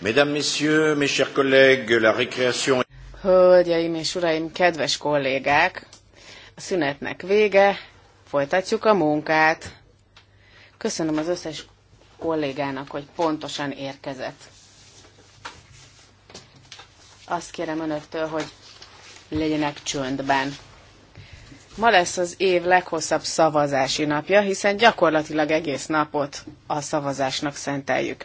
Mesdames, Messieurs, mes chers collègues, la récréation... Hölgyeim és uraim, kedves kollégák, a szünetnek vége, folytatjuk a munkát. Köszönöm az összes kollégának, hogy pontosan érkezett. Azt kérem önöktől, hogy legyenek csöndben. Ma lesz az év leghosszabb szavazási napja, hiszen gyakorlatilag egész napot a szavazásnak szenteljük.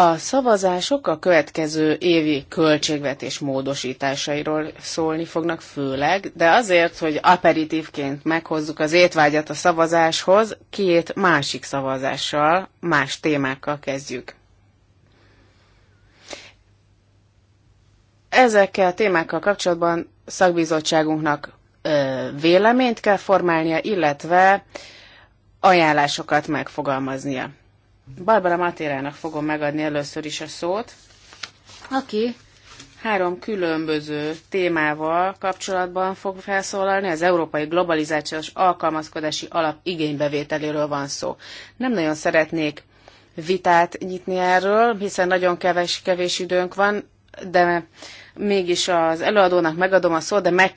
A szavazások a következő évi költségvetés módosításairól szólni fognak főleg, de azért, hogy aperitívként meghozzuk az étvágyat a szavazáshoz, két másik szavazással, más témákkal kezdjük. Ezekkel a témákkal kapcsolatban szakbizottságunknak ö, véleményt kell formálnia, illetve ajánlásokat megfogalmaznia. Barbara Matérának fogom megadni először is a szót, aki három különböző témával kapcsolatban fog felszólalni. Az Európai Globalizációs Alkalmazkodási Alap igénybevételéről van szó. Nem nagyon szeretnék vitát nyitni erről, hiszen nagyon keves, kevés időnk van, de mégis az előadónak megadom a szót, de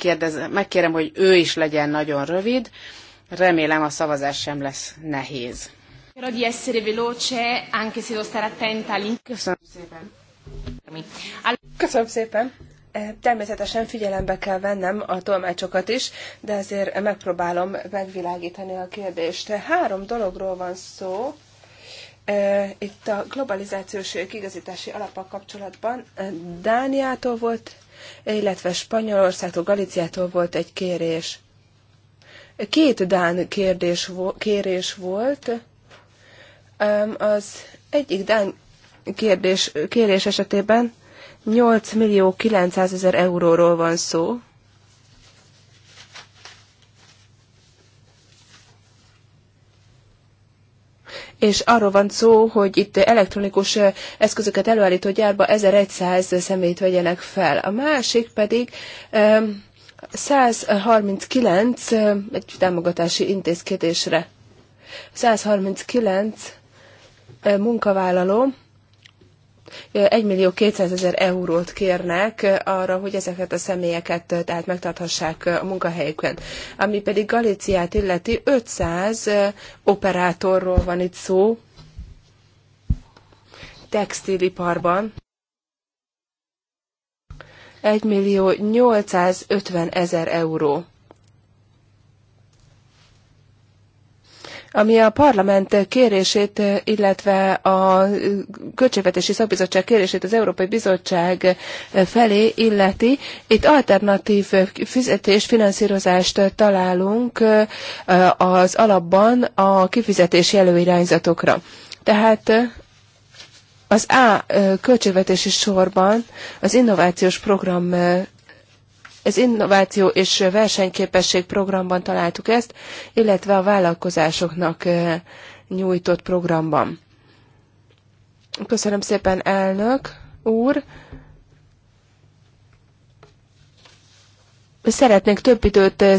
megkérem, hogy ő is legyen nagyon rövid. Remélem a szavazás sem lesz nehéz. Spero di essere veloce, anche se devo stare attenta Köszönöm szépen. Köszönöm szépen. Eh, természetesen figyelembe kell vennem a tolmácsokat is, de azért megpróbálom megvilágítani a kérdést. Három dologról van szó eh, itt a globalizációs kigazítási alapok kapcsolatban. Eh, Dániától volt, illetve Spanyolországtól, Galiciától volt egy kérés. Két Dán kérdés, kérés volt az egyik Dán kérdés, kérés esetében 8 millió 900 ezer euróról van szó. És arról van szó, hogy itt elektronikus eszközöket előállító gyárba 1100 személyt vegyenek fel. A másik pedig 139 egy támogatási intézkedésre. 139 munkavállaló 1 millió 200 ezer eurót kérnek arra, hogy ezeket a személyeket tehát megtarthassák a munkahelyükön. Ami pedig Galiciát illeti, 500 operátorról van itt szó, textiliparban. 1 millió 850 ezer euró Ami a parlament kérését, illetve a Költségvetési Szakbizottság kérését az Európai Bizottság felé illeti, itt alternatív fizetés, finanszírozást találunk az alapban a kifizetési előirányzatokra. Tehát az A költségvetési sorban az innovációs program az innováció és versenyképesség programban találtuk ezt, illetve a vállalkozásoknak eh, nyújtott programban. Köszönöm szépen, elnök úr! Szeretnék több időt eh,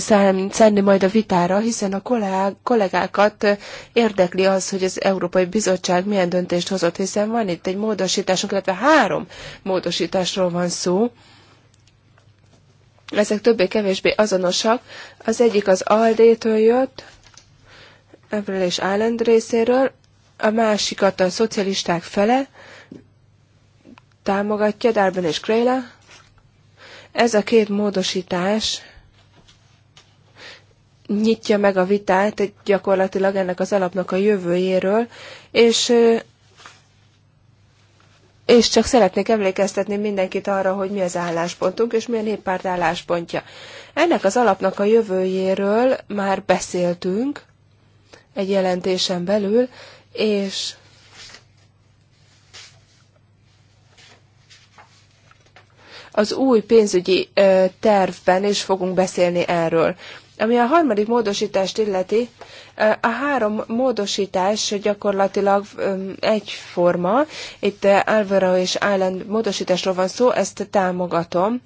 szenni majd a vitára, hiszen a kollégákat eh, érdekli az, hogy az Európai Bizottság milyen döntést hozott, hiszen van itt egy módosításunk, illetve három módosításról van szó ezek többé-kevésbé azonosak. Az egyik az Aldétől jött, ebből és Island részéről, a másikat a szocialisták fele támogatja, Darben és Kréla. Ez a két módosítás nyitja meg a vitát gyakorlatilag ennek az alapnak a jövőjéről, és és csak szeretnék emlékeztetni mindenkit arra, hogy mi az álláspontunk, és mi a néppárt álláspontja. Ennek az alapnak a jövőjéről már beszéltünk egy jelentésen belül, és az új pénzügyi tervben is fogunk beszélni erről. Ami a harmadik módosítást illeti, a három módosítás gyakorlatilag egyforma. Itt Alvaro és Island módosításról van szó, ezt támogatom.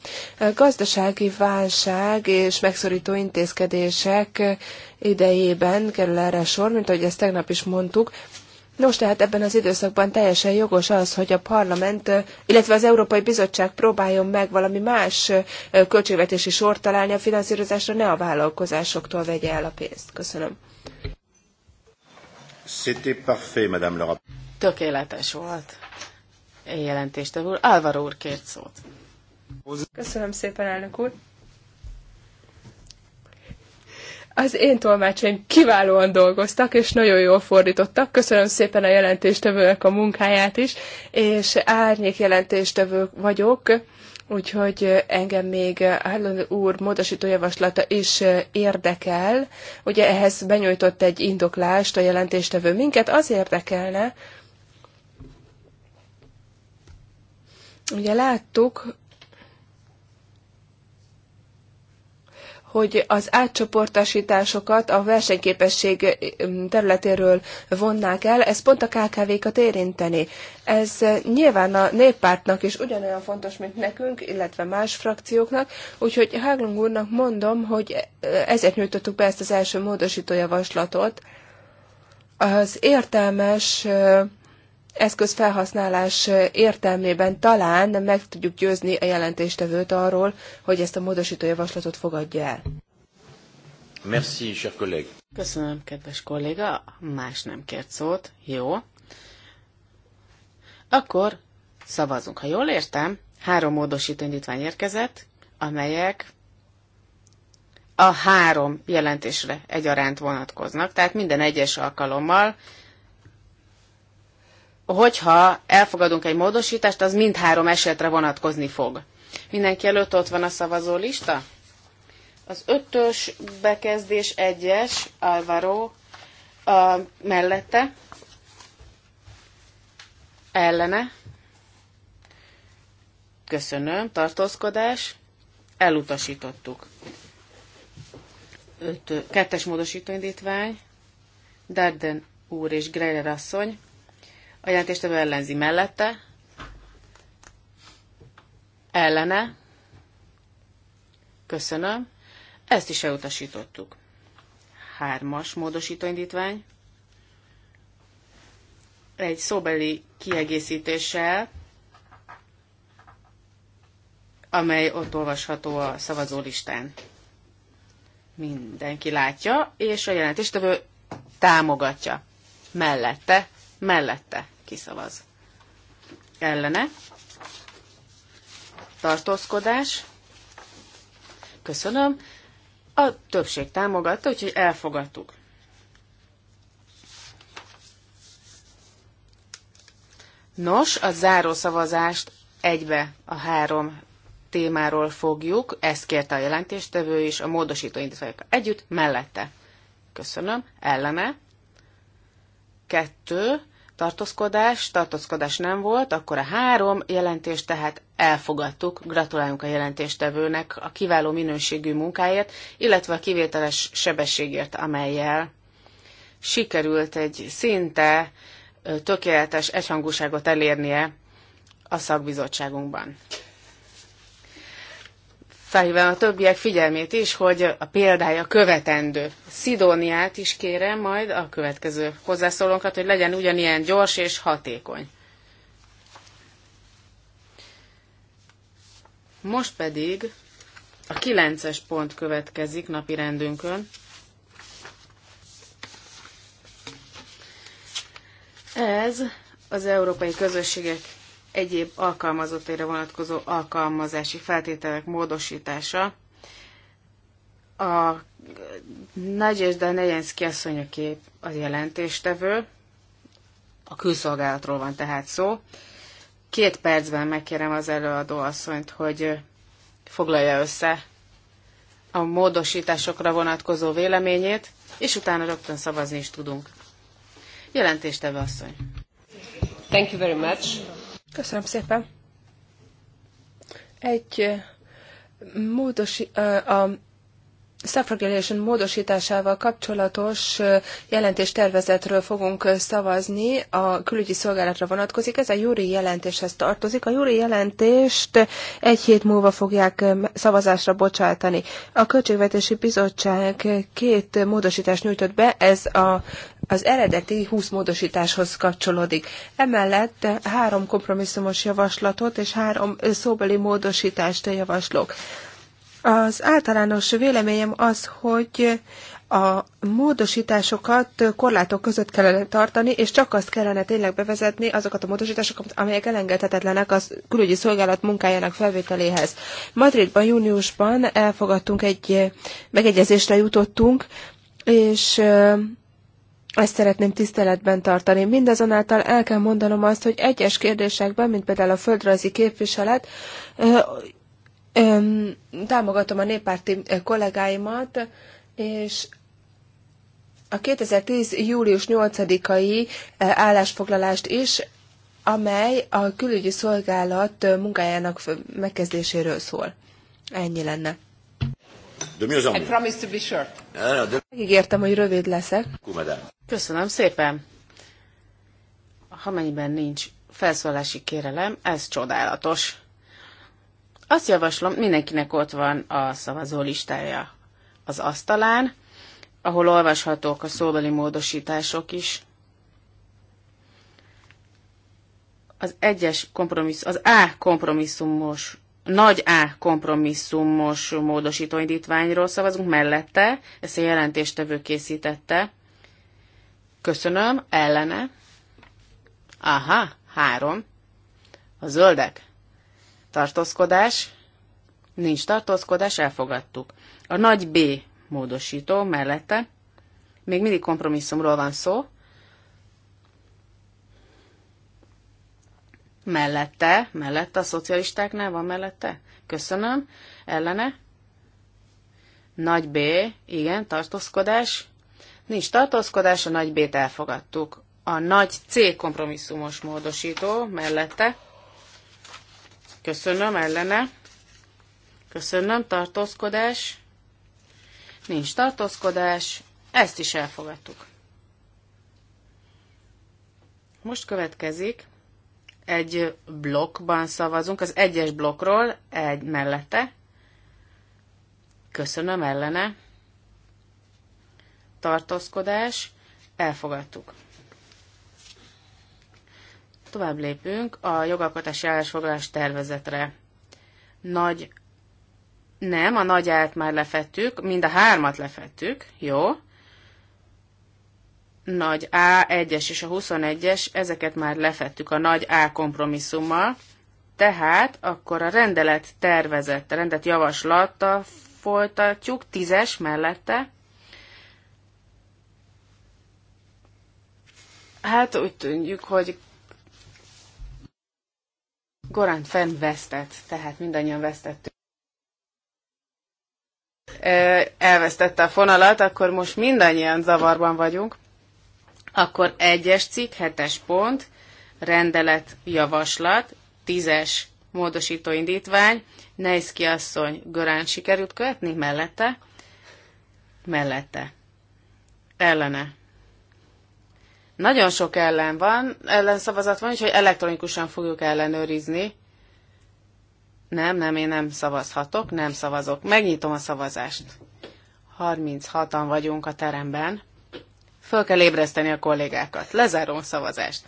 Gazdasági válság és megszorító intézkedések idejében kerül erre sor, mint ahogy ezt tegnap is mondtuk, Nos, tehát ebben az időszakban teljesen jogos az, hogy a parlament, illetve az Európai Bizottság próbáljon meg valami más költségvetési sort találni a finanszírozásra, ne a vállalkozásoktól vegye el a pénzt. Köszönöm. Tökéletes volt. Jelentéstevő úr, Álvaro úr kért szót. Köszönöm szépen, elnök úr. Az én tolmácsaim kiválóan dolgoztak, és nagyon jól fordítottak. Köszönöm szépen a jelentéstevőnek a munkáját is, és árnyék jelentéstevő vagyok, úgyhogy engem még Harlan úr módosító javaslata is érdekel. Ugye ehhez benyújtott egy indoklást a jelentéstevő. Minket az érdekelne, ugye láttuk, hogy az átcsoportosításokat a versenyképesség területéről vonnák el, ez pont a KKV-kat érinteni. Ez nyilván a néppártnak is ugyanolyan fontos, mint nekünk, illetve más frakcióknak, úgyhogy Háglung úrnak mondom, hogy ezért nyújtottuk be ezt az első módosító javaslatot. Az értelmes eszköz felhasználás értelmében talán meg tudjuk győzni a jelentéstevőt arról, hogy ezt a módosító javaslatot fogadja el. Merci, cher collègue. Köszönöm, kedves kolléga. Más nem kért szót. Jó. Akkor szavazunk. Ha jól értem, három módosító indítvány érkezett, amelyek a három jelentésre egyaránt vonatkoznak, tehát minden egyes alkalommal hogyha elfogadunk egy módosítást, az mindhárom esetre vonatkozni fog. Mindenki előtt ott van a szavazólista? Az ötös bekezdés egyes, Alvaro a, mellette, ellene, köszönöm, tartózkodás, elutasítottuk. Öt, kettes módosítóindítvány, Darden úr és Greiler asszony a jelentéstevő ellenzi mellette. Ellene. Köszönöm. Ezt is elutasítottuk. Hármas módosítóindítvány. Egy szóbeli kiegészítéssel, amely ott olvasható a szavazólistán. Mindenki látja, és a jelentéstevő támogatja. Mellette, mellette kiszavaz. Ellene. Tartózkodás. Köszönöm. A többség támogatta, úgyhogy elfogadtuk. Nos, a záró szavazást egybe a három témáról fogjuk, ezt kérte a jelentéstevő is, a módosító indítványok együtt, mellette. Köszönöm. Ellene. Kettő tartózkodás, tartózkodás nem volt, akkor a három jelentést tehát elfogadtuk. Gratulálunk a jelentéstevőnek a kiváló minőségű munkáért, illetve a kivételes sebességért, amelyel sikerült egy szinte tökéletes egyhangúságot elérnie a szakbizottságunkban felhívom a többiek figyelmét is, hogy a példája követendő. Szidóniát is kérem majd a következő hozzászólónkat, hogy legyen ugyanilyen gyors és hatékony. Most pedig a kilences pont következik napi rendünkön. Ez az Európai Közösségek egyéb alkalmazottaira vonatkozó alkalmazási feltételek módosítása. A Nagyesda Nejenszki asszonyaké a jelentéstevő, a külszolgálatról van tehát szó. Két percben megkérem az előadó asszonyt, hogy foglalja össze a módosításokra vonatkozó véleményét, és utána rögtön szavazni is tudunk. Jelentéstevő asszony. Thank you very much. Köszönöm szépen. Egy módosi, a suffragulation módosításával kapcsolatos jelentéstervezetről fogunk szavazni, a külügyi szolgálatra vonatkozik, ez a júri jelentéshez tartozik. A júri jelentést egy hét múlva fogják szavazásra bocsátani. A Költségvetési Bizottság két módosítást nyújtott be, ez a az eredeti 20 módosításhoz kapcsolódik. Emellett három kompromisszumos javaslatot és három szóbeli módosítást javaslok. Az általános véleményem az, hogy a módosításokat korlátok között kellene tartani, és csak azt kellene tényleg bevezetni, azokat a módosításokat, amelyek elengedhetetlenek az külügyi szolgálat munkájának felvételéhez. Madridban júniusban elfogadtunk egy megegyezésre jutottunk, és ezt szeretném tiszteletben tartani. Mindazonáltal el kell mondanom azt, hogy egyes kérdésekben, mint például a földrajzi képviselet, támogatom a néppárti kollégáimat, és a 2010. július 8-ai állásfoglalást is, amely a külügyi szolgálat munkájának megkezdéséről szól. Ennyi lenne. De mi az ami? I promise to be short. Megígértem, hogy rövid leszek. Köszönöm szépen. Ha mennyiben nincs felszólási kérelem, ez csodálatos. Azt javaslom, mindenkinek ott van a szavazó listája az asztalán, ahol olvashatók a szóbeli módosítások is. Az egyes kompromissz, az A kompromisszumos nagy A kompromisszumos módosítóindítványról szavazunk mellette, ezt a jelentéstevő készítette. Köszönöm, ellene. Aha, három. A zöldek. Tartózkodás. Nincs tartózkodás, elfogadtuk. A nagy B módosító mellette. Még mindig kompromisszumról van szó. Mellette, mellette a szocialistáknál van mellette? Köszönöm. Ellene? Nagy B, igen, tartózkodás. Nincs tartózkodás, a nagy B-t elfogadtuk. A nagy C kompromisszumos módosító mellette. Köszönöm, ellene. Köszönöm, tartózkodás. Nincs tartózkodás, ezt is elfogadtuk. Most következik egy blokkban szavazunk, az egyes blokkról egy mellette. Köszönöm ellene. Tartózkodás. Elfogadtuk. Tovább lépünk a jogalkotási állásfoglalás tervezetre. Nagy nem, a nagy már lefettük, mind a hármat lefettük, jó nagy A, 1-es és a 21-es, ezeket már lefettük a nagy A kompromisszummal, tehát akkor a rendelet tervezett, a rendet javaslata folytatjuk, 10-es mellette. Hát úgy tűnjük, hogy Goran Fenn vesztett, tehát mindannyian vesztettük. Elvesztette a fonalat, akkor most mindannyian zavarban vagyunk. Akkor egyes cikk, hetes pont, rendelet, javaslat, tízes módosító indítvány, Nejszki asszony Görán sikerült követni, mellette, mellette, ellene. Nagyon sok ellen van, ellenszavazat van, úgyhogy elektronikusan fogjuk ellenőrizni. Nem, nem, én nem szavazhatok, nem szavazok. Megnyitom a szavazást. 36-an vagyunk a teremben. Föl kell ébreszteni a kollégákat. Lezárom a szavazást.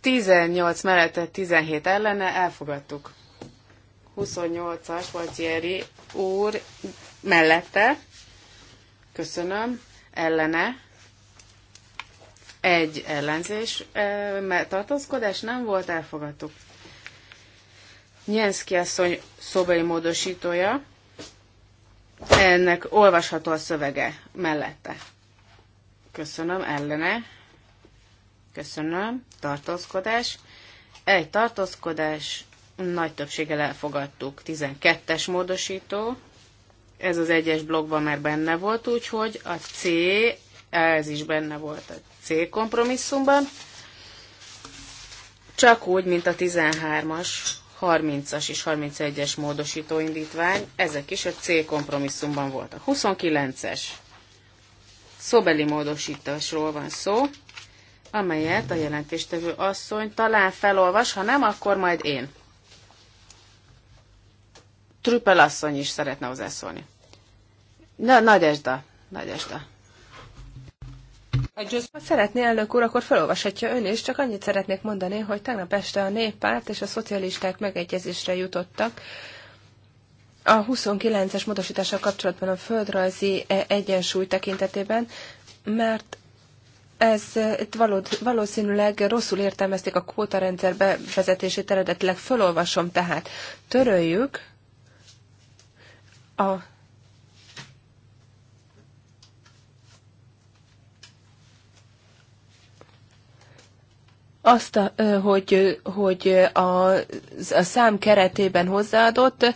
18 mellette 17 ellene elfogadtuk. 28-as Valtieri úr mellette. Köszönöm. Ellene. Egy ellenzés mert tartózkodás nem volt, elfogadtuk. Nyenszki asszony szobai módosítója ennek olvasható a szövege mellette. Köszönöm, ellene. Köszönöm, tartózkodás. Egy tartózkodás, nagy többséggel elfogadtuk. 12-es módosító, ez az egyes blogban már benne volt, úgyhogy a C, ez is benne volt a C kompromisszumban. Csak úgy, mint a 13-as 30-as és 31-es módosítóindítvány, indítvány, ezek is a C kompromisszumban voltak. 29-es szobeli módosításról van szó, amelyet a jelentéstevő asszony talán felolvas, ha nem, akkor majd én. Trüppel asszony is szeretne hozzászólni. Na, nagy esda, nagy esda. Ha szeretné, elnök úr, akkor felolvashatja ön is, csak annyit szeretnék mondani, hogy tegnap este a néppárt és a szocialisták megegyezésre jutottak, a 29-es módosítással kapcsolatban a földrajzi e, egyensúly tekintetében, mert ez e, itt valószínűleg rosszul értelmezték a kvótarendszer bevezetését eredetileg. felolvasom, tehát. Töröljük a azt, a, hogy, hogy a, a szám keretében hozzáadott,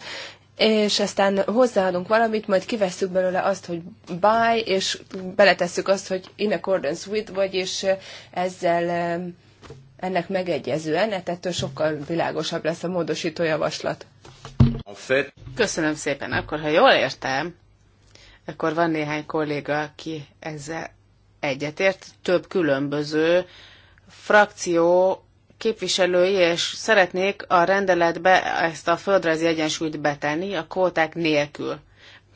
és aztán hozzáadunk valamit, majd kivesszük belőle azt, hogy buy, és beletesszük azt, hogy in accordance with, vagyis ezzel ennek megegyezően, ettől sokkal világosabb lesz a módosító javaslat. Köszönöm szépen. Akkor, ha jól értem, akkor van néhány kolléga, aki ezzel egyetért, több különböző frakció képviselői, és szeretnék a rendeletbe ezt a földrajzi egyensúlyt betenni a kóták nélkül,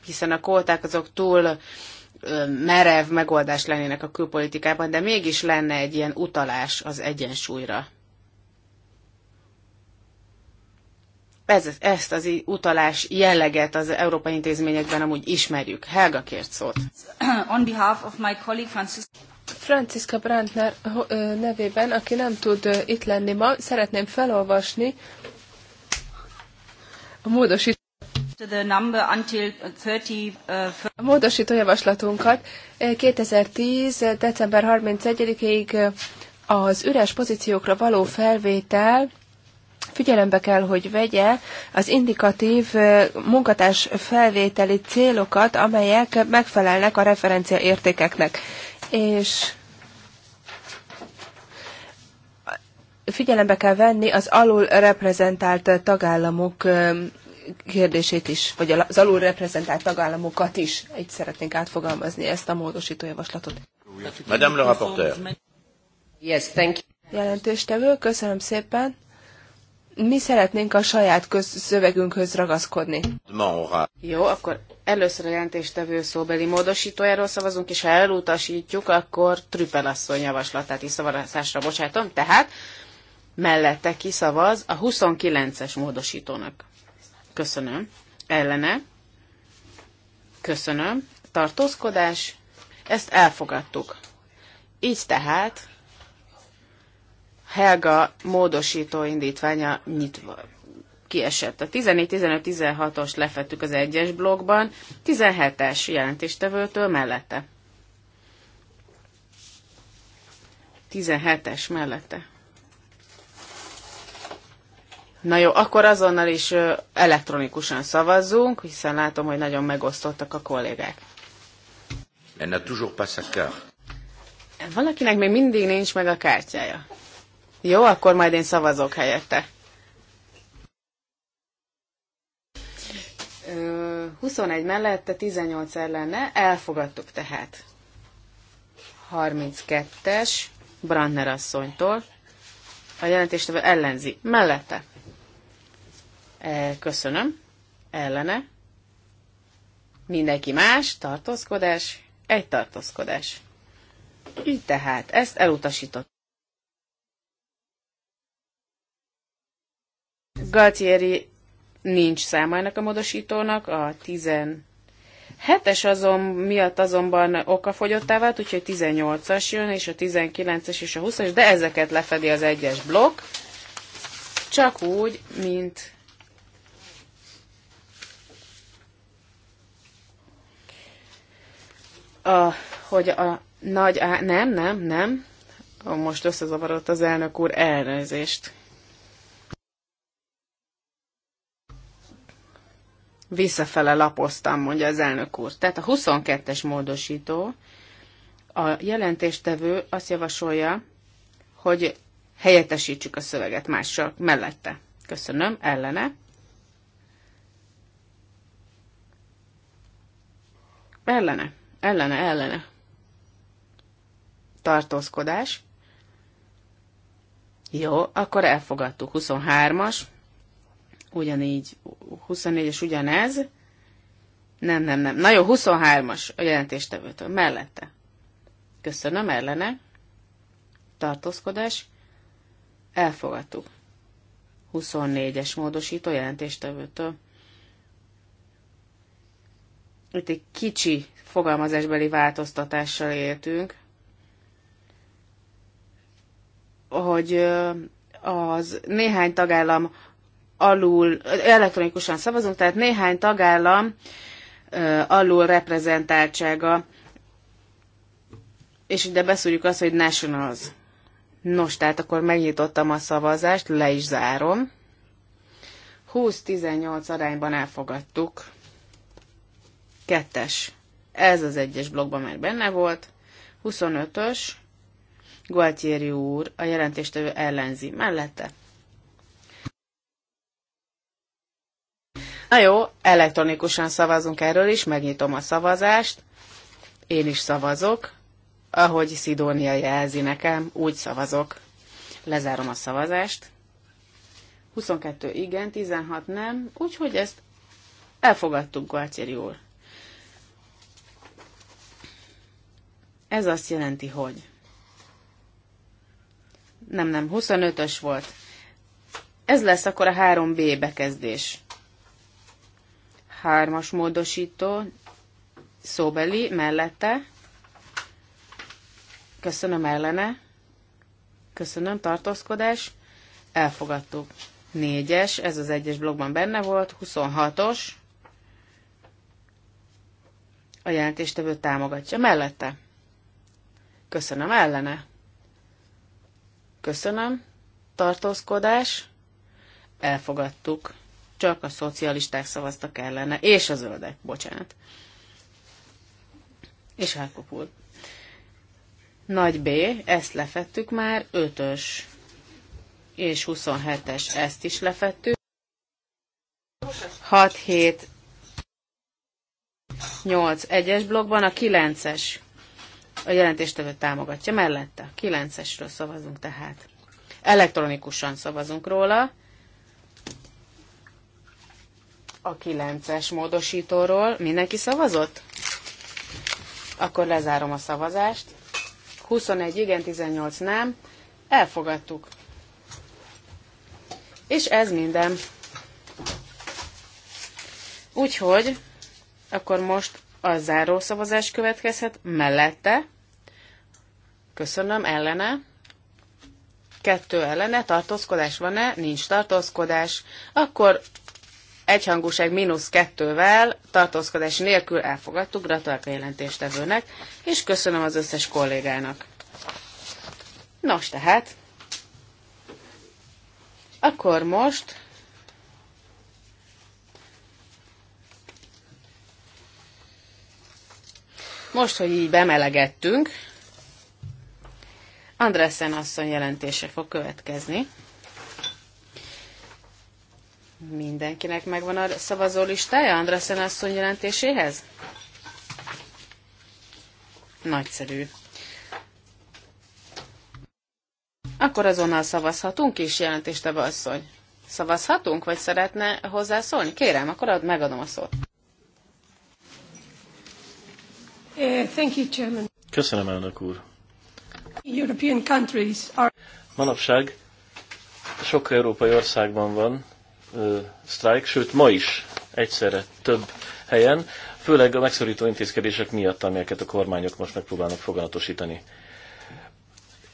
hiszen a kóták azok túl merev megoldás lennének a külpolitikában, de mégis lenne egy ilyen utalás az egyensúlyra. Ez, ezt az utalás jelleget az európai intézményekben amúgy ismerjük. Helga kért szót. On behalf of my colleague Francis... Franciska Brandner nevében, aki nem tud itt lenni ma, szeretném felolvasni a módosító uh, a módosító javaslatunkat 2010. december 31-ig az üres pozíciókra való felvétel figyelembe kell, hogy vegye az indikatív munkatárs felvételi célokat, amelyek megfelelnek a referencia értékeknek és figyelembe kell venni az alul reprezentált tagállamok kérdését is, vagy az alul reprezentált tagállamokat is. Így szeretnénk átfogalmazni ezt a módosító javaslatot. Madame le rapporteur. Yes, thank you. Jelentéstevő, köszönöm szépen mi szeretnénk a saját szövegünkhöz ragaszkodni. Jó, akkor először a jelentéstevő szóbeli módosítójáról szavazunk, és ha elutasítjuk, akkor Trüppel asszony javaslatát is szavazásra bocsátom, tehát mellette kiszavaz a 29-es módosítónak. Köszönöm. Ellene. Köszönöm. Tartózkodás. Ezt elfogadtuk. Így tehát Helga módosító indítványa nyitva kiesett. A 14-15-16-os lefettük az egyes blogban, 17-es jelentéstevőtől mellette. 17-es mellette. Na jó, akkor azonnal is elektronikusan szavazzunk, hiszen látom, hogy nagyon megosztottak a kollégák. Elle n'a toujours pas sa carte. Valakinek még mindig nincs meg a kártyája. Jó, akkor majd én szavazok helyette. 21 mellette, 18 ellenne, elfogadtuk tehát. 32-es Brandner asszonytól. A jelentéstevő ellenzi. Mellette. E, köszönöm. Ellene. Mindenki más. Tartózkodás. Egy tartózkodás. Így tehát ezt elutasított. Galtieri nincs száma ennek a módosítónak, a 17-es azon miatt azonban okafogyottá vált, úgyhogy 18-as jön, és a 19-es és a 20-as, de ezeket lefedi az egyes blokk, csak úgy, mint a, hogy a nagy á... nem, nem, nem, most összezavarodott az elnök úr elnézést. visszafele lapoztam, mondja az elnök úr. Tehát a 22-es módosító, a jelentéstevő azt javasolja, hogy helyettesítsük a szöveget mással mellette. Köszönöm, ellene. Ellene, ellene, ellene. Tartózkodás. Jó, akkor elfogadtuk. 23-as ugyanígy, 24-es ugyanez, nem, nem, nem. Na jó, 23-as a jelentéstevőtől. Mellette. Köszönöm, ellene. Tartózkodás. Elfogadtuk. 24-es módosító jelentéstevőtől. Itt egy kicsi fogalmazásbeli változtatással éltünk, hogy az néhány tagállam alul, elektronikusan szavazunk, tehát néhány tagállam alul reprezentáltsága, és ide beszúrjuk azt, hogy nationals. Nos, tehát akkor megnyitottam a szavazást, le is zárom. 20-18 arányban elfogadtuk. Kettes. Ez az egyes blogban már benne volt. 25-ös. Gualtieri úr, a jelentéstevő ellenzi mellette. Na jó, elektronikusan szavazunk erről is, megnyitom a szavazást. Én is szavazok. Ahogy Szidónia jelzi nekem, úgy szavazok. Lezárom a szavazást. 22 igen, 16 nem, úgyhogy ezt elfogadtuk, Gualtieri úr. Ez azt jelenti, hogy nem, nem, 25-ös volt. Ez lesz akkor a 3B bekezdés. Hármas módosító szóbeli mellette. Köszönöm ellene. Köszönöm tartózkodás. Elfogadtuk. Négyes, ez az egyes blogban benne volt. 26-os. A jelentéstevő támogatja mellette. Köszönöm ellene. Köszönöm. Tartózkodás. Elfogadtuk csak a szocialisták szavaztak ellene, és a zöldek, bocsánat. És elkopult. Nagy B, ezt lefettük már, 5-ös és 27-es, ezt is lefettük. 6, 7, 8, 1-es blokkban a 9-es. A jelentéstevő támogatja mellette. A 9-esről szavazunk tehát. Elektronikusan szavazunk róla a 9-es módosítóról. Mindenki szavazott? Akkor lezárom a szavazást. 21 igen, 18 nem. Elfogadtuk. És ez minden. Úgyhogy akkor most a záró szavazás következhet mellette. Köszönöm, ellene. Kettő ellene, tartózkodás van-e? Nincs tartózkodás. Akkor egyhangúság mínusz kettővel, tartózkodás nélkül elfogadtuk, gratulálok a jelentéstevőnek, és köszönöm az összes kollégának. Nos tehát, akkor most most, hogy így bemelegettünk, Andressen asszony jelentése fog következni. Mindenkinek megvan a szavazó listája Andrasen asszony jelentéséhez? Nagyszerű. Akkor azonnal szavazhatunk is, jelentéstevő asszony. Szavazhatunk, vagy szeretne hozzászólni? Kérem, akkor ad, megadom a szót. Eh, thank you, Chairman. Köszönöm, elnök úr. European countries are... Manapság sok európai országban van sztrájk, sőt ma is egyszerre több helyen, főleg a megszorító intézkedések miatt, amelyeket a kormányok most megpróbálnak foganatosítani.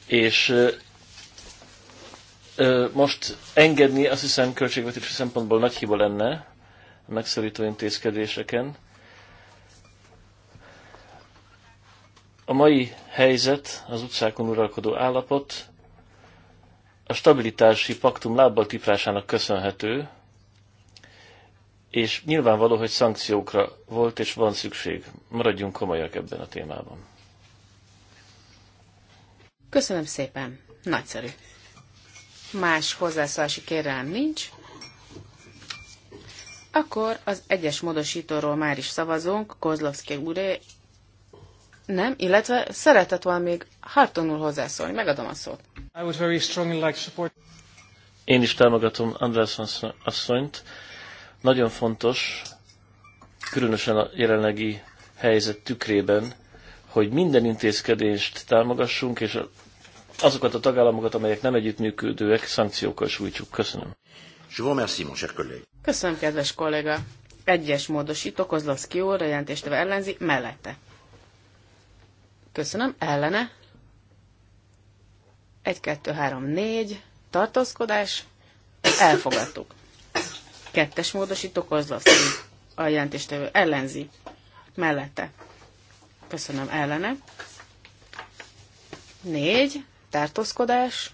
És ö, most engedni azt hiszem költségvetési szempontból nagy hiba lenne a megszorító intézkedéseken. A mai helyzet, az utcákon uralkodó állapot a stabilitási paktum lábbal tiprásának köszönhető, és nyilvánvaló, hogy szankciókra volt és van szükség. Maradjunk komolyak ebben a témában. Köszönöm szépen. Nagyszerű. Más hozzászólási kérelem nincs. Akkor az egyes módosítóról már is szavazunk, Kozlovszki úré nem, illetve szeretett volna még Harton úr hozzászólni, megadom a szót. I would very strongly like support. Én is támogatom András asszonyt. Nagyon fontos, különösen a jelenlegi helyzet tükrében, hogy minden intézkedést támogassunk, és azokat a tagállamokat, amelyek nem együttműködőek, szankciókkal sújtsuk. Köszönöm. Köszönöm, kedves kolléga. Egyes módosító, Kozlovszki úr, jelentésteve ellenzi, mellette. Köszönöm, ellene. 1, 2, 3, 4, tartózkodás, elfogadtuk. Kettes módosító Kozlovszki a jelentéstevő ellenzi mellette. Köszönöm ellene. 4. Tartózkodás.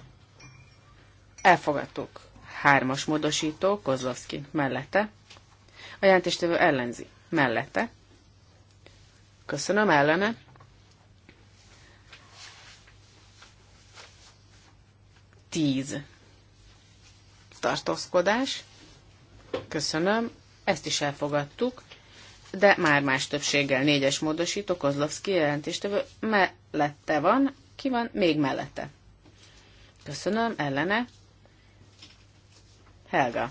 Elfogadtuk. Hármas módosító Kozlovszki mellette. A jelentéstevő ellenzi mellette. Köszönöm ellene. 10 tartózkodás. Köszönöm, ezt is elfogadtuk, de már más többséggel négyes módosító Kozlovszki jelentéstevő mellette van, ki van még mellette. Köszönöm, ellene. Helga.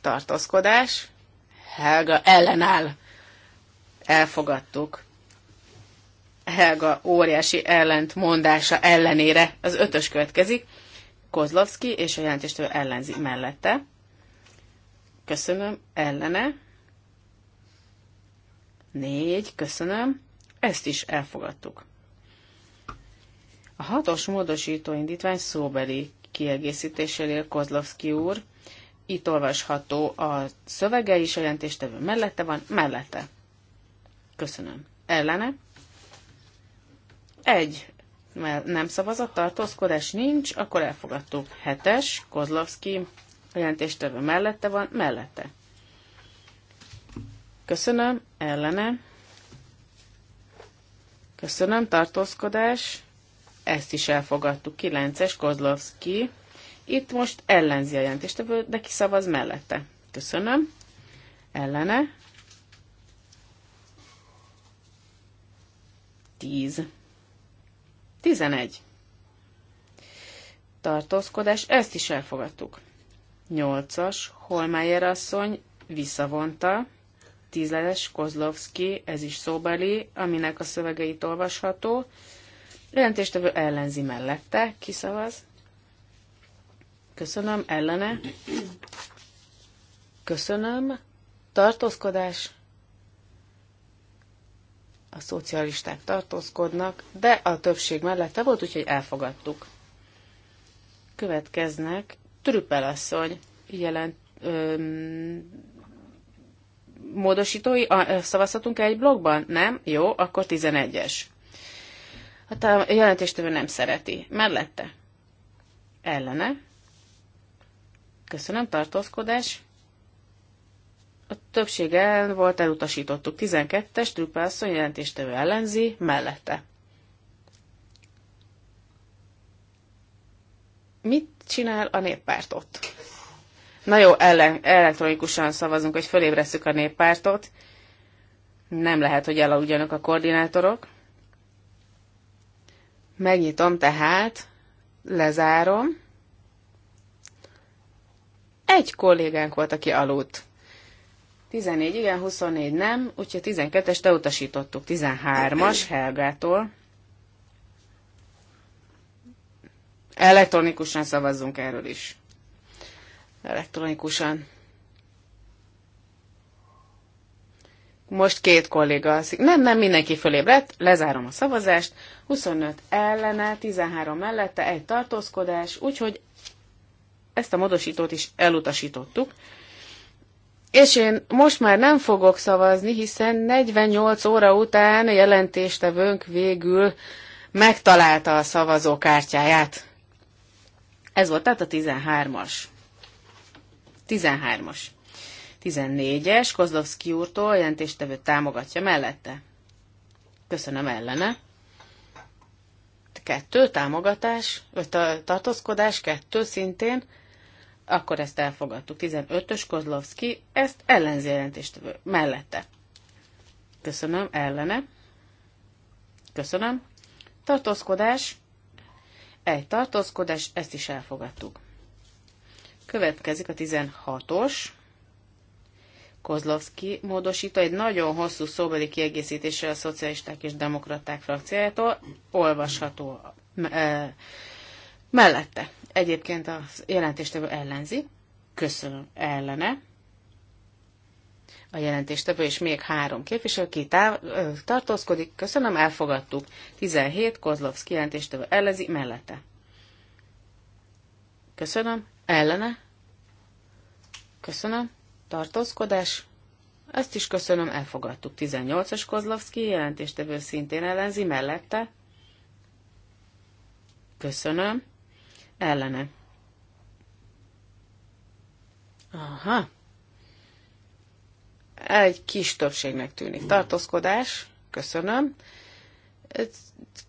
Tartózkodás. Helga ellenáll. Elfogadtuk. Helga óriási ellentmondása ellenére az ötös következik Kozlovski és a jelentéstől ellenzi mellette. Köszönöm, ellene. Négy, köszönöm. Ezt is elfogadtuk. A hatos módosító indítvány szóbeli kiegészítéssel él Kozlovski úr. Itt olvasható a szövege is, a jelentéstevő mellette van, mellette. Köszönöm. Ellene? Egy mert nem szavazott, tartózkodás nincs, akkor elfogadtuk. Hetes, Kozlovski, jelentéstevő mellette van, mellette. Köszönöm, ellene. Köszönöm, tartózkodás. Ezt is elfogadtuk. kilences, es Kozlovski. Itt most ellenzi a jelentéstevő, de ki szavaz mellette. Köszönöm. Ellene. tíz. 11. Tartózkodás, ezt is elfogadtuk. 8-as, Holmeyer asszony visszavonta, tízes Kozlovski, ez is szóbeli, aminek a szövegeit olvasható. Jelentéstevő ellenzi mellette, kiszavaz. Köszönöm, ellene. Köszönöm. Tartózkodás a szocialisták tartózkodnak, de a többség mellette volt, úgyhogy elfogadtuk. Következnek Trüppelasszony jelent öm, módosítói, a, szavazhatunk -e egy blogban? Nem? Jó, akkor 11-es. Hát a jelentéstevő nem szereti. Mellette? Ellene? Köszönöm, tartózkodás. A többség volt, elutasítottuk. 12-es, Trüppelszony jelentéstevő ellenzi, mellette. Mit csinál a néppártot? Na jó, ellen, elektronikusan szavazunk, hogy fölébresszük a néppártot. Nem lehet, hogy elaludjanak a koordinátorok. Megnyitom tehát, lezárom. Egy kollégánk volt, aki aludt. 14 igen, 24 nem, úgyhogy 12-est elutasítottuk. 13-as Helgától. Elektronikusan szavazzunk erről is. Elektronikusan. Most két kolléga Nem, nem, mindenki fölébredt. Lezárom a szavazást. 25 ellene, 13 mellette, egy tartózkodás, úgyhogy ezt a módosítót is elutasítottuk. És én most már nem fogok szavazni, hiszen 48 óra után a jelentéstevőnk végül megtalálta a szavazókártyáját. Ez volt tehát a 13-as. 13-as. 14-es, Kozlovszki úrtól jelentéstevő támogatja mellette. Köszönöm ellene. Kettő támogatás, vagy tartózkodás, kettő szintén akkor ezt elfogadtuk. 15-ös Kozlovski, ezt ellenzi Mellette. Köszönöm, ellene. Köszönöm. Tartózkodás. Egy tartózkodás, ezt is elfogadtuk. Következik a 16-os. Kozlovski módosító egy nagyon hosszú szóbeli kiegészítésre a szocialisták és demokraták frakciájától olvasható e, Mellette. Egyébként a jelentéstevő ellenzi. Köszönöm. Ellene. A jelentéstevő és még három képviselő ki táv, ö, tartózkodik. Köszönöm, elfogadtuk. 17. Kozlovszki jelentéstevő ellenzi. Mellette. Köszönöm. Ellene. Köszönöm. Tartózkodás. Ezt is köszönöm, elfogadtuk. 18-as Kozlovszki jelentéstevő szintén ellenzi mellette. Köszönöm ellene. Aha. Egy kis többségnek tűnik. Hmm. Tartózkodás, köszönöm.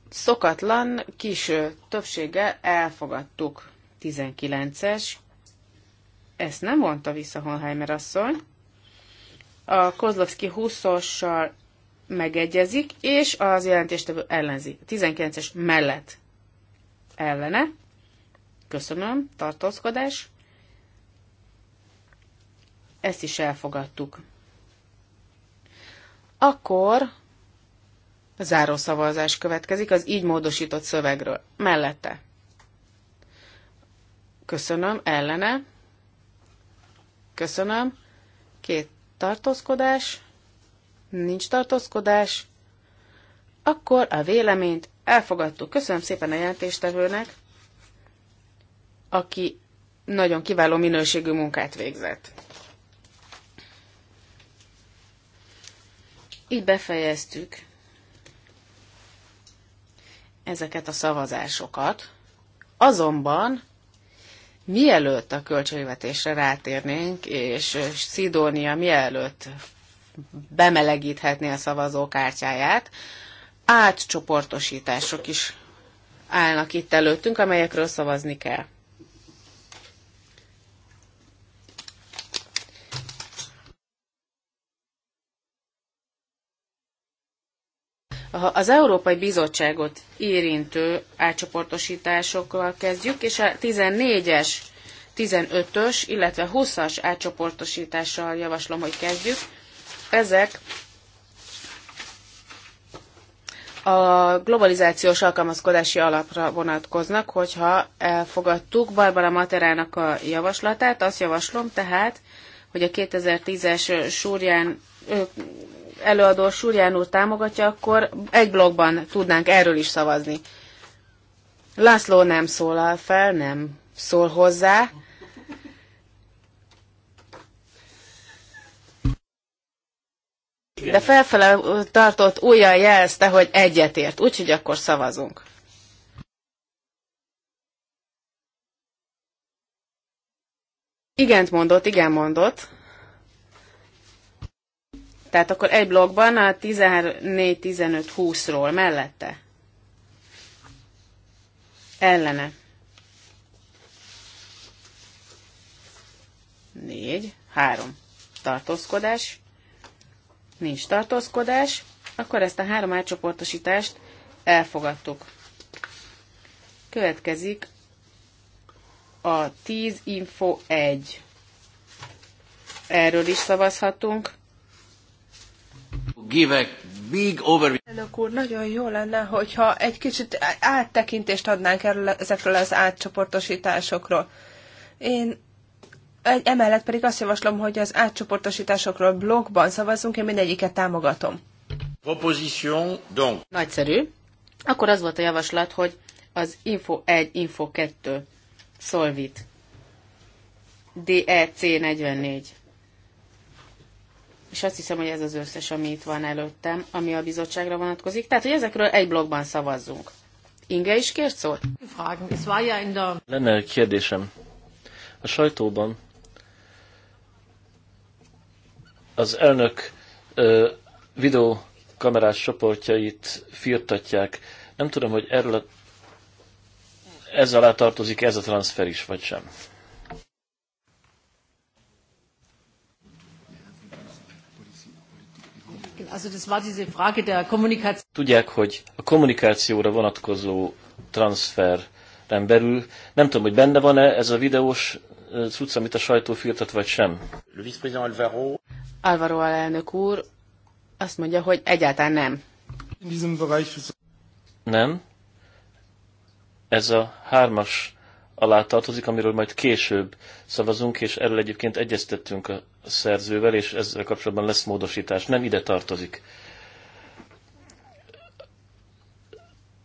Szokatlan kis többséggel elfogadtuk 19-es. Ezt nem mondta vissza Honheimer asszony. A Kozlovski 20-ossal megegyezik, és az jelentéstevő ellenzi. 19-es mellett ellene Köszönöm. Tartózkodás. Ezt is elfogadtuk. Akkor a záró szavazás következik az így módosított szövegről. Mellette. Köszönöm. Ellene. Köszönöm. Két tartózkodás. Nincs tartózkodás. Akkor a véleményt elfogadtuk. Köszönöm szépen a jelentéstevőnek aki nagyon kiváló minőségű munkát végzett. Így befejeztük ezeket a szavazásokat. Azonban, mielőtt a költségvetésre rátérnénk, és Szidónia mielőtt bemelegíthetné a szavazókártyáját, átcsoportosítások is állnak itt előttünk, amelyekről szavazni kell. Az Európai Bizottságot érintő átcsoportosításokkal kezdjük, és a 14-es, 15-ös, illetve 20-as átcsoportosítással javaslom, hogy kezdjük. Ezek a globalizációs alkalmazkodási alapra vonatkoznak, hogyha elfogadtuk Barbara Materának a javaslatát, azt javaslom tehát, hogy a 2010-es súrján előadó Súrján úr támogatja, akkor egy blogban tudnánk erről is szavazni. László nem szólal fel, nem szól hozzá. De felfele tartott újjal jelzte, hogy egyetért, úgyhogy akkor szavazunk. Igent mondott, igen mondott. Tehát akkor egy blogban a 14-15-20-ról mellette. Ellene. 4, 3. Tartózkodás. Nincs tartózkodás. Akkor ezt a három átcsoportosítást elfogadtuk. Következik a 10 info 1. Erről is szavazhatunk give a big overview. Elnök úr, nagyon jó lenne, hogyha egy kicsit áttekintést adnánk erről, ezekről az átcsoportosításokról. Én emellett pedig azt javaslom, hogy az átcsoportosításokról blogban szavazzunk, én mindegyiket támogatom. Proposition, donc. Nagyszerű. Akkor az volt a javaslat, hogy az Info 1, Info 2, Solvit, DEC 44 és azt hiszem, hogy ez az összes, ami itt van előttem, ami a bizottságra vonatkozik. Tehát, hogy ezekről egy blogban szavazzunk. Inge is kért szót? Lenne egy kérdésem. A sajtóban az elnök ö, videókamerás csoportjait firtatják. Nem tudom, hogy erről a, ez alá tartozik ez a transfer is, vagy sem. Tudják, hogy a kommunikációra vonatkozó transferen belül, nem tudom, hogy benne van-e ez a videós cucc, amit a sajtó firtat, vagy sem. Alvaro. Alvaro alelnök úr azt mondja, hogy egyáltalán nem. Nem. Ez a hármas alá tartozik, amiről majd később szavazunk, és erről egyébként egyeztettünk a szerzővel, és ezzel kapcsolatban lesz módosítás. Nem ide tartozik.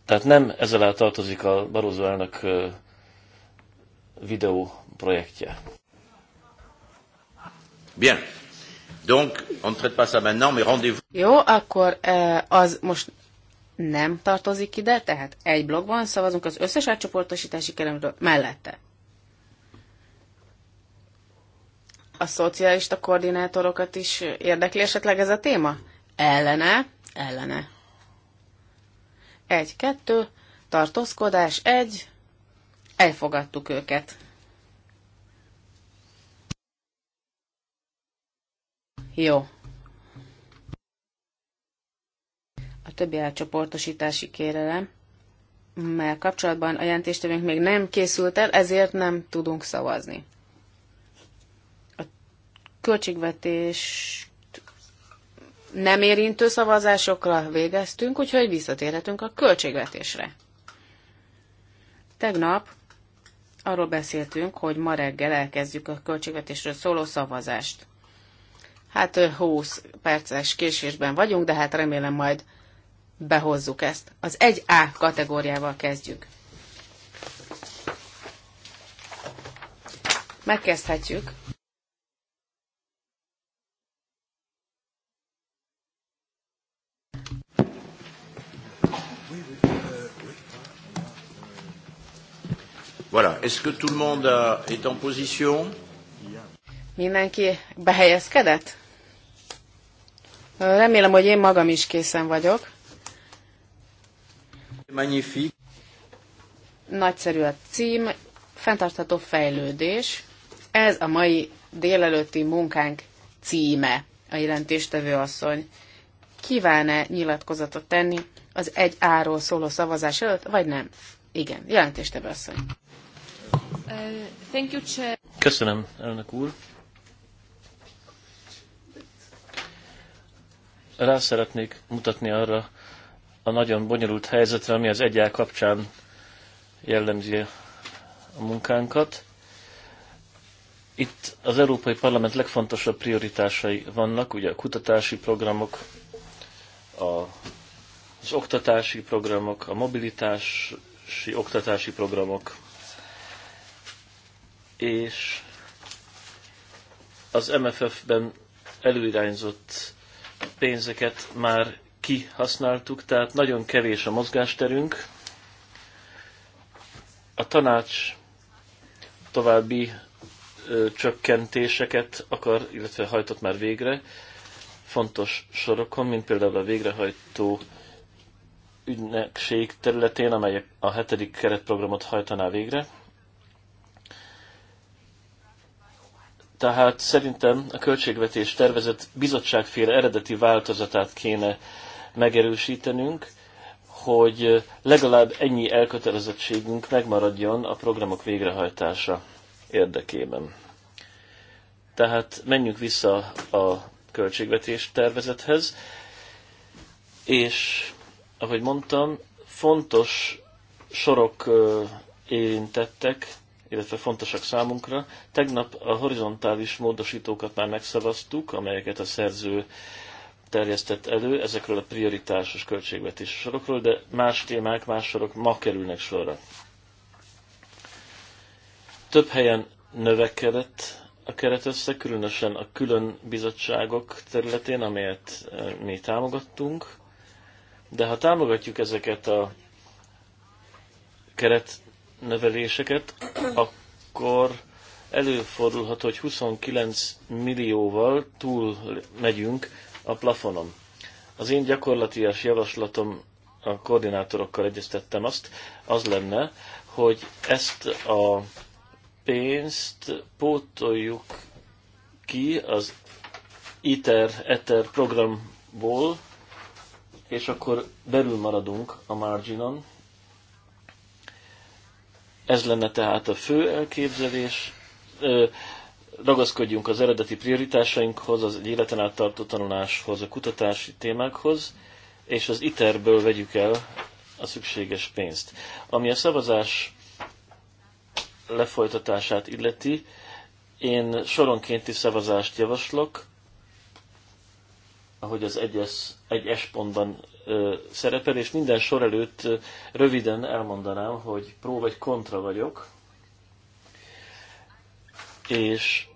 Tehát nem ezzel alá tartozik a Barózó elnök videó projektje. Bien. Donc, on ne traite pas ça maintenant, mais rendez-vous. Jó, akkor az most nem tartozik ide, tehát egy blogban szavazunk az összes átcsoportosítási keremről mellette. a szocialista koordinátorokat is érdekli esetleg ez a téma? Ellene, ellene. Egy, kettő, tartózkodás, egy, elfogadtuk őket. Jó. A többi elcsoportosítási kérelem, mert kapcsolatban a jelentéstevünk még nem készült el, ezért nem tudunk szavazni költségvetés nem érintő szavazásokra végeztünk, úgyhogy visszatérhetünk a költségvetésre. Tegnap arról beszéltünk, hogy ma reggel elkezdjük a költségvetésről szóló szavazást. Hát 20 perces késésben vagyunk, de hát remélem majd behozzuk ezt. Az 1A kategóriával kezdjük. Megkezdhetjük Voilà. Est-ce que tout le monde a, euh, est en position? Mindenki behelyezkedett? Remélem, hogy én magam is készen vagyok. Magnifique. Nagyszerű a cím, fenntartható fejlődés. Ez a mai délelőtti munkánk címe, a jelentéstevő asszony. Kíván-e nyilatkozatot tenni az egy áról szóló szavazás előtt, vagy nem? Igen, jelentéstevő asszony. Köszönöm, elnök úr. Rá szeretnék mutatni arra a nagyon bonyolult helyzetre, ami az egyel kapcsán jellemzi a munkánkat. Itt az Európai Parlament legfontosabb prioritásai vannak, ugye a kutatási programok, a, az oktatási programok, a mobilitási oktatási programok, és az MFF-ben előirányzott pénzeket már kihasználtuk, tehát nagyon kevés a mozgásterünk. A tanács további ö, csökkentéseket akar, illetve hajtott már végre fontos sorokon, mint például a végrehajtó ügynökség területén, amely a hetedik keretprogramot hajtaná végre. Tehát szerintem a költségvetés tervezett bizottságféle eredeti változatát kéne megerősítenünk, hogy legalább ennyi elkötelezettségünk megmaradjon a programok végrehajtása érdekében. Tehát menjünk vissza a költségvetés tervezethez, és ahogy mondtam, fontos sorok érintettek, illetve fontosak számunkra. Tegnap a horizontális módosítókat már megszavaztuk, amelyeket a szerző terjesztett elő, ezekről a prioritásos költségvetési sorokról, de más témák, más sorok ma kerülnek sorra. Több helyen növekedett a keretössze, különösen a külön bizottságok területén, amelyet eh, mi támogattunk. De ha támogatjuk ezeket a keret növeléseket, akkor előfordulhat, hogy 29 millióval túl megyünk a plafonom. Az én gyakorlatias javaslatom a koordinátorokkal egyeztettem azt, az lenne, hogy ezt a pénzt pótoljuk ki az ITER, ETER programból, és akkor belül maradunk a marginon, ez lenne tehát a fő elképzelés. Ragaszkodjunk az eredeti prioritásainkhoz, az egy életen át tartó tanuláshoz, a kutatási témákhoz, és az ITER-ből vegyük el a szükséges pénzt. Ami a szavazás lefolytatását illeti, én soronkénti szavazást javaslok, ahogy az egyes, egyes pontban szerepel, és minden sor előtt röviden elmondanám, hogy pró vagy kontra vagyok, és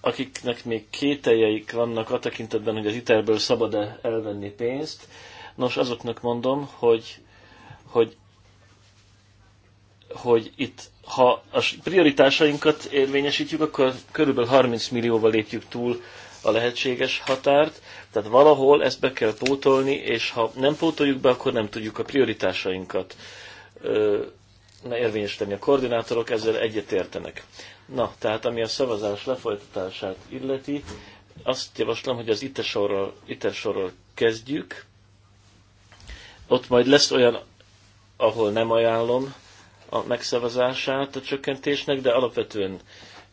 akiknek még kételjeik vannak a tekintetben, hogy az iterből szabad-e elvenni pénzt, nos, azoknak mondom, hogy, hogy hogy itt, ha a prioritásainkat érvényesítjük, akkor körülbelül 30 millióval lépjük túl a lehetséges határt, tehát valahol ezt be kell pótolni, és ha nem pótoljuk be, akkor nem tudjuk a prioritásainkat ö, érvényesíteni. A koordinátorok ezzel egyetértenek. Na, tehát ami a szavazás lefolytatását illeti, azt javaslom, hogy az itesorral, itesorral kezdjük. Ott majd lesz olyan, ahol nem ajánlom a megszavazását a csökkentésnek, de alapvetően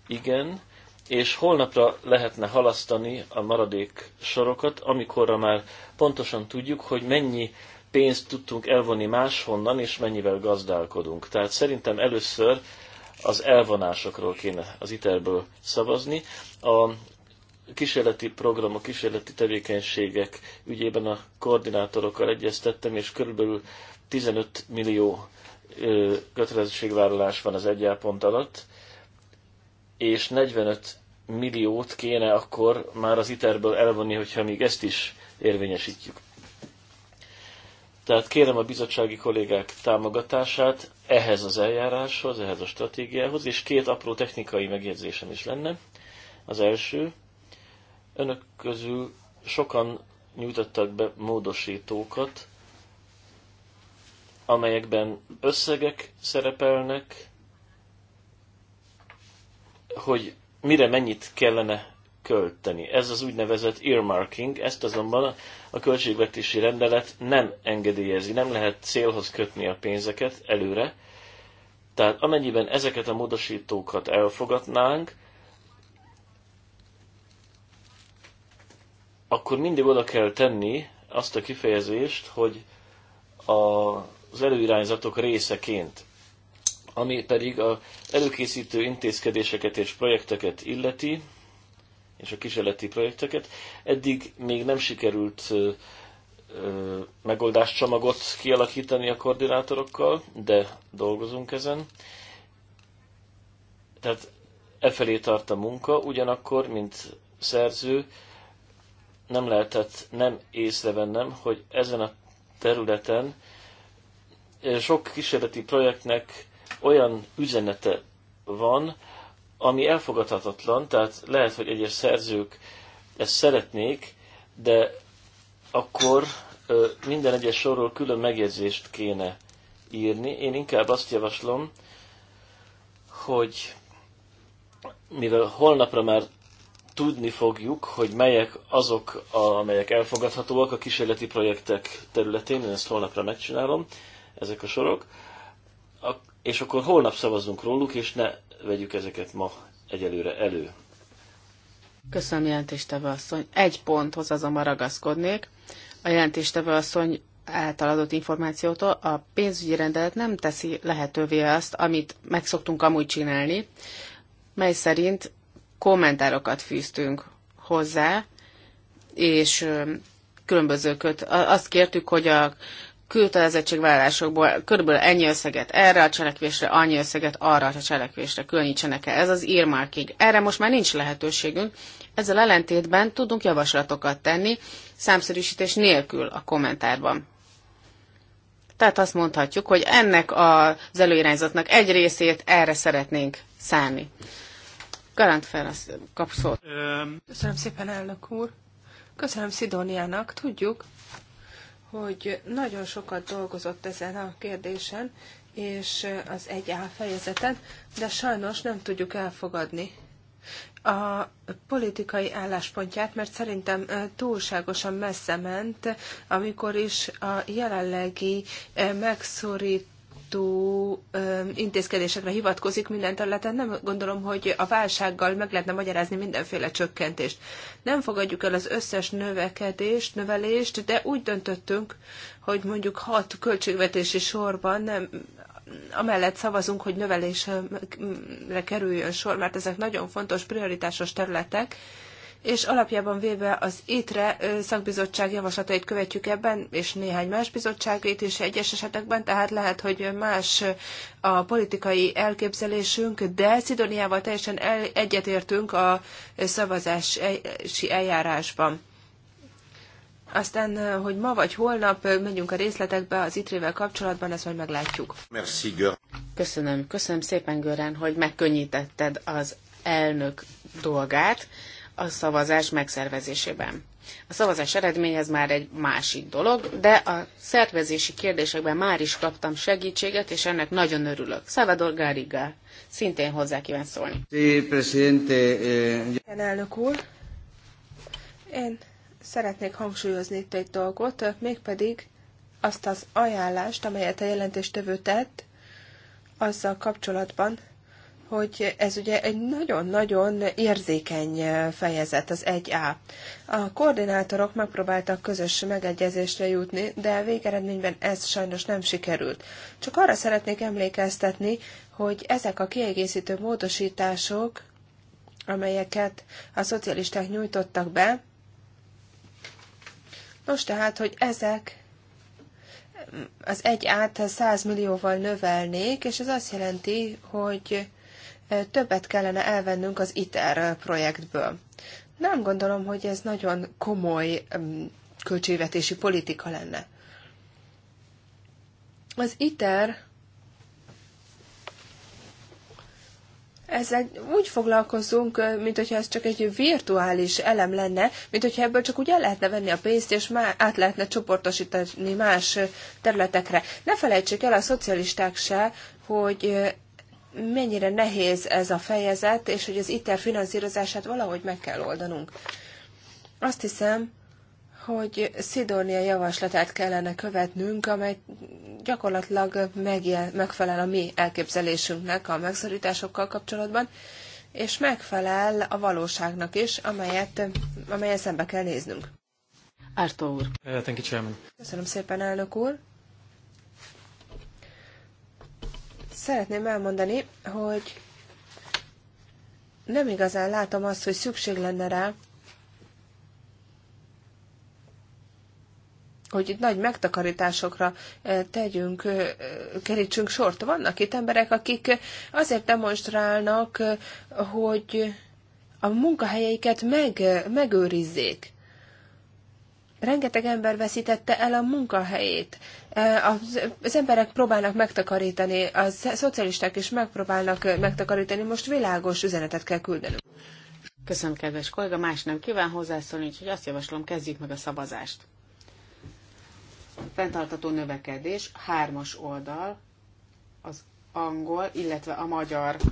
igen és holnapra lehetne halasztani a maradék sorokat, amikorra már pontosan tudjuk, hogy mennyi pénzt tudtunk elvonni máshonnan, és mennyivel gazdálkodunk. Tehát szerintem először az elvonásokról kéne az iterből szavazni. A kísérleti programok, kísérleti tevékenységek ügyében a koordinátorokkal egyeztettem, és körülbelül 15 millió kötelezettségvállalás van az egy pont alatt, és 45 milliót kéne akkor már az iterből elvonni, hogyha még ezt is érvényesítjük. Tehát kérem a bizottsági kollégák támogatását ehhez az eljáráshoz, ehhez a stratégiához, és két apró technikai megjegyzésem is lenne. Az első, önök közül sokan nyújtottak be módosítókat, amelyekben összegek szerepelnek, hogy mire mennyit kellene költeni. Ez az úgynevezett earmarking, ezt azonban a költségvetési rendelet nem engedélyezi, nem lehet célhoz kötni a pénzeket előre. Tehát amennyiben ezeket a módosítókat elfogadnánk, akkor mindig oda kell tenni azt a kifejezést, hogy a az előirányzatok részeként ami pedig a előkészítő intézkedéseket és projekteket illeti, és a kísérleti projekteket, eddig még nem sikerült megoldáscsomagot kialakítani a koordinátorokkal, de dolgozunk ezen. Tehát e felé tart a munka, ugyanakkor, mint szerző, nem lehetett nem észrevennem, hogy ezen a területen sok kísérleti projektnek olyan üzenete van, ami elfogadhatatlan, tehát lehet, hogy egyes szerzők ezt szeretnék, de akkor minden egyes sorról külön megjegyzést kéne írni. Én inkább azt javaslom, hogy mivel holnapra már tudni fogjuk, hogy melyek azok, a, amelyek elfogadhatóak a kísérleti projektek területén, én ezt holnapra megcsinálom, ezek a sorok, és akkor holnap szavazzunk róluk, és ne vegyük ezeket ma egyelőre elő. Köszönöm, jelentéstevő asszony. Egy ponthoz azonban ragaszkodnék. A jelentéstevő asszony által adott információtól a pénzügyi rendelet nem teszi lehetővé azt, amit megszoktunk amúgy csinálni, mely szerint kommentárokat fűztünk hozzá, és különbözőköt. Azt kértük, hogy a kötelezettségvállalásokból körülbelül ennyi összeget erre a cselekvésre, annyi összeget arra a cselekvésre különítsenek el. Ez az earmarking. Erre most már nincs lehetőségünk. Ezzel ellentétben tudunk javaslatokat tenni, számszerűsítés nélkül a kommentárban. Tehát azt mondhatjuk, hogy ennek az előirányzatnak egy részét erre szeretnénk szállni. Garant fel, kap szót. Köszönöm szépen, elnök úr. Köszönöm Szidóniának. Tudjuk, hogy nagyon sokat dolgozott ezen a kérdésen, és az egy a fejezeten, de sajnos nem tudjuk elfogadni a politikai álláspontját, mert szerintem túlságosan messze ment, amikor is a jelenlegi megszorít ö, intézkedésekre hivatkozik minden területen, nem gondolom, hogy a válsággal meg lehetne magyarázni mindenféle csökkentést. Nem fogadjuk el az összes növekedést, növelést, de úgy döntöttünk, hogy mondjuk hat költségvetési sorban nem, amellett szavazunk, hogy növelésre kerüljön sor, mert ezek nagyon fontos, prioritásos területek, és alapjában véve az ITRE szakbizottság javaslatait követjük ebben, és néhány más bizottságét is egyes esetekben, tehát lehet, hogy más a politikai elképzelésünk, de Szidoniával teljesen el, egyetértünk a szavazási eljárásban. Aztán, hogy ma vagy holnap megyünk a részletekbe az ITRE-vel kapcsolatban, ezt majd meglátjuk. Merci, Köszönöm, köszönöm szépen, Görán, hogy megkönnyítetted az elnök dolgát a szavazás megszervezésében. A szavazás eredmény ez már egy másik dolog, de a szervezési kérdésekben már is kaptam segítséget, és ennek nagyon örülök. Salvador Garriga szintén hozzá kíván szólni. Eh, Igen, elnök úr. Én szeretnék hangsúlyozni itt egy dolgot, mégpedig azt az ajánlást, amelyet a jelentéstevő tett, azzal kapcsolatban, hogy ez ugye egy nagyon-nagyon érzékeny fejezet, az 1A. A koordinátorok megpróbáltak közös megegyezésre jutni, de végeredményben ez sajnos nem sikerült. Csak arra szeretnék emlékeztetni, hogy ezek a kiegészítő módosítások, amelyeket a szocialisták nyújtottak be, nos tehát, hogy ezek az egy át 100 millióval növelnék, és ez azt jelenti, hogy többet kellene elvennünk az ITER projektből. Nem gondolom, hogy ez nagyon komoly költségvetési politika lenne. Az ITER ezzel úgy foglalkozunk, mint hogyha ez csak egy virtuális elem lenne, mint hogyha ebből csak úgy el lehetne venni a pénzt, és már át lehetne csoportosítani más területekre. Ne felejtsék el a szocialisták se, hogy mennyire nehéz ez a fejezet, és hogy az ITER finanszírozását valahogy meg kell oldanunk. Azt hiszem, hogy Szidónia javaslatát kellene követnünk, amely gyakorlatilag megjel, megfelel a mi elképzelésünknek a megszorításokkal kapcsolatban, és megfelel a valóságnak is, amelyet, amelyet szembe kell néznünk. Ártó úr. Uh, Köszönöm szépen, elnök úr. Szeretném elmondani, hogy nem igazán látom azt, hogy szükség lenne rá, hogy itt nagy megtakarításokra tegyünk, kerítsünk sort. Vannak itt emberek, akik azért demonstrálnak, hogy a munkahelyeiket meg, megőrizzék rengeteg ember veszítette el a munkahelyét. E, az emberek próbálnak megtakarítani, a szocialisták is megpróbálnak e, megtakarítani, most világos üzenetet kell küldenünk. Köszönöm, kedves kolléga, más nem kíván hozzászólni, úgyhogy azt javaslom, kezdjük meg a szavazást. Fentartató növekedés, hármas oldal, az angol, illetve a magyarban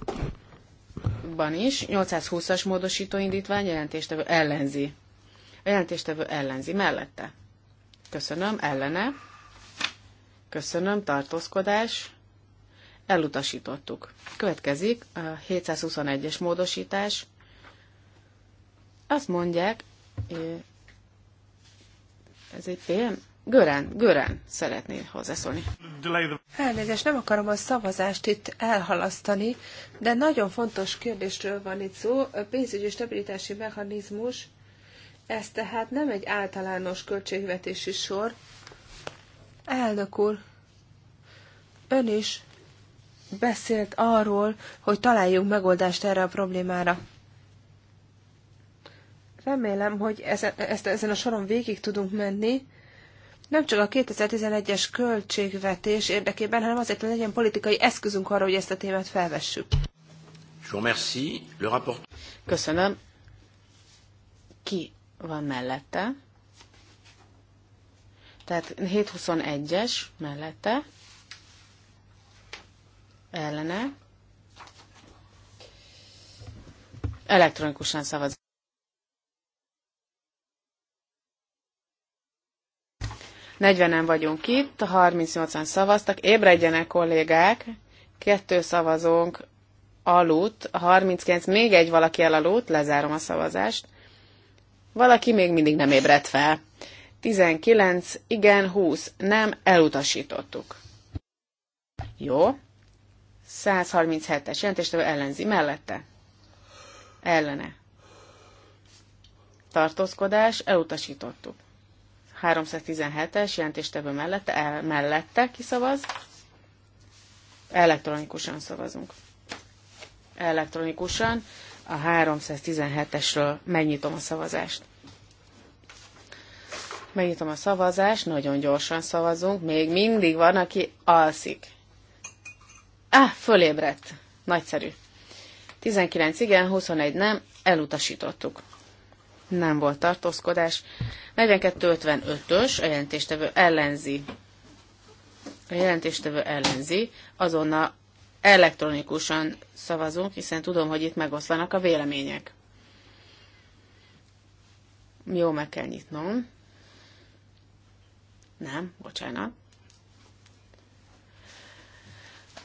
is, 820-as módosító indítvány jelentést ellenzi a jelentéstevő ellenzi mellette. Köszönöm, ellene. Köszönöm, tartózkodás. Elutasítottuk. Következik a 721-es módosítás. Azt mondják, ez egy PM? Gören, Gören szeretné hozzászólni. Elnézést, nem akarom a szavazást itt elhalasztani, de nagyon fontos kérdésről van itt szó. A pénzügyi stabilitási mechanizmus ez tehát nem egy általános költségvetési sor. Elnök úr, ön is beszélt arról, hogy találjunk megoldást erre a problémára. Remélem, hogy ezen, ezt, ezen a soron végig tudunk menni, nem csak a 2011-es költségvetés érdekében, hanem azért, hogy legyen politikai eszközünk arra, hogy ezt a témát felvessük. Köszönöm. Ki van mellette. Tehát 721-es mellette. Ellene. Elektronikusan szavaz. Negyvenen vagyunk itt, 38-an szavaztak. Ébredjenek kollégák, kettő szavazónk aludt, 39, még egy valaki elaludt, lezárom a szavazást. Valaki még mindig nem ébredt fel. 19, igen, 20, nem, elutasítottuk. Jó. 137-es jelentéstől ellenzi mellette. Ellene. Tartózkodás, elutasítottuk. 317-es jelentéstevő mellette, el, mellette kiszavaz. Elektronikusan szavazunk. Elektronikusan a 317-esről megnyitom a szavazást. Megnyitom a szavazást, nagyon gyorsan szavazunk, még mindig van, aki alszik. Á, ah, fölébredt. Nagyszerű. 19 igen, 21 nem, elutasítottuk. Nem volt tartózkodás. 42-55-ös a jelentéstevő ellenzi. A jelentéstevő ellenzi, azonnal elektronikusan szavazunk, hiszen tudom, hogy itt megoszlanak a vélemények. Jó, meg kell nyitnom. Nem, bocsánat.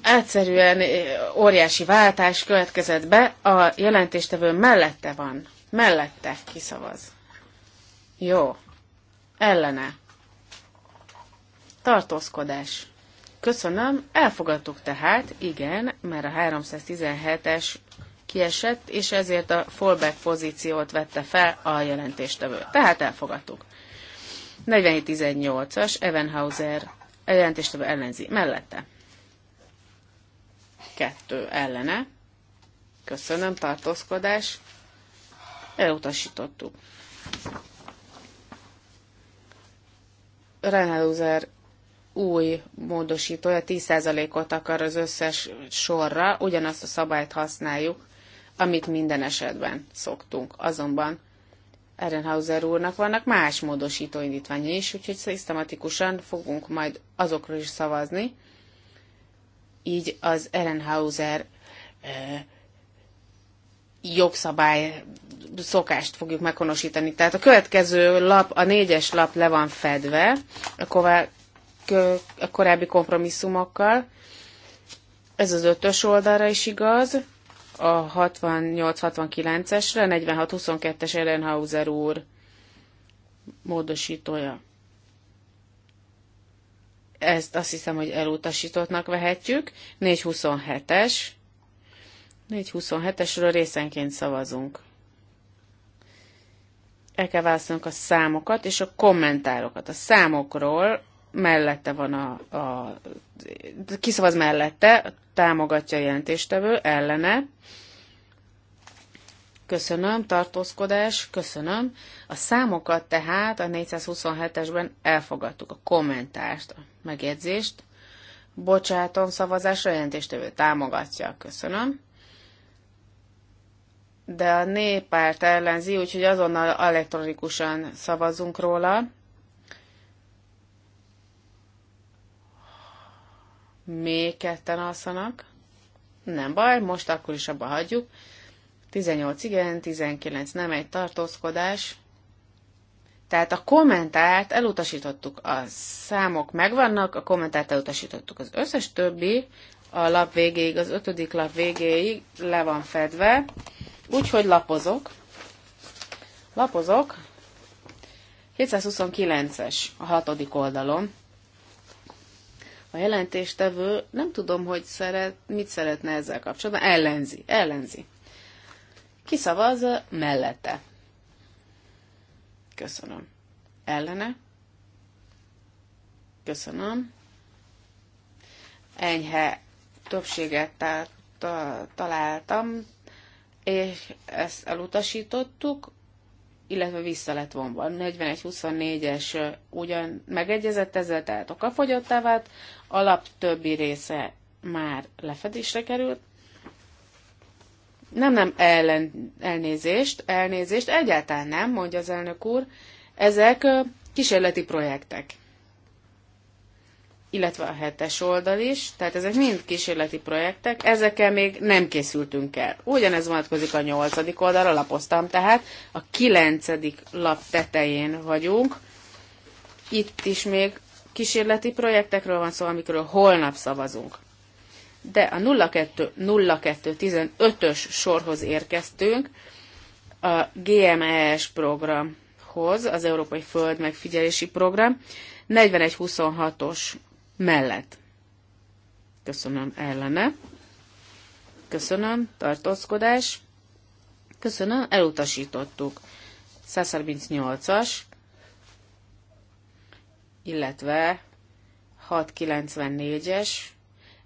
Egyszerűen eh, óriási váltás következett be, a jelentéstevő mellette van. Mellette kiszavaz. Jó. Ellene. Tartózkodás. Köszönöm, elfogadtuk tehát, igen, mert a 317-es kiesett, és ezért a fallback pozíciót vette fel a jelentéstevő. Tehát elfogadtuk. 47-18-as, Evenhauser a jelentéstevő ellenzi. Mellette. Kettő ellene. Köszönöm, tartózkodás. Elutasítottuk. Renhauser új módosítója 10%-ot akar az összes sorra, ugyanazt a szabályt használjuk, amit minden esetben szoktunk. Azonban Erenhauser úrnak vannak más módosító indítványai is, úgyhogy szisztematikusan fogunk majd azokról is szavazni. Így az Erenhauser eh, jogszabály szokást fogjuk meghonosítani. Tehát a következő lap, a négyes lap le van fedve, a a korábbi kompromisszumokkal. Ez az ötös oldalra is igaz, a 68-69-esre, 46-22-es Ellenhauser úr módosítója. Ezt azt hiszem, hogy elutasítottnak vehetjük. 427-es. 427-esről részenként szavazunk. El kell a számokat és a kommentárokat. A számokról mellette van a, a kiszavaz mellette, támogatja a jelentéstevő, ellene. Köszönöm, tartózkodás, köszönöm. A számokat tehát a 427-esben elfogadtuk, a kommentást, a megjegyzést. Bocsátom, szavazásra jelentéstevő támogatja, köszönöm. De a néppárt ellenzi, úgyhogy azonnal elektronikusan szavazunk róla. Még ketten alszanak. Nem baj, most akkor is abba hagyjuk. 18 igen, 19 nem, egy tartózkodás. Tehát a kommentárt elutasítottuk, a számok megvannak, a kommentárt elutasítottuk. Az összes többi a lap végéig, az ötödik lap végéig le van fedve, úgyhogy lapozok. Lapozok. 729-es a hatodik oldalon. A jelentéstevő nem tudom, hogy szeret, mit szeretne ezzel kapcsolatban. Ellenzi, ellenzi. Kiszavaz mellette. Köszönöm. Ellene. Köszönöm. Enyhe többséget tá- találtam, és ezt elutasítottuk, illetve vissza lett vonva. 41-24-es ugyan megegyezett ezzel, tehát okafogyottá vált, alap többi része már lefedésre került. Nem, nem, ellen, elnézést, elnézést, egyáltalán nem, mondja az elnök úr. Ezek kísérleti projektek illetve a hetes oldal is, tehát ezek mind kísérleti projektek, ezekkel még nem készültünk el. Ugyanez vonatkozik a nyolcadik oldalra, lapoztam tehát, a kilencedik lap tetején vagyunk. Itt is még kísérleti projektekről van szó, amikről holnap szavazunk. De a 02 15 ös sorhoz érkeztünk, a GMES programhoz, az Európai Föld Megfigyelési Program, 26 os mellett. Köszönöm ellene. Köszönöm tartózkodás. Köszönöm, elutasítottuk. 138-as, illetve 694-es,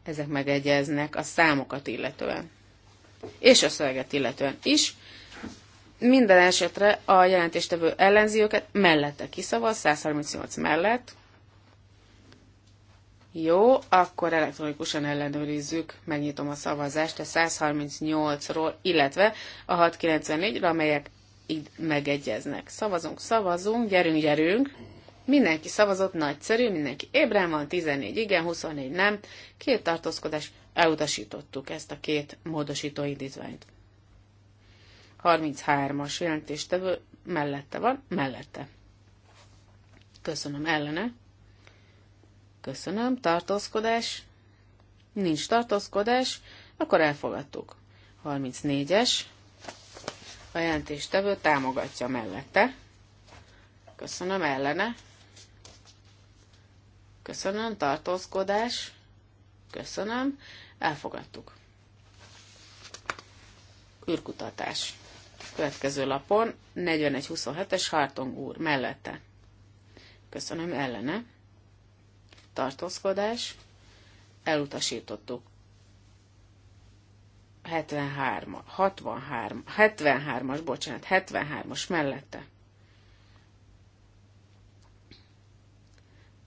ezek megegyeznek a számokat illetően. És a szöveget illetően is. Minden esetre a jelentéstevő ellenzi őket, mellette kiszavaz, 138 mellett, jó, akkor elektronikusan ellenőrizzük, megnyitom a szavazást a 138-ról, illetve a 694-ről, amelyek így megegyeznek. Szavazunk, szavazunk, gyerünk, gyerünk! Mindenki szavazott, nagyszerű, mindenki ébren van, 14 igen, 24 nem, két tartózkodás, elutasítottuk ezt a két módosító indítványt. 33-as jelentéstevő mellette van, mellette. Köszönöm, ellene. Köszönöm. Tartózkodás? Nincs tartózkodás, akkor elfogadtuk. 34-es. A jelentéstevő támogatja mellette. Köszönöm, ellene. Köszönöm, tartózkodás. Köszönöm, elfogadtuk. Őrkutatás. Következő lapon 41-27-es Hartong úr mellette. Köszönöm, ellene tartózkodás, elutasítottuk. 73, 63, 73-as, bocsánat, 73-as mellette.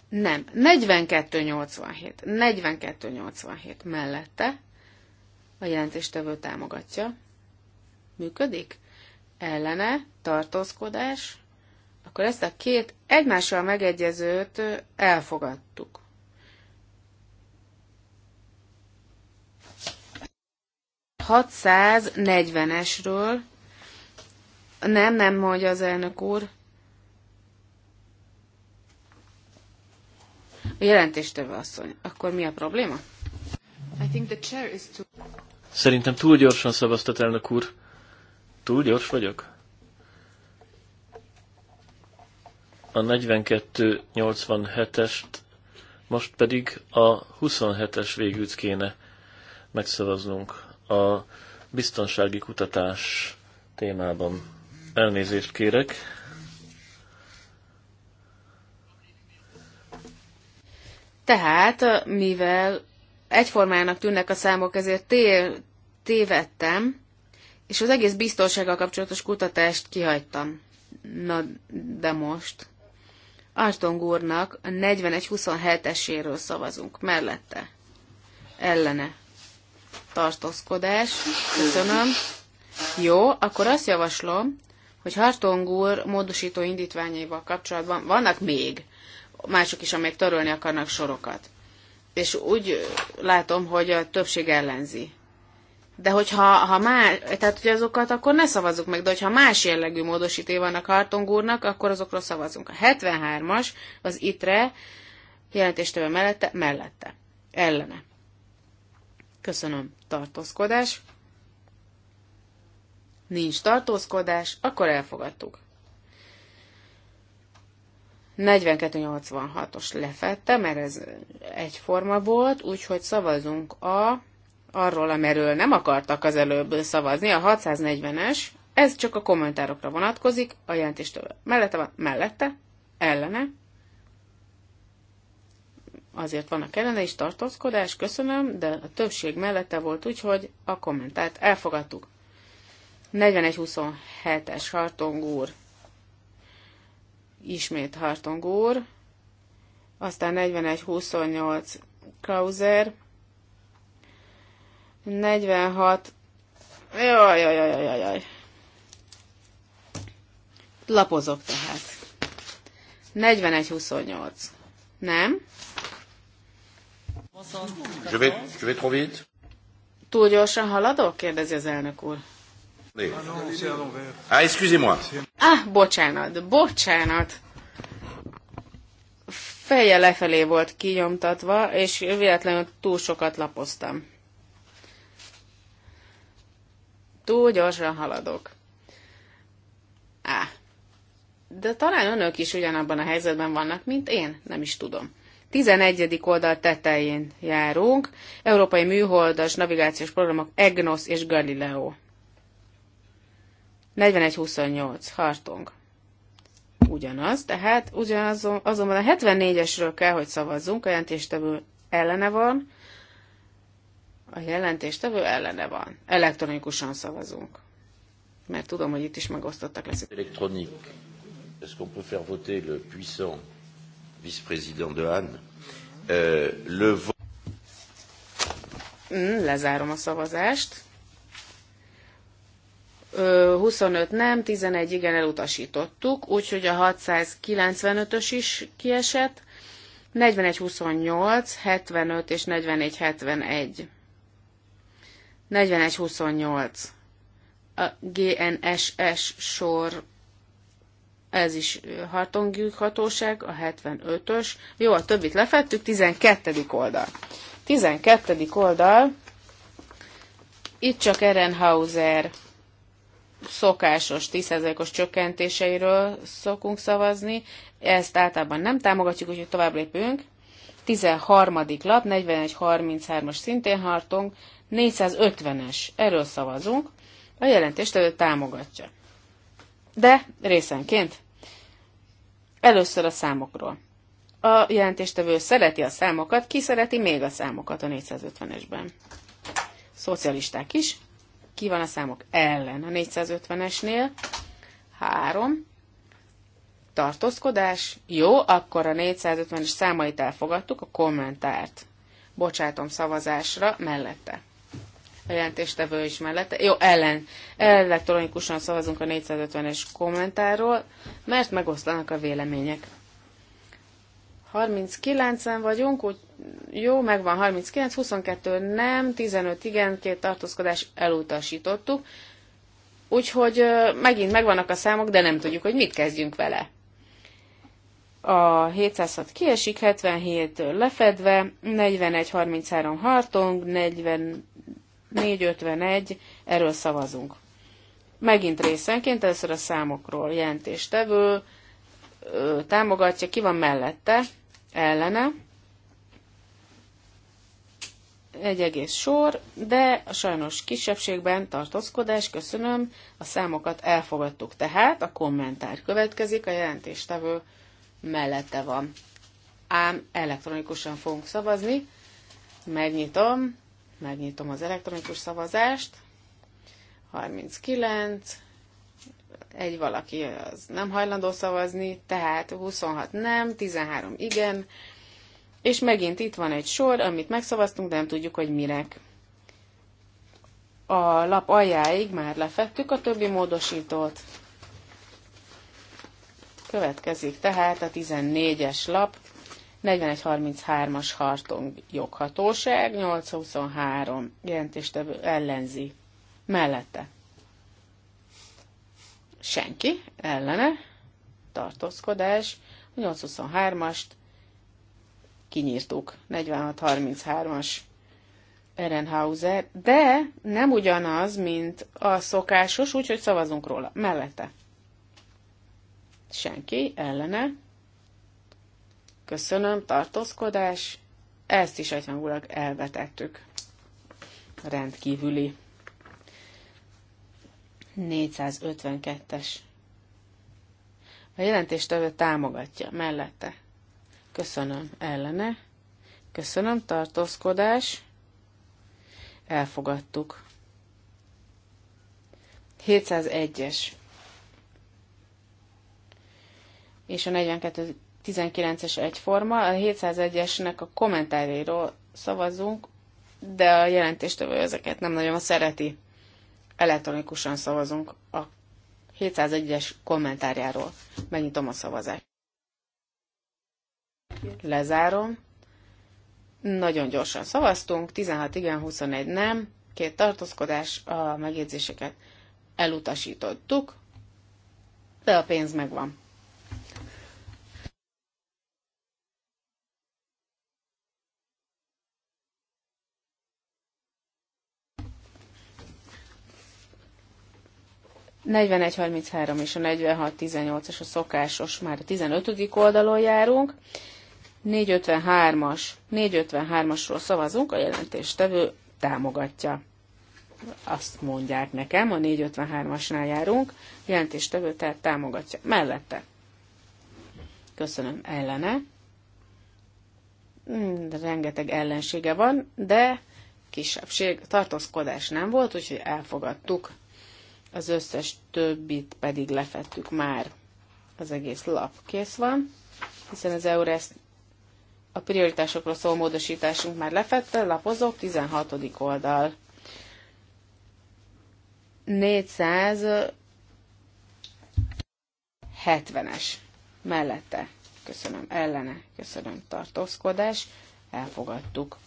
Nem, 4287, 4287 mellette a jelentéstevő támogatja. Működik? Ellene, tartózkodás, akkor ezt a két egymással megegyezőt elfogadtuk. ...640-esről... Nem, nem, mondja az elnök úr. A jelentéstevő asszony. Akkor mi a probléma? I think the chair is too... Szerintem túl gyorsan szavaztat, elnök úr. Túl gyors vagyok? a 4287-est, most pedig a 27-es végűt kéne megszavaznunk a biztonsági kutatás témában. Elnézést kérek. Tehát, mivel egyformának tűnnek a számok, ezért tél, tévedtem, és az egész biztonsággal kapcsolatos kutatást kihagytam. Na, de most. Artong úrnak a 41-27-eséről szavazunk. Mellette. Ellene. Tartózkodás. Köszönöm. Jó, akkor azt javaslom, hogy Hartong úr módosító indítványaival kapcsolatban vannak még mások is, amelyek törölni akarnak sorokat. És úgy látom, hogy a többség ellenzi. De hogyha ha más, tehát hogy azokat akkor ne szavazzuk meg, de hogyha más jellegű módosítő van a kartongúrnak, akkor azokról szavazunk. A 73-as az ITRE jelentéstől mellette, mellette, ellene. Köszönöm. Tartózkodás. Nincs tartózkodás, akkor elfogadtuk. 4286-os lefette, mert ez egyforma volt, úgyhogy szavazunk a arról, amiről nem akartak az előbb szavazni, a 640-es, ez csak a kommentárokra vonatkozik, a jelentéstől mellette van, mellette, ellene, azért a kellene is tartózkodás, köszönöm, de a többség mellette volt, úgyhogy a kommentárt elfogadtuk. 41-27-es Hartongúr, ismét Hartongúr, aztán 41-28 Krauser, 46. Jaj, jaj, jaj, jaj, jaj. Lapozok tehát. 41-28. Nem? Je vais, je vais trop vite. Túl gyorsan haladok? kérdezi az elnök úr. Ah, ah, excusez-moi. Ah, bocsánat, bocsánat. Feje lefelé volt kinyomtatva, és véletlenül túl sokat lapoztam. túl gyorsan haladok. Á, de talán önök is ugyanabban a helyzetben vannak, mint én, nem is tudom. 11. oldal tetején járunk, Európai Műholdas Navigációs Programok EGNOS és Galileo. 41-28, Hartung. Ugyanaz, tehát ugyanazon, azonban a 74-esről kell, hogy szavazzunk, a jelentéstevő ellene van, a jelentéstevő ellene van. Elektronikusan szavazunk. Mert tudom, hogy itt is megosztottak leszünk. Elektronik. Est-ce qu'on peut faire voter le puissant vice-président de Anne? Euh, le vote... Mm, lezárom a szavazást. 25 nem, 11 igen elutasítottuk, úgyhogy a 695-ös is kiesett, 41-28, 75 és 44-71. 4128. A GNSS sor, ez is hatóság, a 75-ös. Jó, a többit lefettük, 12. oldal. 12. oldal, itt csak Erenhauser szokásos 10%-os csökkentéseiről szokunk szavazni, ezt általában nem támogatjuk, úgyhogy tovább lépünk. 13. lap, 41-33-as szintén hartunk, 450-es, erről szavazunk, a jelentéstevő támogatja. De részenként. Először a számokról. A jelentéstevő szereti a számokat, ki szereti még a számokat a 450-esben? Szocialisták is. Ki van a számok ellen a 450-esnél? Három. Tartózkodás. Jó, akkor a 450-es számait elfogadtuk, a kommentárt bocsátom szavazásra mellette a jelentéstevő is mellette. Jó, ellen. Elektronikusan szavazunk a 450-es kommentáról, mert megoszlanak a vélemények. 39-en vagyunk, úgy jó, megvan 39, 22 nem, 15 igen, két tartózkodás elutasítottuk. Úgyhogy megint megvannak a számok, de nem tudjuk, hogy mit kezdjünk vele. A 706 kiesik, 77 lefedve, 41-33 hartunk, 40 451, erről szavazunk. Megint részenként, először a számokról jelentéstevő támogatja, ki van mellette, ellene. Egy egész sor, de a sajnos kisebbségben tartózkodás, köszönöm, a számokat elfogadtuk. Tehát a kommentár következik, a jelentéstevő mellette van. Ám elektronikusan fogunk szavazni. Megnyitom Megnyitom az elektronikus szavazást. 39, egy valaki az nem hajlandó szavazni, tehát 26 nem, 13 igen, és megint itt van egy sor, amit megszavaztunk, de nem tudjuk, hogy minek. A lap aljáig már lefettük a többi módosítót. Következik tehát a 14-es lap. 41-33-as hartong joghatóság, 823 jelentéstevő ellenzi mellette. Senki ellene, tartózkodás, 823-ast kinyírtuk, 46-33-as Erenhauser, de nem ugyanaz, mint a szokásos, úgyhogy szavazunk róla. Mellette. Senki ellene, Köszönöm, tartózkodás. Ezt is egyhangulag elvetettük. Rendkívüli. 452-es. A jelentéstevő támogatja mellette. Köszönöm ellene. Köszönöm tartózkodás. Elfogadtuk. 701-es. És a 42 19-es egyforma, a 701-esnek a kommentáriról szavazunk, de a jelentéstevő ezeket nem nagyon szereti. Elektronikusan szavazunk a 701-es kommentárjáról. Megnyitom a szavazást. Lezárom. Nagyon gyorsan szavaztunk, 16 igen, 21 nem, két tartózkodás, a megjegyzéseket elutasítottuk, de a pénz megvan. 41.33 és a 46.18-as a szokásos, már a 15. oldalon járunk. 453-as, 453-asról szavazunk, a jelentéstevő támogatja. Azt mondják nekem, a 453-asnál járunk, jelentéstevő tehát támogatja. Mellette. Köszönöm, ellene. Hmm, rengeteg ellensége van, de kisebbség tartózkodás nem volt, úgyhogy elfogadtuk az összes többit pedig lefettük már. Az egész lap kész van, hiszen az Eurest a prioritásokról szóló módosításunk már lefette, lapozok, 16. oldal. 470-es mellette. Köszönöm, ellene, köszönöm, tartózkodás. Elfogadtuk.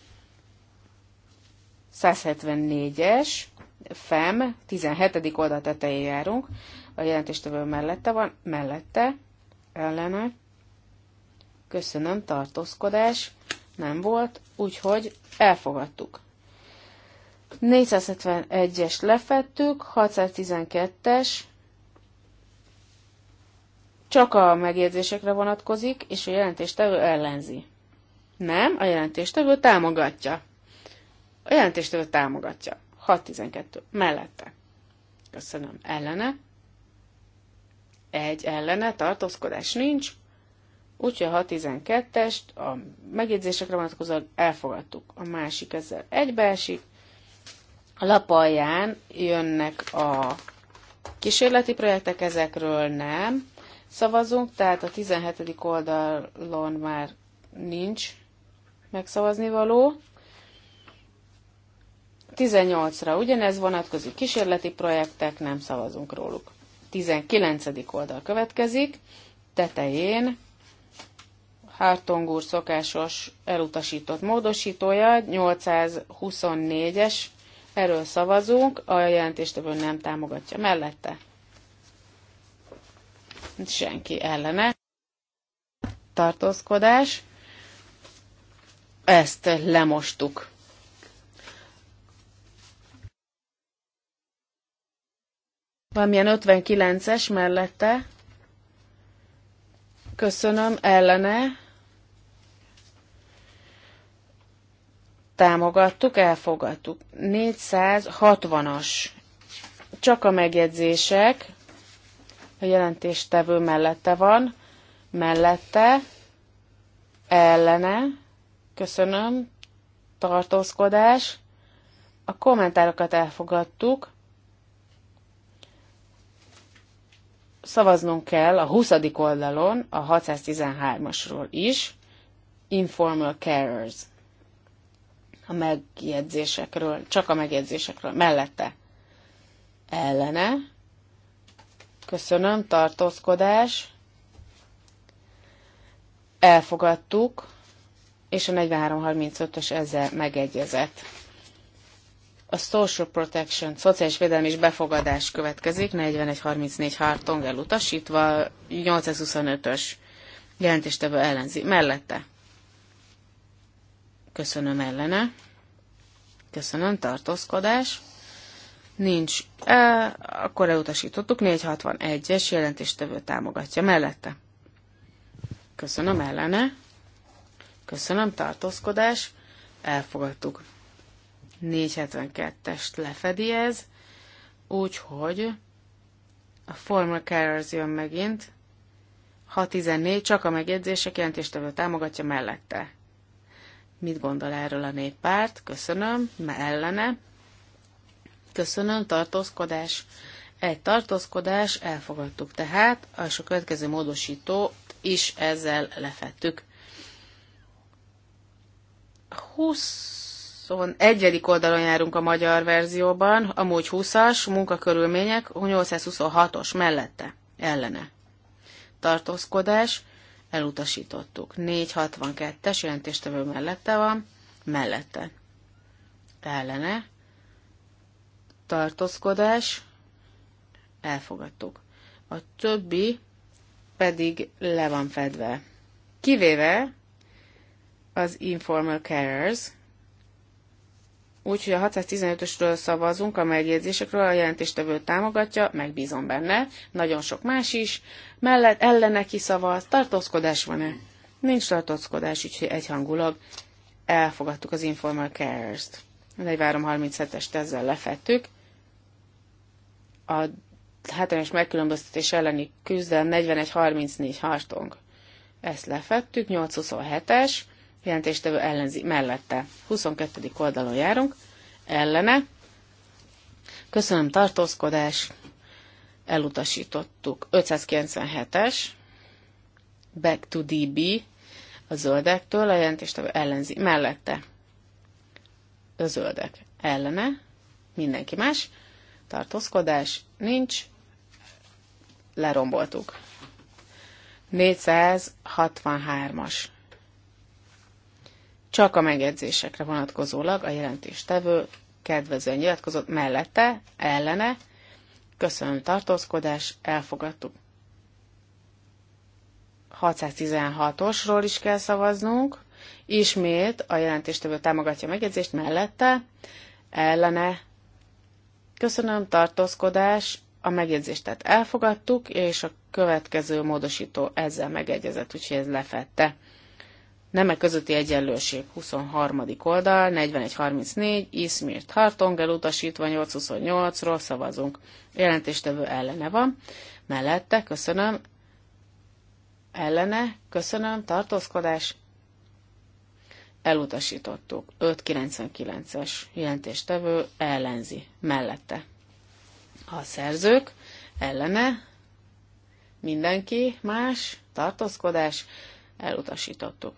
174-es, FEM, 17. oldal tetején járunk, a jelentéstevő mellette van, mellette, ellene, köszönöm, tartózkodás, nem volt, úgyhogy elfogadtuk. 471-es lefettük, 612-es, csak a megjegyzésekre vonatkozik, és a jelentéstevő ellenzi. Nem, a jelentéstevő támogatja. A jelentéstől támogatja. 612 mellette. Köszönöm. Ellene. Egy ellene, tartózkodás nincs. Úgyhogy a 612-est a megjegyzésekre vonatkozóan elfogadtuk. A másik ezzel egybeesik. A lap alján jönnek a kísérleti projektek, ezekről nem szavazunk, tehát a 17. oldalon már nincs megszavazni való. 18-ra ugyanez vonatkozik, kísérleti projektek, nem szavazunk róluk. 19. oldal következik, tetején Hartong úr szokásos elutasított módosítója, 824-es, erről szavazunk, a jelentéstevő nem támogatja mellette. Senki ellene. Tartózkodás. Ezt lemostuk. Valamilyen 59-es mellette. Köszönöm, ellene. Támogattuk, elfogadtuk. 460-as. Csak a megjegyzések. A jelentéstevő mellette van. Mellette. Ellene. Köszönöm. Tartózkodás. A kommentárokat elfogadtuk. szavaznunk kell a 20. oldalon a 613-asról is, informal carers, a megjegyzésekről, csak a megjegyzésekről, mellette ellene, köszönöm, tartózkodás, elfogadtuk, és a 4335-ös ezzel megegyezett. A Social Protection, szociális védelem és befogadás következik, 4134 Hartong elutasítva, 825-ös jelentéstevő ellenzi. Mellette. Köszönöm ellene. Köszönöm, tartózkodás. Nincs. E, akkor elutasítottuk. 461-es jelentéstevő támogatja. Mellette. Köszönöm ellene. Köszönöm, tartózkodás. Elfogadtuk. 472-est lefedi ez, úgyhogy a Formal Carers jön megint, 614 csak a megjegyzések jelentéstevő támogatja mellette. Mit gondol erről a néppárt? Köszönöm, ellene. Köszönöm, tartózkodás. Egy tartózkodás, elfogadtuk tehát, és a következő módosítót is ezzel lefettük. 20 Szóval egyedik oldalon járunk a magyar verzióban, amúgy 20-as, munkakörülmények 826-os mellette, ellene. Tartózkodás, elutasítottuk. 462-es jelentéstevő mellette van, mellette. Ellene. Tartózkodás, elfogadtuk. A többi pedig le van fedve. Kivéve az informal carers, Úgyhogy a 615-ösről szavazunk, a megjegyzésekről a jelentéstevő támogatja, megbízom benne, nagyon sok más is, mellett ellene kiszavaz, tartózkodás van-e? Nincs tartózkodás, úgyhogy egyhangulag elfogadtuk az Informal Cares-t. 4337-est ezzel lefettük. A hátrányos megkülönböztetés elleni küzdelem 4134 hartunk. Ezt lefettük, 827-es jelentéstevő ellenzi mellette. 22. oldalon járunk, ellene. Köszönöm, tartózkodás. Elutasítottuk. 597-es. Back to DB. A zöldektől a jelentéstevő ellenzi mellette. A zöldek ellene. Mindenki más. Tartózkodás nincs. Leromboltuk. 463-as csak a megjegyzésekre vonatkozólag a jelentéstevő kedvezően nyilatkozott mellette, ellene, köszönöm tartózkodás, elfogadtuk. 616-osról is kell szavaznunk, ismét a jelentéstevő támogatja a megjegyzést mellette, ellene, köszönöm tartózkodás, a megjegyzést tehát elfogadtuk, és a következő módosító ezzel megegyezett, úgyhogy ez lefette. Nemek közötti egyenlőség 23. oldal, 41-34, Ismirt Hartong, elutasítva 828-ról szavazunk. Jelentéstevő ellene van. Mellette, köszönöm, ellene, köszönöm, tartózkodás, elutasítottuk. 599-es jelentéstevő ellenzi, mellette. A szerzők ellene, mindenki más, tartózkodás, elutasítottuk.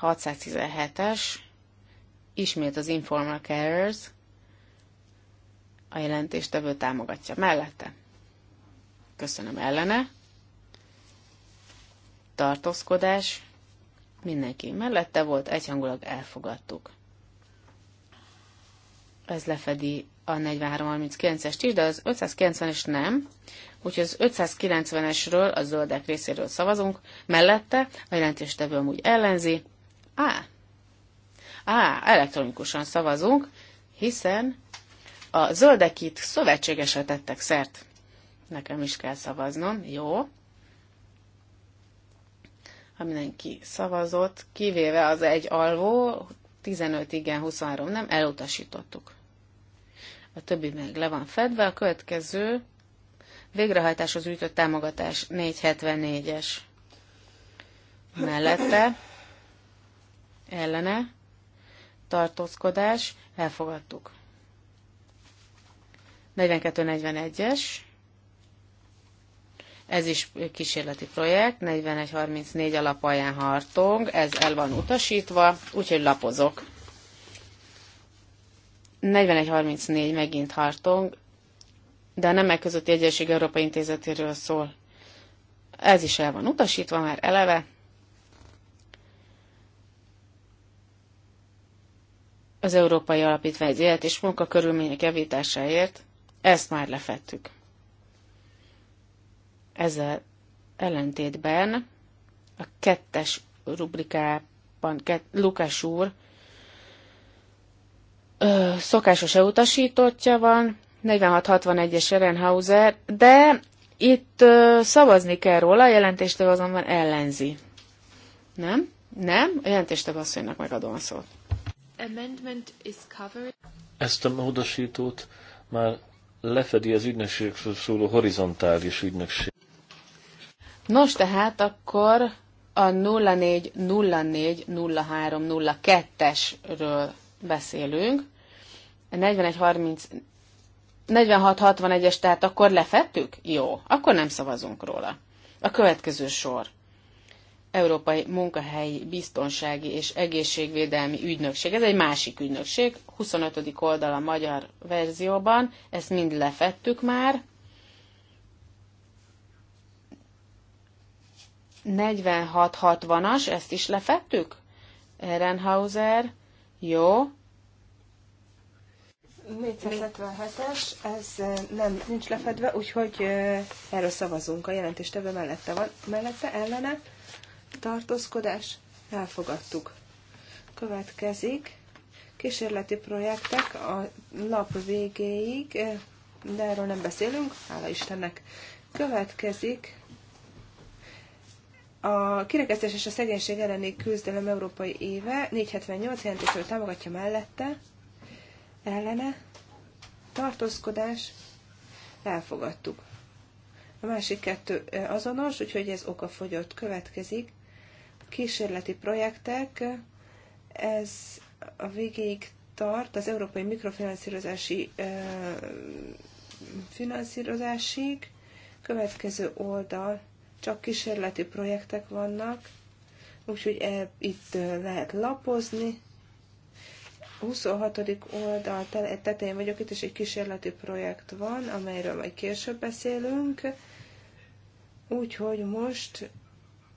617-es, ismét az Informal Carers a jelentéstevő támogatja mellette. Köszönöm ellene. Tartózkodás. Mindenki mellette volt, egyhangulag elfogadtuk. Ez lefedi a 4339-est is, de az 590-es nem, úgyhogy az 590-esről a zöldek részéről szavazunk, mellette a jelentéstevő amúgy ellenzi, Á, á, elektronikusan szavazunk, hiszen a zöldek itt szövetségesre tettek szert. Nekem is kell szavaznom, jó. Ha mindenki szavazott, kivéve az egy alvó, 15 igen, 23 nem, elutasítottuk. A többi meg le van fedve, a következő végrehajtáshoz ütött támogatás 474-es mellette ellene, tartózkodás, elfogadtuk. 42-41-es, ez is kísérleti projekt, 41-34 alapaján hartong, ez el van utasítva, úgyhogy lapozok. 41-34 megint hartong, de a Nemek Közötti Egyenség Európai Intézetéről szól. Ez is el van utasítva már eleve, az Európai Alapítvány élet és munkakörülmények javításáért, ezt már lefettük. Ezzel ellentétben a kettes rubrikában kett, Lukás úr ö, szokásos elutasítottja van, 4661-es Ehrenhauser, de itt ö, szavazni kell róla, a jelentéstől azonban ellenzi. Nem? Nem? A azt, hogy megadom a szót. Ezt a módosítót már lefedi az ügynökségről szóló horizontális ügynökség. Nos, tehát akkor a 0404-0302-esről beszélünk. A 4130 4661-es, tehát akkor lefettük? Jó, akkor nem szavazunk róla. A következő sor. Európai Munkahelyi Biztonsági és Egészségvédelmi Ügynökség. Ez egy másik ügynökség, 25. oldal a magyar verzióban, ezt mind lefettük már. 46-60-as, ezt is lefettük? Ehrenhauser, jó. 477-es, ez nem, nincs lefedve, úgyhogy erről szavazunk. A jelentéstevő mellette van, mellette, ellene tartózkodás, elfogadtuk. Következik kísérleti projektek a lap végéig, eh, de erről nem beszélünk, hála Istennek. Következik a kirekesztés és a szegénység elleni küzdelem európai éve 478 jelentésről támogatja mellette, ellene, tartózkodás, elfogadtuk. A másik kettő eh, azonos, úgyhogy ez okafogyott következik kísérleti projektek, ez a végéig tart az Európai Mikrofinanszírozási finanszírozásig. Következő oldal, csak kísérleti projektek vannak, úgyhogy e, itt lehet lapozni. 26. oldal tetején vagyok, itt is egy kísérleti projekt van, amelyről majd később beszélünk. Úgyhogy most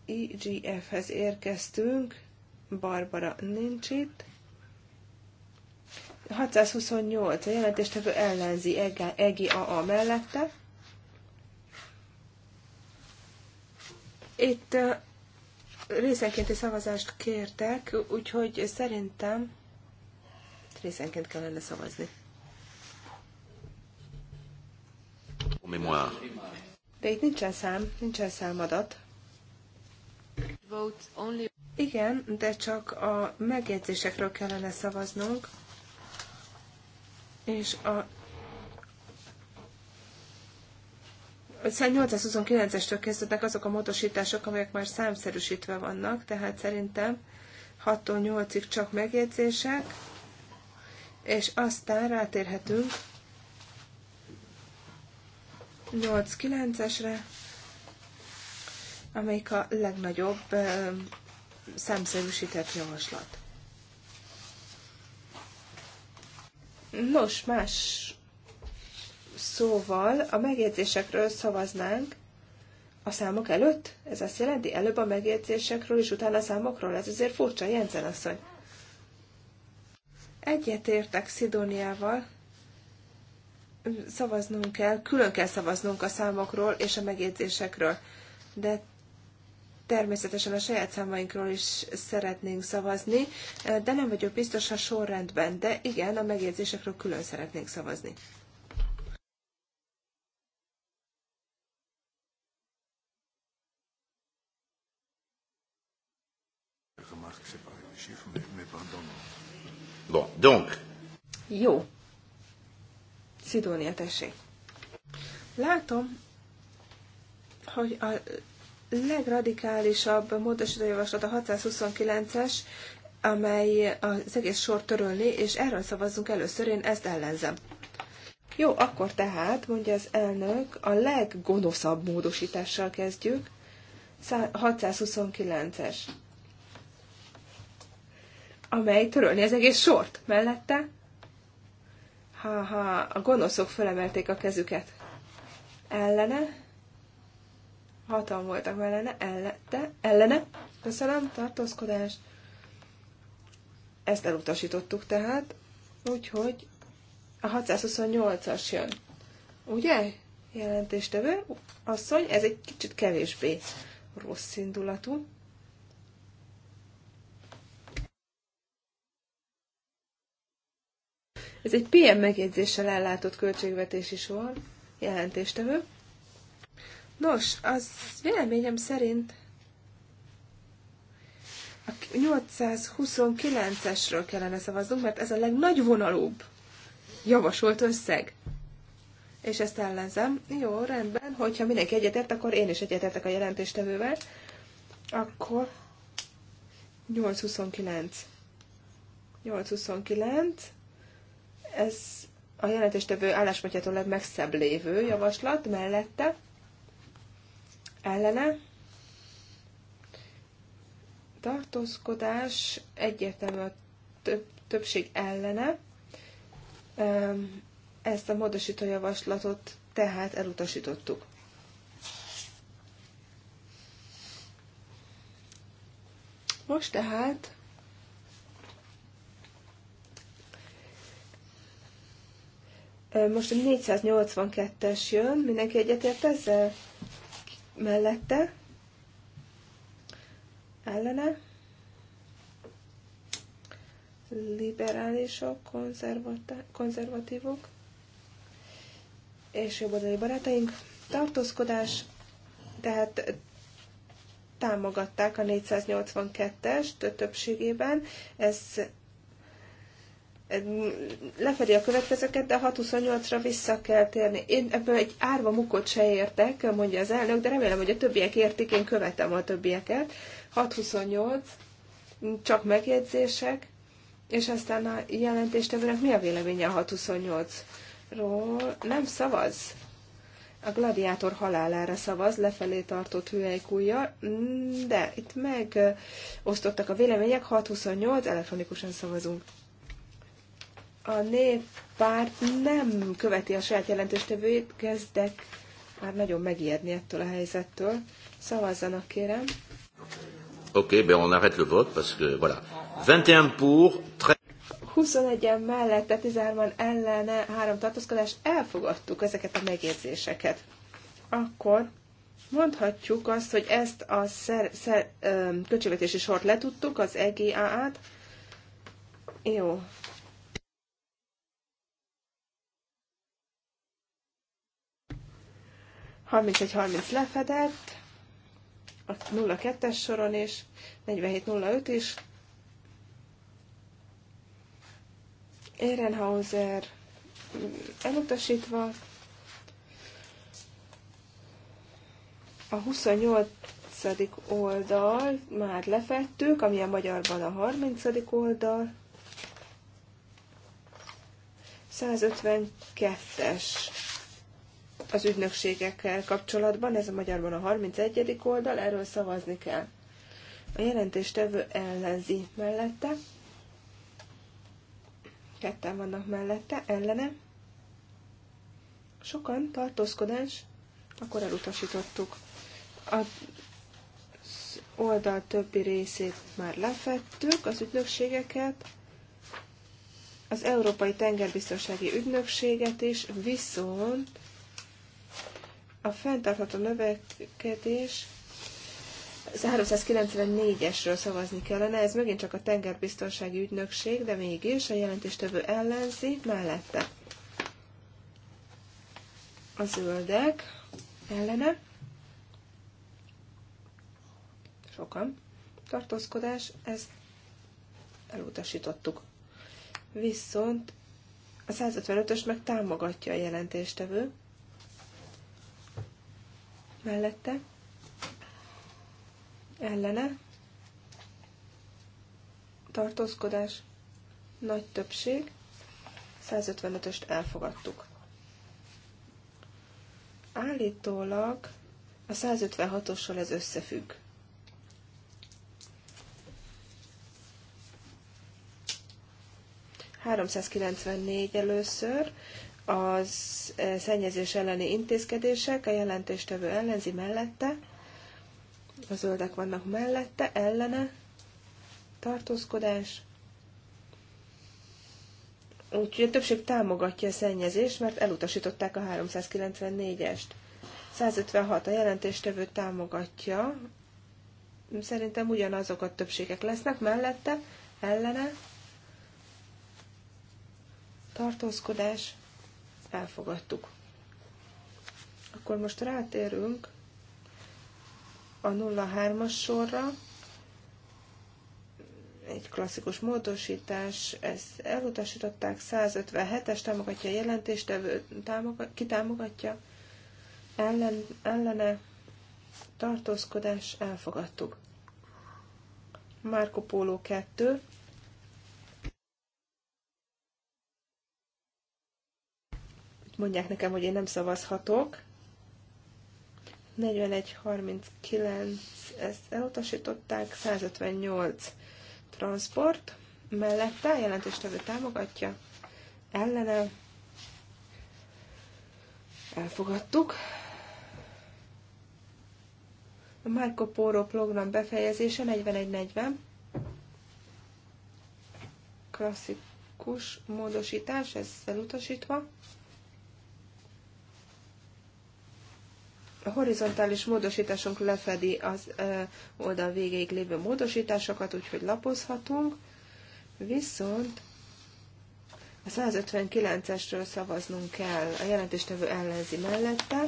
IGF-hez e érkeztünk, Barbara nincs itt. 628, a jelentéstevő ellenzi Egi AA mellette. Itt részenkénti szavazást kértek, úgyhogy szerintem részenként kellene szavazni. De itt nincsen szám, nincsen számadat. Igen, de csak a megjegyzésekről kellene szavaznunk, és a 1829 estől kezdődnek azok a módosítások, amelyek már számszerűsítve vannak, tehát szerintem 6-tól 8-ig csak megjegyzések, és aztán rátérhetünk 8-9-esre, amelyik a legnagyobb számszerűsített javaslat. Nos, más szóval a megjegyzésekről szavaznánk a számok előtt? Ez azt jelenti, előbb a megjegyzésekről és utána a számokról? Ez azért furcsa, Jensen asszony. Egyetértek Szidóniával. Szavaznunk kell, külön kell szavaznunk a számokról és a megjegyzésekről. De Természetesen a saját számainkról is szeretnénk szavazni, de nem vagyok biztos a sorrendben, de igen, a megjegyzésekről külön szeretnénk szavazni. Bon, donc. Jó. Szidónia, tessék. Látom, hogy a legradikálisabb módosítójavaslat a 629-es, amely az egész sor törölni, és erről szavazzunk először, én ezt ellenzem. Jó, akkor tehát, mondja az elnök, a leggonoszabb módosítással kezdjük, 629-es, amely törölni az egész sort mellette. Ha, ha, a gonoszok felemelték a kezüket. Ellene, hatan voltak ellene, ellette, ellene, köszönöm, tartózkodás. Ezt elutasítottuk tehát, úgyhogy a 628-as jön. Ugye? Jelentéstevő asszony, ez egy kicsit kevésbé rossz indulatú. Ez egy PM megjegyzéssel ellátott költségvetési sor, jelentéstevő. Nos, az véleményem szerint a 829-esről kellene szavaznunk, mert ez a legnagyvonalúbb javasolt összeg. És ezt ellenzem. Jó, rendben, hogyha mindenki egyetért, akkor én is egyetértek a jelentéstevővel. Akkor 829. 829. Ez a jelentéstevő álláspontjától legmegszebb lévő javaslat mellette ellene tartózkodás egyértelmű a töb- többség ellene. Ezt a módosító javaslatot tehát elutasítottuk. Most tehát most a 482-es jön, mindenki egyetért ezzel? mellette, ellene, liberálisok, konzervatívok, és jobboldali barátaink tartózkodás, tehát támogatták a 482-est többségében, ez lefedi a következőket, de 6.28-ra vissza kell térni. Én ebből egy árva mukot se értek, mondja az elnök, de remélem, hogy a többiek értik, én követem a többieket. 6.28, csak megjegyzések, és aztán a jelentéstevőnek mi a véleménye a 6.28-ról? Nem szavaz. A gladiátor halálára szavaz, lefelé tartott hüvelykúja, de itt megosztottak a vélemények, 6.28, elektronikusan szavazunk. A néppárt nem követi a saját jelentéstevőjét, kezdek már nagyon megijedni ettől a helyzettől. Szavazzanak, kérem. Oké, okay, ben on arrête le vote, parce que voilà. 21 pour, 21-en mellette, 13-an ellene, három tartózkodás, elfogadtuk ezeket a megérzéseket. Akkor mondhatjuk azt, hogy ezt a szer, szer, költségvetési sort letudtuk, az EGA-át. Jó, 31-30 lefedett, a 02-es soron is, 47-05 is. Ehrenhauser elutasítva, a 28 oldal már lefettük, ami a magyarban a 30. oldal. 152-es az ügynökségekkel kapcsolatban, ez a magyarban a 31. oldal, erről szavazni kell. A jelentéstevő ellenzi mellette, ketten vannak mellette, ellene, sokan tartózkodás, akkor elutasítottuk. A oldal többi részét már lefettük, az ügynökségeket, az Európai Tengerbiztonsági Ügynökséget is, viszont a fenntartható növekedés 394-esről szavazni kellene, ez megint csak a tengerbiztonsági ügynökség, de mégis a jelentéstevő ellenzi mellette. A zöldek ellene. Sokan. Tartózkodás, ezt elutasítottuk. Viszont a 155-ös meg támogatja a jelentéstevő mellette, ellene, tartózkodás, nagy többség, 155-öst elfogadtuk. Állítólag a 156-ossal ez összefügg. ...394 először, az eh, szennyezés elleni intézkedések, a jelentéstevő ellenzi mellette, a zöldek vannak mellette, ellene, tartózkodás. Úgyhogy a többség támogatja a szennyezést, mert elutasították a 394-est. 156 a jelentéstevő támogatja, szerintem ugyanazok a többségek lesznek mellette, ellene, tartózkodás, elfogadtuk. Akkor most rátérünk a 03-as sorra, egy klasszikus módosítás, ezt elutasították, 157-es támogatja a jelentést, támogat, ki támogatja, ellen, ellene tartózkodás, elfogadtuk. Marco Polo 2 mondják nekem, hogy én nem szavazhatok. 41-39, ezt elutasították, 158 transport, mellette jelentéstevő támogatja, ellene elfogadtuk. A Marco Poro program befejezése 41-40. Klasszikus módosítás, ezzel utasítva. a horizontális módosításunk lefedi az oldal végéig lévő módosításokat, úgyhogy lapozhatunk, viszont a 159-esről szavaznunk kell a jelentéstevő ellenzi mellette,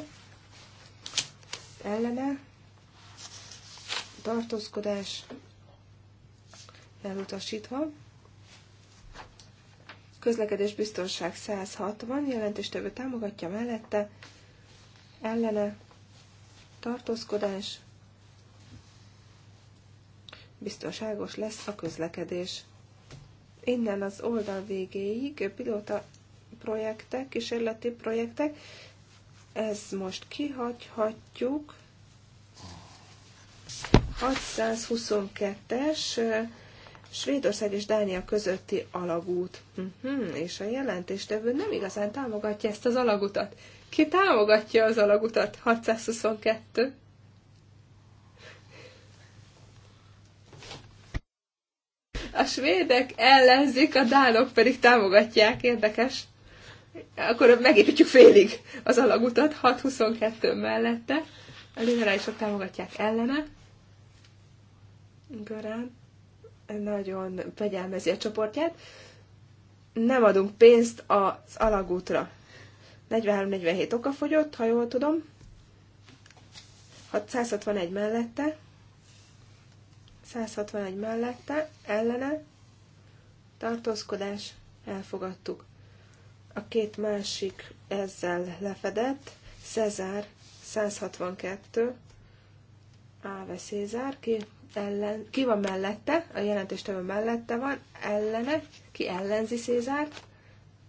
ellene, tartózkodás elutasítva, közlekedés biztonság 160, jelentéstevő támogatja mellette, ellene, tartózkodás biztonságos lesz a közlekedés. Innen az oldal végéig pilóta projektek, kísérleti projektek, ez most kihagyhatjuk. 622-es Svédország és Dánia közötti alagút. Uh-huh, és a jelentéstevő nem igazán támogatja ezt az alagutat. Ki támogatja az alagutat? 622. A svédek ellenzik, a dánok pedig támogatják, érdekes. Akkor megépítjük félig az alagutat, 622 mellette. A liberálisok támogatják ellene. Garán nagyon fegyelmezi a csoportját. Nem adunk pénzt az alagútra. 43-47 oka fogyott, ha jól tudom. 161 mellette. 161 mellette, ellene, tartózkodás, elfogadtuk. A két másik ezzel lefedett, Cezár 162, Áve Cézár, ki, ellen, ki van mellette, a jelentéstevő mellette van, ellene, ki ellenzi Cézárt,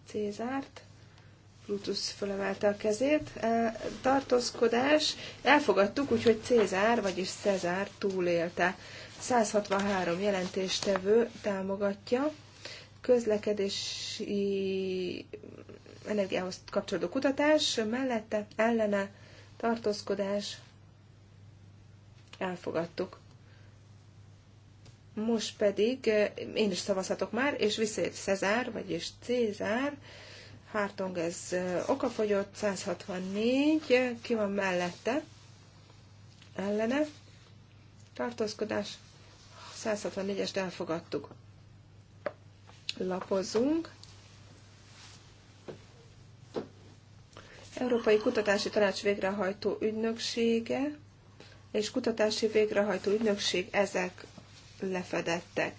Cézárt, Plutus fölemelte a kezét. Tartózkodás. Elfogadtuk, úgyhogy Cézár, vagyis Cezár túlélte. 163 jelentéstevő támogatja közlekedési energiához kapcsolódó kutatás, mellette ellene tartózkodás. Elfogadtuk. Most pedig én is szavazhatok már, és visszajött Cezár, vagyis Cézár Hártong ez okafogyott, 164, ki van mellette, ellene, tartózkodás, 164-est elfogadtuk. Lapozunk. Európai Kutatási Tanács végrehajtó ügynöksége és Kutatási Végrehajtó Ügynökség ezek lefedettek.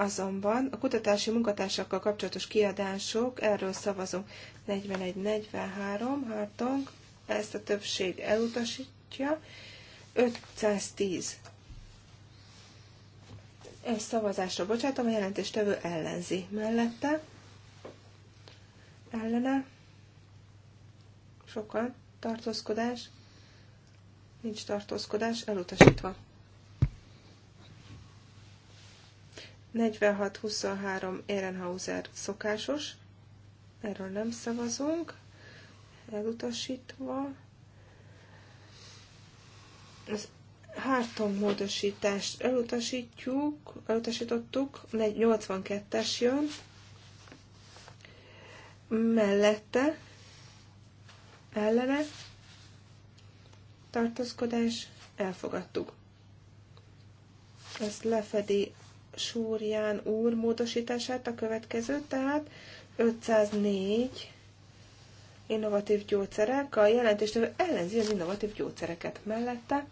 Azonban a kutatási munkatársakkal kapcsolatos kiadások, erről szavazunk 41-43, hátunk, ezt a többség elutasítja, 510. Ezt szavazásra bocsátom, a jelentéstevő ellenzi mellette. Ellene. Sokan. Tartózkodás. Nincs tartózkodás, elutasítva. 46-23 Ehrenhauser szokásos. Erről nem szavazunk. Elutasítva. Az Hárton módosítást elutasítjuk, elutasítottuk, 82-es jön, mellette, ellene, tartózkodás, elfogadtuk. Ezt lefedi Súrján úr módosítását, a következőt, tehát 504 innovatív gyógyszerek, a jelentéstevő ellenzi az innovatív gyógyszereket mellette.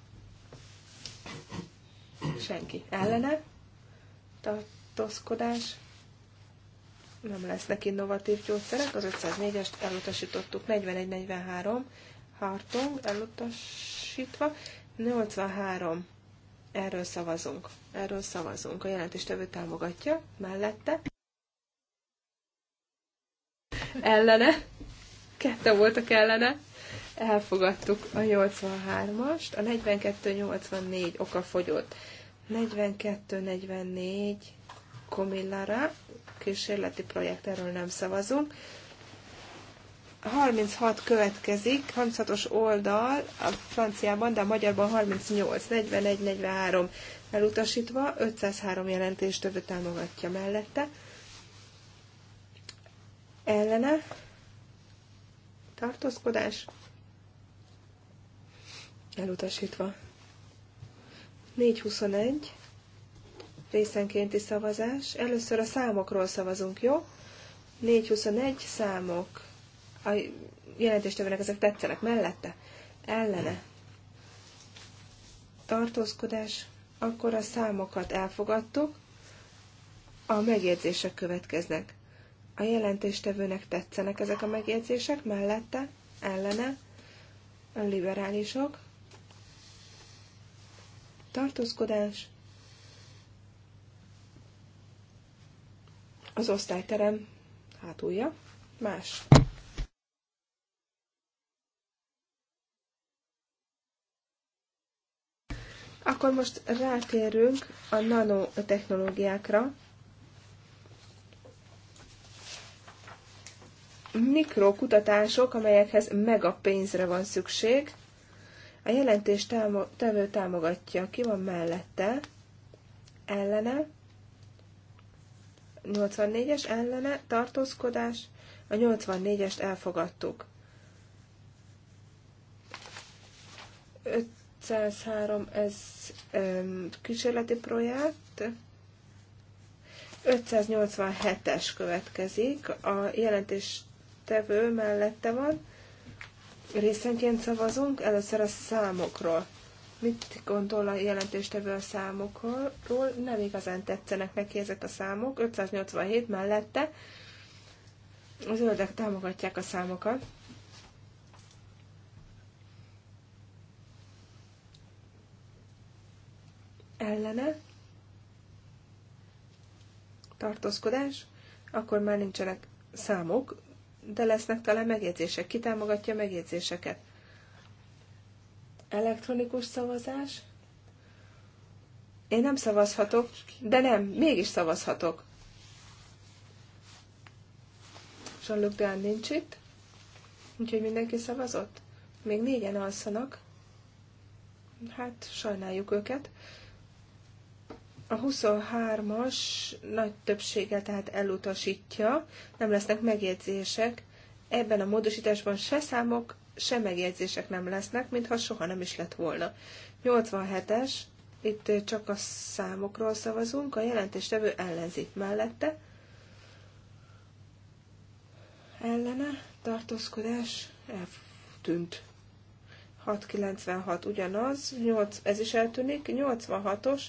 Senki ellene. Tartózkodás. Nem lesznek innovatív gyógyszerek. Az 504-est elutasítottuk. 41-43. Hartong elutasítva. 83 Erről szavazunk. Erről szavazunk. A jelentéstevő támogatja mellette. Ellene. Kette voltak ellene. Elfogadtuk a 83-ast. A 42-84 oka fogyott. 42-44 Komillára kísérleti projekt, erről nem szavazunk. 36 következik, 36-os oldal, a franciában, de a magyarban 38, 41, 43 elutasítva, 503 jelentést többet támogatja mellette. Ellene tartózkodás elutasítva. 421 részenkénti szavazás. Először a számokról szavazunk, jó? 421 számok a jelentéstevőnek ezek tetszenek mellette, ellene tartózkodás, akkor a számokat elfogadtuk, a megjegyzések következnek. A jelentéstevőnek tetszenek ezek a megjegyzések, mellette, ellene, a liberálisok, tartózkodás, az osztályterem hátulja, más. Akkor most rátérünk a nanotechnológiákra. Mikrokutatások, amelyekhez pénzre van szükség. A jelentés támo- tevő támogatja, ki van mellette, ellene, 84-es ellene, tartózkodás, a 84-est elfogadtuk. 503 ez kísérleti projekt, 587-es következik, a jelentés tevő mellette van, részenként szavazunk, először a számokról. Mit gondol a jelentéstevő a számokról? Nem igazán tetszenek neki ezek a számok. 587 mellette. Az öldek támogatják a számokat. ellene tartózkodás, akkor már nincsenek számok, de lesznek talán megjegyzések. Ki támogatja a megjegyzéseket? Elektronikus szavazás? Én nem szavazhatok, de nem, mégis szavazhatok. Jean-Luc Dehan nincs itt, úgyhogy mindenki szavazott. Még négyen alszanak. Hát, sajnáljuk őket. A 23-as nagy többséggel tehát elutasítja, nem lesznek megjegyzések. Ebben a módosításban se számok, se megjegyzések nem lesznek, mintha soha nem is lett volna. 87-es, itt csak a számokról szavazunk, a jelentéstevő ellenzik mellette. Ellene, tartózkodás, eltűnt. 696 ugyanaz, 8, ez is eltűnik, 86-os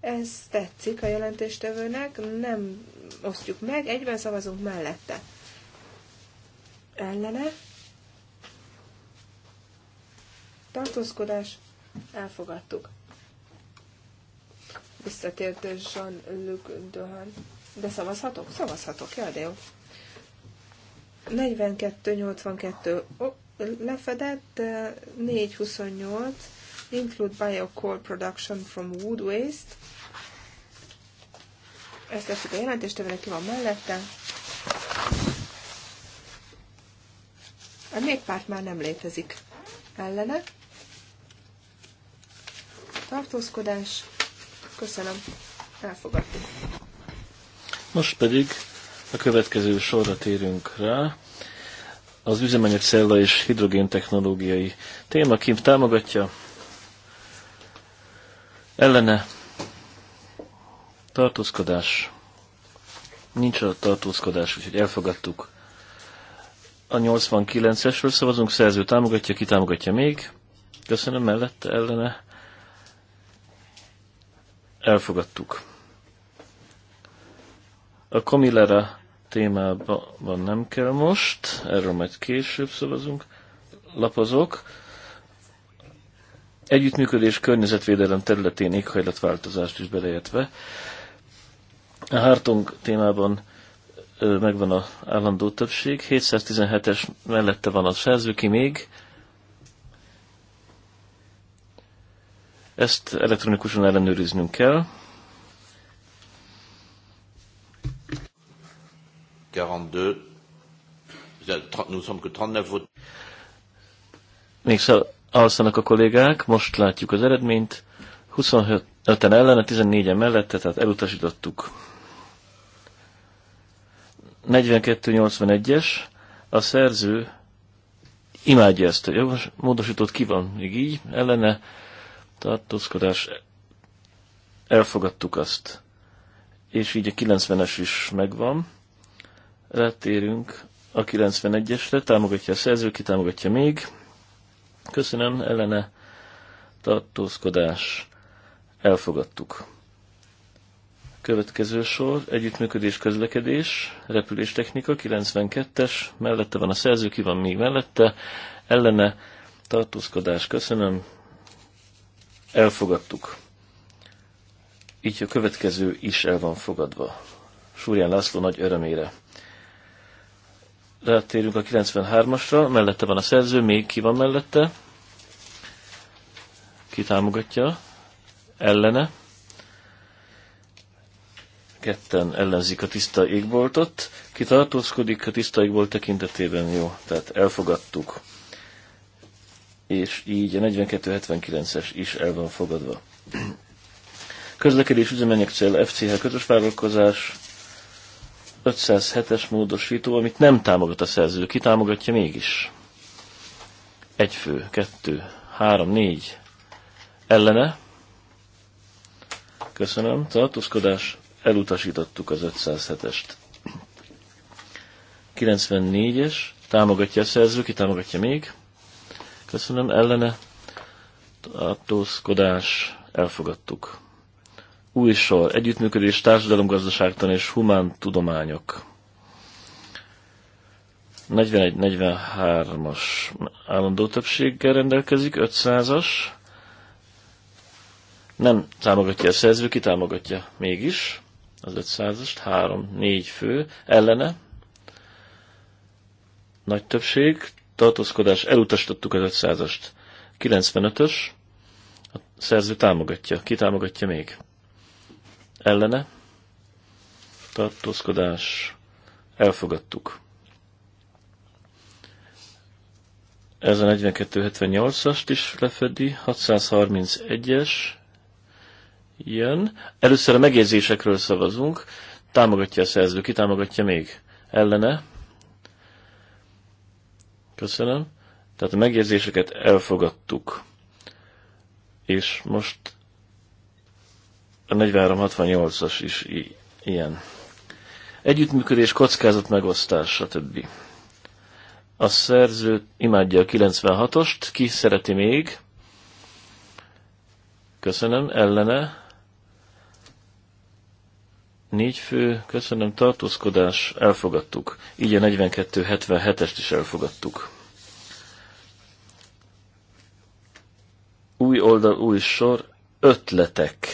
ez tetszik a jelentéstevőnek, nem osztjuk meg, egyben szavazunk mellette. Ellene. Tartózkodás. Elfogadtuk. Visszatért Jean-Luc Dohan. De szavazhatok? Szavazhatok, ja, de jó. 42-82 lefedett, 4-28 include biocoal production from wood waste. Ezt tesszük a amire ki van mellette. A néppárt már nem létezik ellene. Tartózkodás. Köszönöm. Elfogadtuk. Most pedig a következő sorra térünk rá. Az üzemanyag cella és hidrogén technológiai téma. támogatja? Ellene tartózkodás. Nincs a tartózkodás, úgyhogy elfogadtuk. A 89-esről szavazunk, szerző támogatja, ki támogatja még. Köszönöm, mellette, ellene. Elfogadtuk. A Komillera témában nem kell most, erről majd később szavazunk. Lapozok együttműködés környezetvédelem területén éghajlatváltozást is beleértve. A Hartung témában megvan az állandó többség, 717-es mellette van a szerző, ki még. Ezt elektronikusan ellenőriznünk kell. 42. Nous sommes que 39 Még szóval alszanak a kollégák, most látjuk az eredményt. 25-en ellene, 14-en mellette, tehát elutasítottuk. 42-81-es, a szerző imádja ezt a javas, módosított ki van még így, ellene tartózkodás, elfogadtuk azt. És így a 90-es is megvan. Rátérünk a 91-esre, támogatja a szerző, ki támogatja még Köszönöm, ellene tartózkodás. Elfogadtuk. Következő sor, együttműködés, közlekedés, repüléstechnika, 92-es, mellette van a szerző, ki van még mellette, ellene tartózkodás, köszönöm, elfogadtuk. Így a következő is el van fogadva. Súrján László nagy örömére rátérünk a 93-asra, mellette van a szerző, még ki van mellette, ki támogatja, ellene, ketten ellenzik a tiszta égboltot, ki tartózkodik a tiszta égbolt tekintetében, jó, tehát elfogadtuk. És így a 4279-es is el van fogadva. Közlekedés üzemanyag cél FCH közös vállalkozás, 507-es módosító, amit nem támogat a szerző. Ki támogatja mégis? Egy fő, kettő, három, négy. Ellene? Köszönöm. Tartózkodás. Elutasítottuk az 507-est. 94-es. Támogatja a szerző. Ki támogatja még? Köszönöm. Ellene? Tartózkodás. Elfogadtuk új sor, együttműködés, társadalomgazdaságtan és humán tudományok. 41-43-as állandó többséggel rendelkezik, 500-as. Nem támogatja a szerző, ki támogatja mégis az 500-ast, 3-4 fő ellene. Nagy többség, tartózkodás, elutasítottuk az 500-ast. 95-ös, a szerző támogatja, ki támogatja még? ellene tartózkodás elfogadtuk. Ez a 4278-ast is lefedi, 631-es jön. Először a megjegyzésekről szavazunk. Támogatja a szerző, ki támogatja még? Ellene. Köszönöm. Tehát a megjegyzéseket elfogadtuk. És most a 4368-as is ilyen. Együttműködés, kockázat megosztás, stb. A szerző imádja a 96-ost, ki szereti még? Köszönöm, ellene. Négy fő, köszönöm, tartózkodás, elfogadtuk. Így a 4277 est is elfogadtuk. Új oldal, új sor, ötletek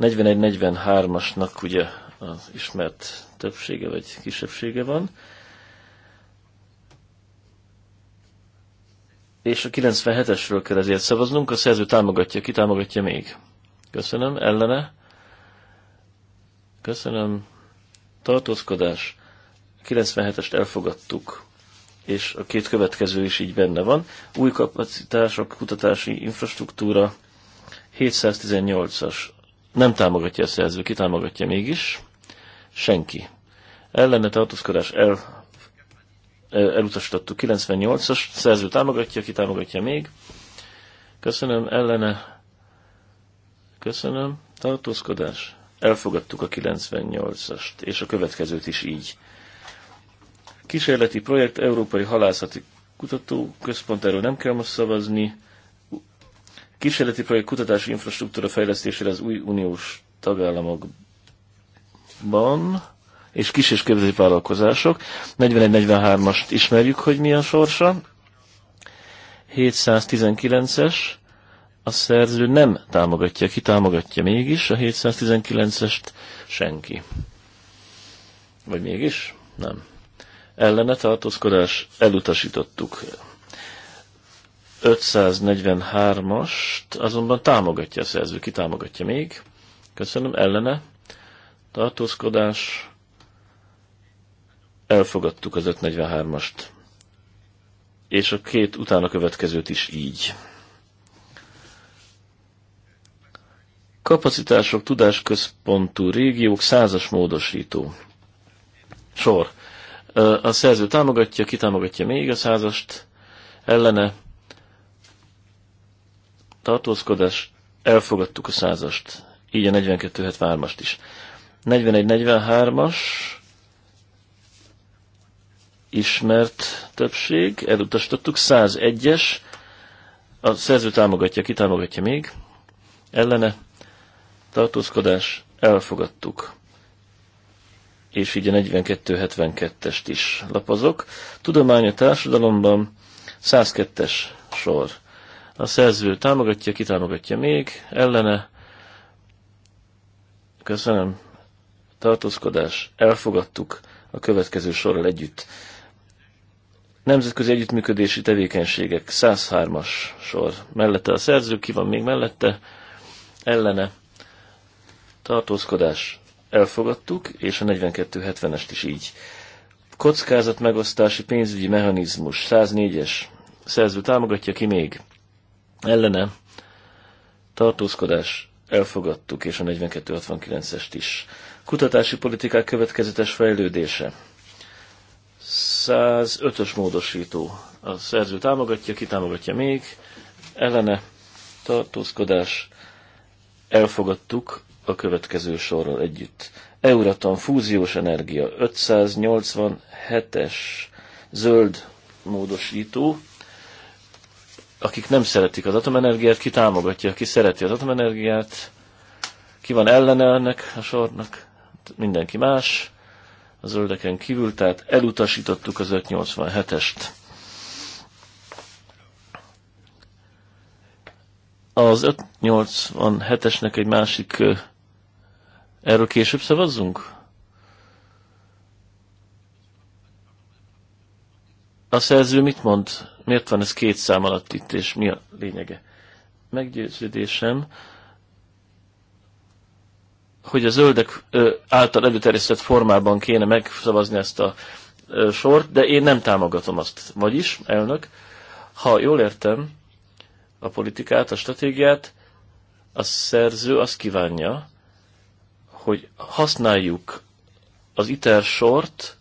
41-43-asnak ugye az ismert többsége vagy kisebbsége van. És a 97-esről kell ezért szavaznunk, a szerző támogatja, ki támogatja még. Köszönöm, ellene. Köszönöm. Tartózkodás. 97-est elfogadtuk, és a két következő is így benne van. Új kapacitások, kutatási infrastruktúra, 718-as nem támogatja a szerző, ki támogatja mégis? Senki. Ellene tartózkodás el, elutasítottuk 98-as, szerző támogatja, ki támogatja még? Köszönöm, ellene. Köszönöm, tartózkodás. Elfogadtuk a 98-ast, és a következőt is így. Kísérleti projekt Európai Halászati Kutatóközpont, erről nem kell most szavazni. Kísérleti projekt kutatási infrastruktúra fejlesztésére az új uniós tagállamokban és kis- és középvállalkozások. 41-43-ast ismerjük, hogy mi a sorsa. 719-es a szerző nem támogatja, ki támogatja mégis, a 719-est senki. Vagy mégis? Nem. Ellene tartózkodás elutasítottuk. 543-ast azonban támogatja a szerző. Ki támogatja még? Köszönöm. Ellene? Tartózkodás. Elfogadtuk az 543-ast. És a két utána következőt is így. Kapacitások, tudásközpontú régiók, százas módosító. Sor. A szerző támogatja, ki támogatja még a százast, ellene tartózkodás, elfogadtuk a százast, így a 42-73-ast is. 41-43-as ismert többség, elutasítottuk, 101-es, a szerző támogatja, ki támogatja még, ellene, tartózkodás, elfogadtuk. És így a 42-72-est is lapozok. Tudomány a társadalomban, 102-es sor a szerző támogatja, ki támogatja még, ellene, köszönöm, tartózkodás, elfogadtuk a következő sorral együtt. Nemzetközi együttműködési tevékenységek 103-as sor mellette a szerző, ki van még mellette, ellene, tartózkodás, elfogadtuk, és a 4270-est is így. Kockázatmegosztási pénzügyi mechanizmus 104-es szerző támogatja ki még ellene tartózkodás elfogadtuk, és a 4269-est is. Kutatási politikák következetes fejlődése. 105-ös módosító. A szerző támogatja, ki támogatja még. Ellene tartózkodás elfogadtuk a következő sorral együtt. Euratom fúziós energia 587-es zöld módosító akik nem szeretik az atomenergiát, ki támogatja, ki szereti az atomenergiát, ki van ellene ennek a sornak, mindenki más, a zöldeken kívül, tehát elutasítottuk az 587-est. Az 587-esnek egy másik, erről később szavazzunk? A szerző mit mond? Miért van ez két szám alatt itt, és mi a lényege? Meggyőződésem, hogy a zöldek által előterjesztett formában kéne megszavazni ezt a sort, de én nem támogatom azt. Vagyis, elnök, ha jól értem a politikát, a stratégiát, a szerző azt kívánja, hogy használjuk az ITER sort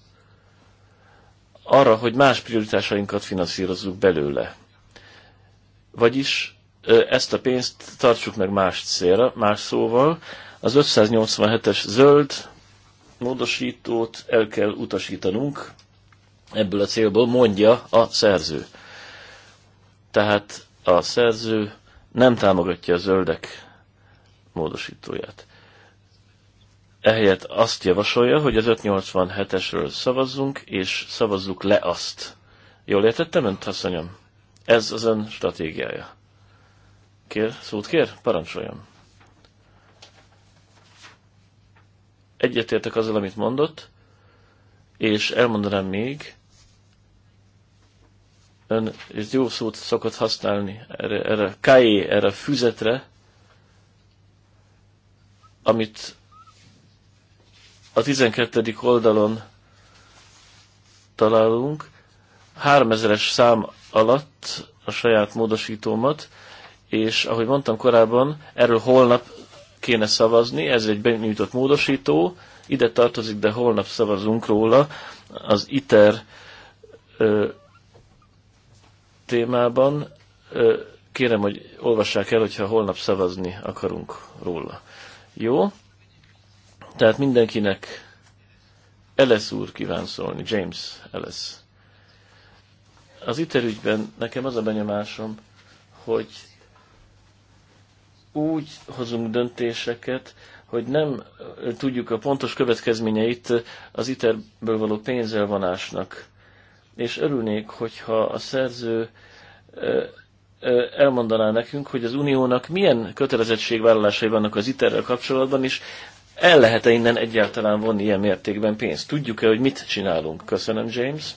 arra, hogy más prioritásainkat finanszírozzuk belőle. Vagyis ezt a pénzt tartsuk meg más célra, más szóval, az 587-es zöld módosítót el kell utasítanunk ebből a célból, mondja a szerző. Tehát a szerző nem támogatja a zöldek módosítóját ehelyett azt javasolja, hogy az 587-esről szavazzunk, és szavazzuk le azt. Jól értettem önt, asszonyom? Ez az ön stratégiája. Kér, szót kér? Parancsoljon. Egyetértek azzal, amit mondott, és elmondanám még, ön ez jó szót szokott használni erre, erre kájé, e, erre a füzetre, amit a 12. oldalon találunk, 3000-es szám alatt a saját módosítómat, és ahogy mondtam korábban, erről holnap kéne szavazni, ez egy benyújtott módosító, ide tartozik, de holnap szavazunk róla az ITER ö, témában. Ö, kérem, hogy olvassák el, hogyha holnap szavazni akarunk róla. Jó? Tehát mindenkinek Ellis úr kíván szólni, James Ellis. Az iterügyben nekem az a benyomásom, hogy úgy hozunk döntéseket, hogy nem tudjuk a pontos következményeit az iterből való pénzelvonásnak. És örülnék, hogyha a szerző elmondaná nekünk, hogy az uniónak milyen kötelezettségvállalásai vannak az iterrel kapcsolatban, és el lehet-e innen egyáltalán vonni ilyen mértékben pénzt? Tudjuk-e, hogy mit csinálunk? Köszönöm, James.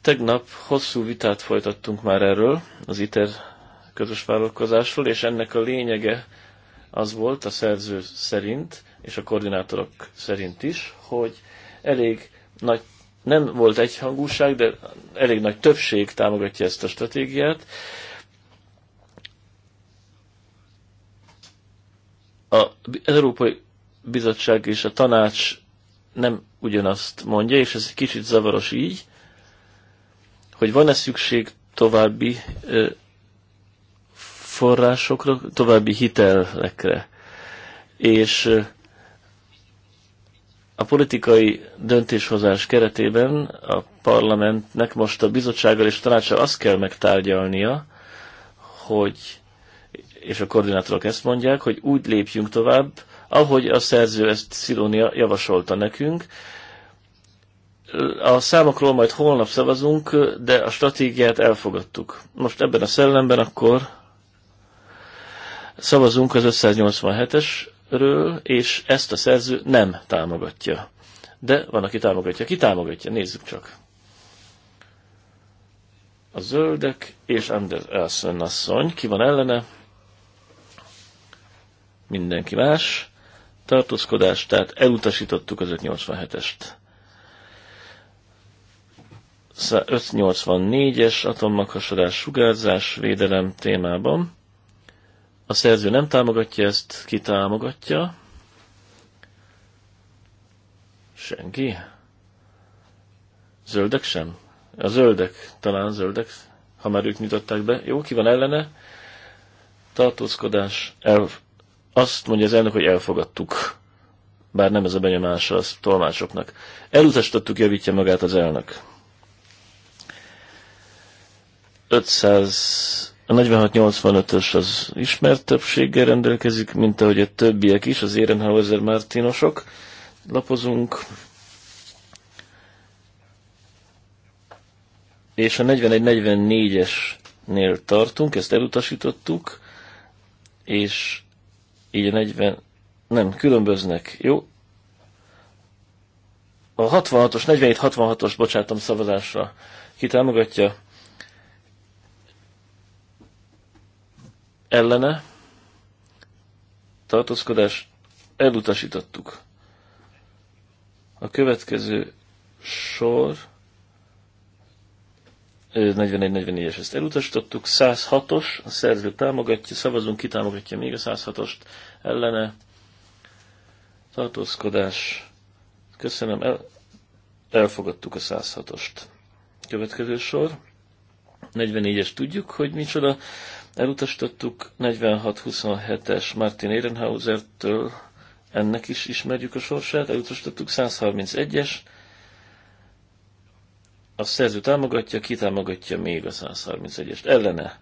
Tegnap hosszú vitát folytattunk már erről, az ITER közös vállalkozásról, és ennek a lényege az volt a szerző szerint, és a koordinátorok szerint is, hogy elég nagy, nem volt egyhangúság, de elég nagy többség támogatja ezt a stratégiát, az Európai Bizottság és a Tanács nem ugyanazt mondja, és ez egy kicsit zavaros így, hogy van-e szükség további forrásokra, további hitelekre. És a politikai döntéshozás keretében a parlamentnek most a bizottsággal és tanácsal azt kell megtárgyalnia, hogy és a koordinátorok ezt mondják, hogy úgy lépjünk tovább, ahogy a szerző ezt Szilónia javasolta nekünk. A számokról majd holnap szavazunk, de a stratégiát elfogadtuk. Most ebben a szellemben akkor szavazunk az 587-esről, és ezt a szerző nem támogatja. De van, aki támogatja. Ki támogatja? Nézzük csak. A zöldek és Anders Elson asszony. Ki van ellene? mindenki más. Tartózkodás, tehát elutasítottuk az 587-est. 584-es atommaghasadás sugárzás védelem témában. A szerző nem támogatja ezt, ki támogatja? Senki? Zöldek sem? A zöldek, talán zöldek, ha már ők nyitották be. Jó, ki van ellene? Tartózkodás, el. Azt mondja az elnök, hogy elfogadtuk. Bár nem ez a benyomása az tolmácsoknak. Elutasítottuk, javítja magát az elnök. 500 a 4685-ös az ismert többséggel rendelkezik, mint ahogy a többiek is, az Ehrenhauser Martinosok. Lapozunk. És a 4144 esnél tartunk, ezt elutasítottuk, és így a 40, nem, különböznek, jó? A 66-os, 47-66-os, bocsátom, szavazásra. Ki támogatja? Ellene? Tartózkodás? Elutasítottuk. A következő sor 41-44-es ezt elutasítottuk, 106-os, a szerző támogatja, szavazunk, ki támogatja még a 106-ost, ellene, tartózkodás, köszönöm, el, elfogadtuk a 106-ost. Következő sor, 44-es tudjuk, hogy micsoda, elutasítottuk, 46-27-es Martin Ehrenhauser-től, ennek is ismerjük a sorsát, elutasítottuk, 131-es, a szerző támogatja, ki támogatja még a 131-est. Ellene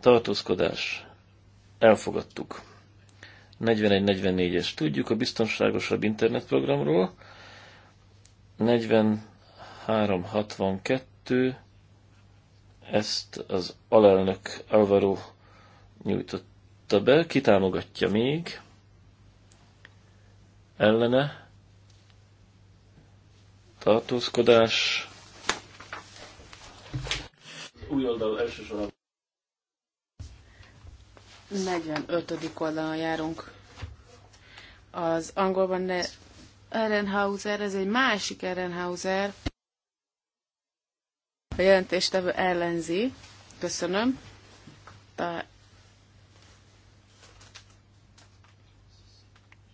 tartózkodás elfogadtuk. 41-44-es tudjuk a biztonságosabb internetprogramról. 43-62 ezt az alelnök Alvaro nyújtotta be, kitámogatja még ellene tartózkodás új oldal elsősorban. 45. oldalon járunk. Az angolban ne Ehrenhauser, ez egy másik Ehrenhauser. A jelentéstevő ellenzi. Köszönöm. Ta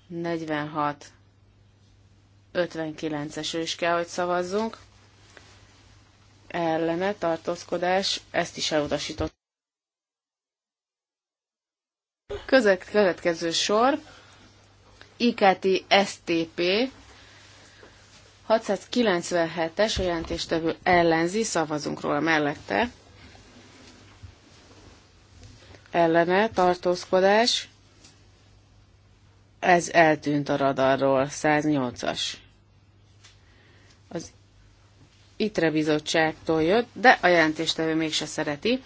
46. 59 es ő is kell, hogy szavazzunk ellene tartózkodás, ezt is elutasított. Közek, következő sor, IKT STP 697-es a jelentéstevő ellenzi, szavazunk róla mellette. Ellene tartózkodás, ez eltűnt a radarról, 108-as. ITRE bizottságtól jött, de a jelentéstevő mégse szereti.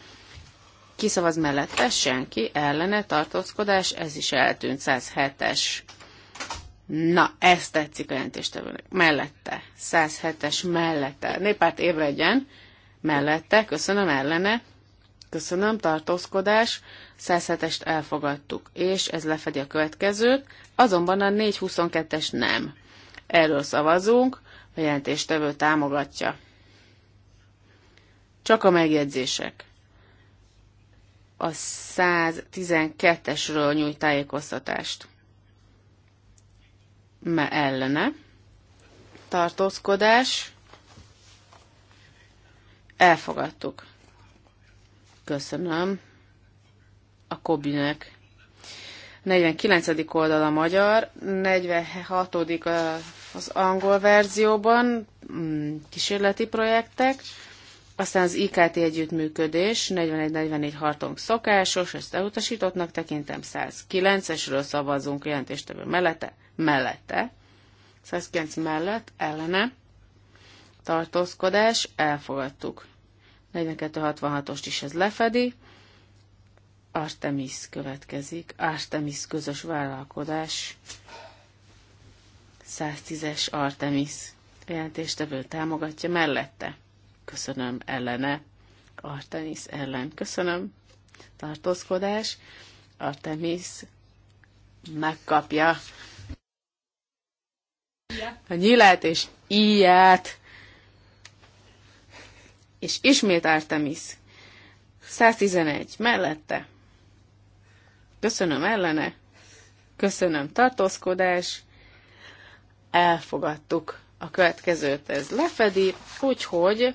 Kiszavaz mellette senki, ellene tartózkodás, ez is eltűnt 107-es. Na, ez tetszik a jelentéstevőnek. Mellette, 107-es mellette. Népárt ébredjen, mellette, köszönöm, ellene, köszönöm, tartózkodás, 107-est elfogadtuk, és ez lefedi a következőt, azonban a 422-es nem. Erről szavazunk, a jelentéstevő támogatja. Csak a megjegyzések. A 112-esről nyújt tájékoztatást. Me ellene. Tartózkodás. Elfogadtuk. Köszönöm a Kobinek. 49. oldal a magyar, 46. a az angol verzióban mm, kísérleti projektek, aztán az IKT együttműködés 41-44 hartunk szokásos, ezt elutasítottnak tekintem 109-esről szavazunk jelentéstevő mellette, mellette, 109 mellett, ellene, tartózkodás, elfogadtuk. 42-66-ost is ez lefedi, Artemis következik, Artemis közös vállalkozás, 110-es Artemis jelentéstevő támogatja mellette. Köszönöm ellene. Artemis ellen. Köszönöm. Tartózkodás. Artemis megkapja a nyilát és íját. És ismét Artemis. 111. Mellette. Köszönöm ellene. Köszönöm tartózkodás elfogadtuk a következőt. Ez lefedi, úgyhogy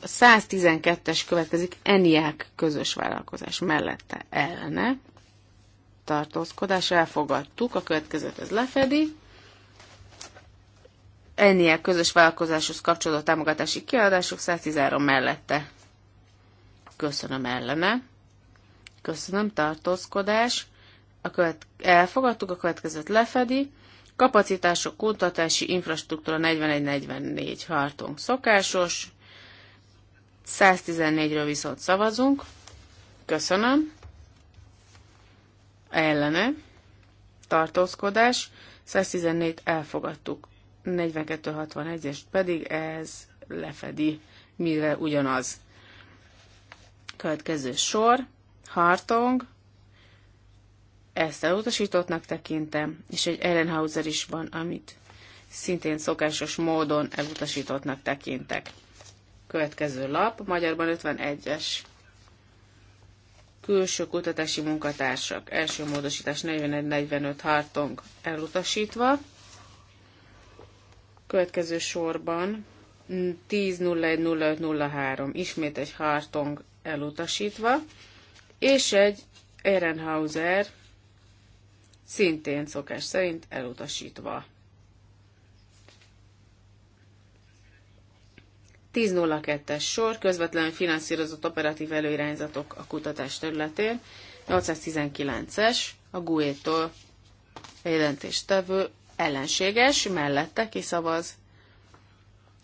a 112-es következik Eniák közös vállalkozás mellette ellene tartózkodás, elfogadtuk, a következőt ez lefedi. Eniák közös vállalkozáshoz kapcsolódó támogatási kiadások 113 mellette. Köszönöm ellene. Köszönöm tartózkodás a követ, elfogadtuk, a következőt lefedi, kapacitások, kutatási infrastruktúra 41-44 hartunk szokásos, 114-ről viszont szavazunk, köszönöm, ellene, tartózkodás, 114 elfogadtuk, 42 61 pedig ez lefedi, mire ugyanaz. Következő sor, Hartong, ezt elutasítottnak tekintem, és egy Ellenhauser is van, amit szintén szokásos módon elutasítottnak tekintek. Következő lap, magyarban 51-es. Külső kutatási munkatársak. Első módosítás 41-45 hartong elutasítva. Következő sorban 10.01.05.03 ismét egy hartong elutasítva, és egy Ehrenhauser szintén szokás szerint elutasítva. 10.02-es sor, közvetlenül finanszírozott operatív előirányzatok a kutatás területén, 819-es, a GUE-tól jelentéstevő ellenséges, mellette kiszavaz.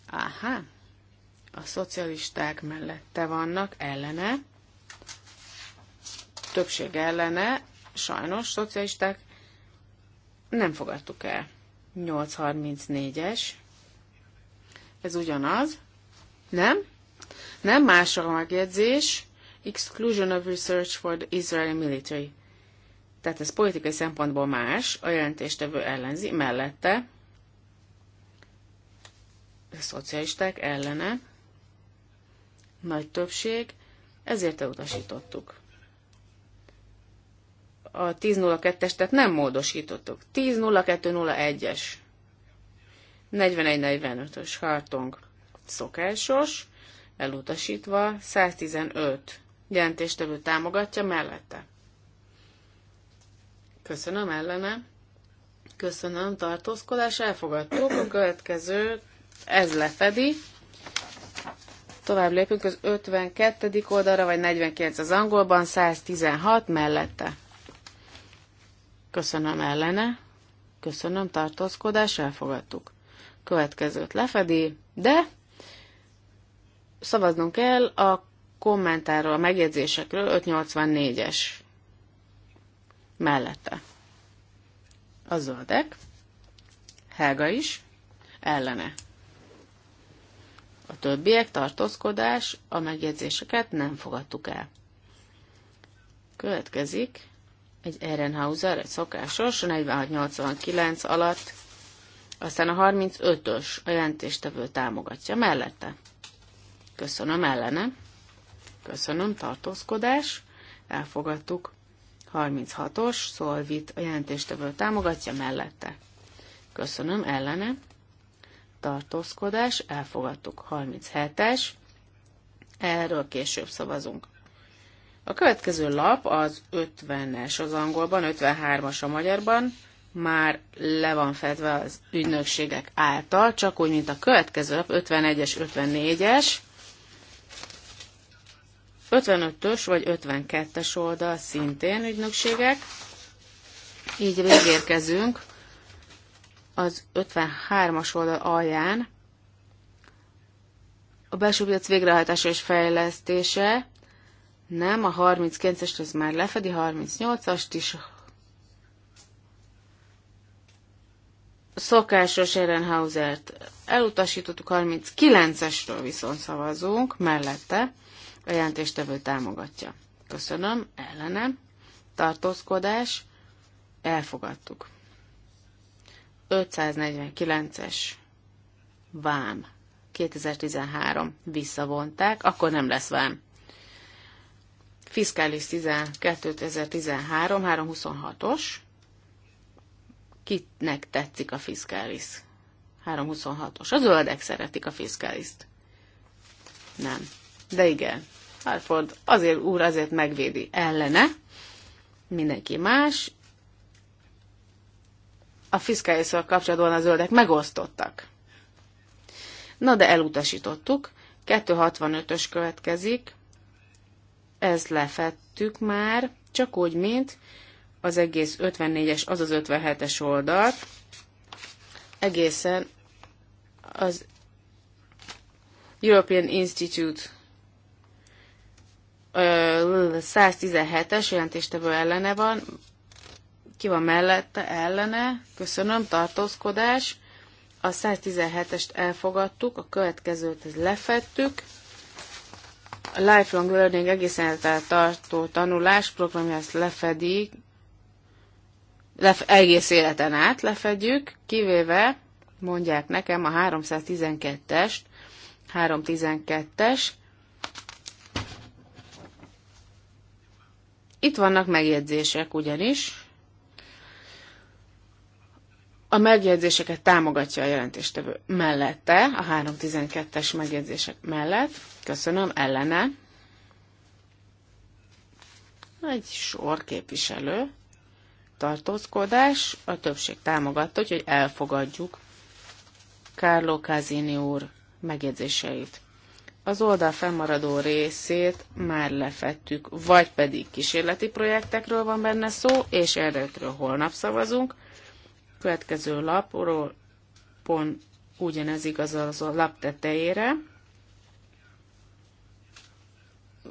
Áhá, a szocialisták mellette vannak, ellene, többség ellene, sajnos szocialisták nem fogadtuk el. 834-es. Ez ugyanaz. Nem? Nem más a megjegyzés. Exclusion of research for the Israeli military. Tehát ez politikai szempontból más, a jelentéstevő ellenzi, mellette a szocialisták ellene nagy többség, ezért elutasítottuk a 10.02-es, tehát nem módosítottuk. 10.02.01-es, 41.45-ös hartong szokásos, elutasítva, 115 jelentéstevő támogatja mellette. Köszönöm ellene. Köszönöm, tartózkodás, elfogadtuk. A következő, ez lefedi. Tovább lépünk az 52. oldalra, vagy 49 az angolban, 116 mellette. Köszönöm ellene. Köszönöm tartózkodás, elfogadtuk. Következőt lefedi, de szavaznunk kell a kommentárról, a megjegyzésekről 584-es mellette. A zöldek, Helga is, ellene. A többiek tartózkodás, a megjegyzéseket nem fogadtuk el. Következik egy Ehrenhauser, egy szokásos, 46-89 alatt, aztán a 35-ös a jelentéstevő támogatja mellette. Köszönöm ellene. Köszönöm, tartózkodás. Elfogadtuk. 36-os, Szolvit a jelentéstevő támogatja mellette. Köszönöm, ellene. Tartózkodás, elfogadtuk. 37-es, erről később szavazunk. A következő lap az 50-es az angolban, 53-as a magyarban, már le van fedve az ügynökségek által, csak úgy, mint a következő lap, 51-es, 54-es, 55-ös vagy 52-es oldal szintén ügynökségek. Így végérkezünk az 53-as oldal alján. A belső piac végrehajtása és fejlesztése, nem, a 39-est az már lefedi, 38-ast is. Szokásos Ehrenhausert elutasítottuk, 39-esről viszont szavazunk, mellette a jelentéstevő támogatja. Köszönöm, ellenem, tartózkodás, elfogadtuk. 549-es vám 2013 visszavonták, akkor nem lesz vám. Fiskális 2013-326-os. Kitnek tetszik a fiskális? 326-os. A zöldek szeretik a fiskáliszt. Nem. De igen. Harford azért úr azért megvédi ellene. Mindenki más. A fiskálisszal kapcsolatban a zöldek megosztottak. Na de elutasítottuk. 265-ös következik ezt lefettük már, csak úgy, mint az egész 54-es, az az 57-es oldalt, egészen az European Institute 117-es jelentéstevő ellene van, ki van mellette, ellene, köszönöm, tartózkodás, a 117-est elfogadtuk, a következőt lefettük, a lifelong learning egészen tartó tanulás ezt lefedi, lef, egész életen át lefedjük, kivéve mondják nekem a 312-est, 312-es. Itt vannak megjegyzések ugyanis a megjegyzéseket támogatja a jelentéstevő mellette, a 312-es megjegyzések mellett. Köszönöm, ellene. Egy sor képviselő. Tartózkodás, a többség támogatta, úgyhogy elfogadjuk Carlo Casini úr megjegyzéseit. Az oldal fennmaradó részét már lefettük, vagy pedig kísérleti projektekről van benne szó, és erről holnap szavazunk Következő lapról pont ugyanez igaz az a lap tetejére.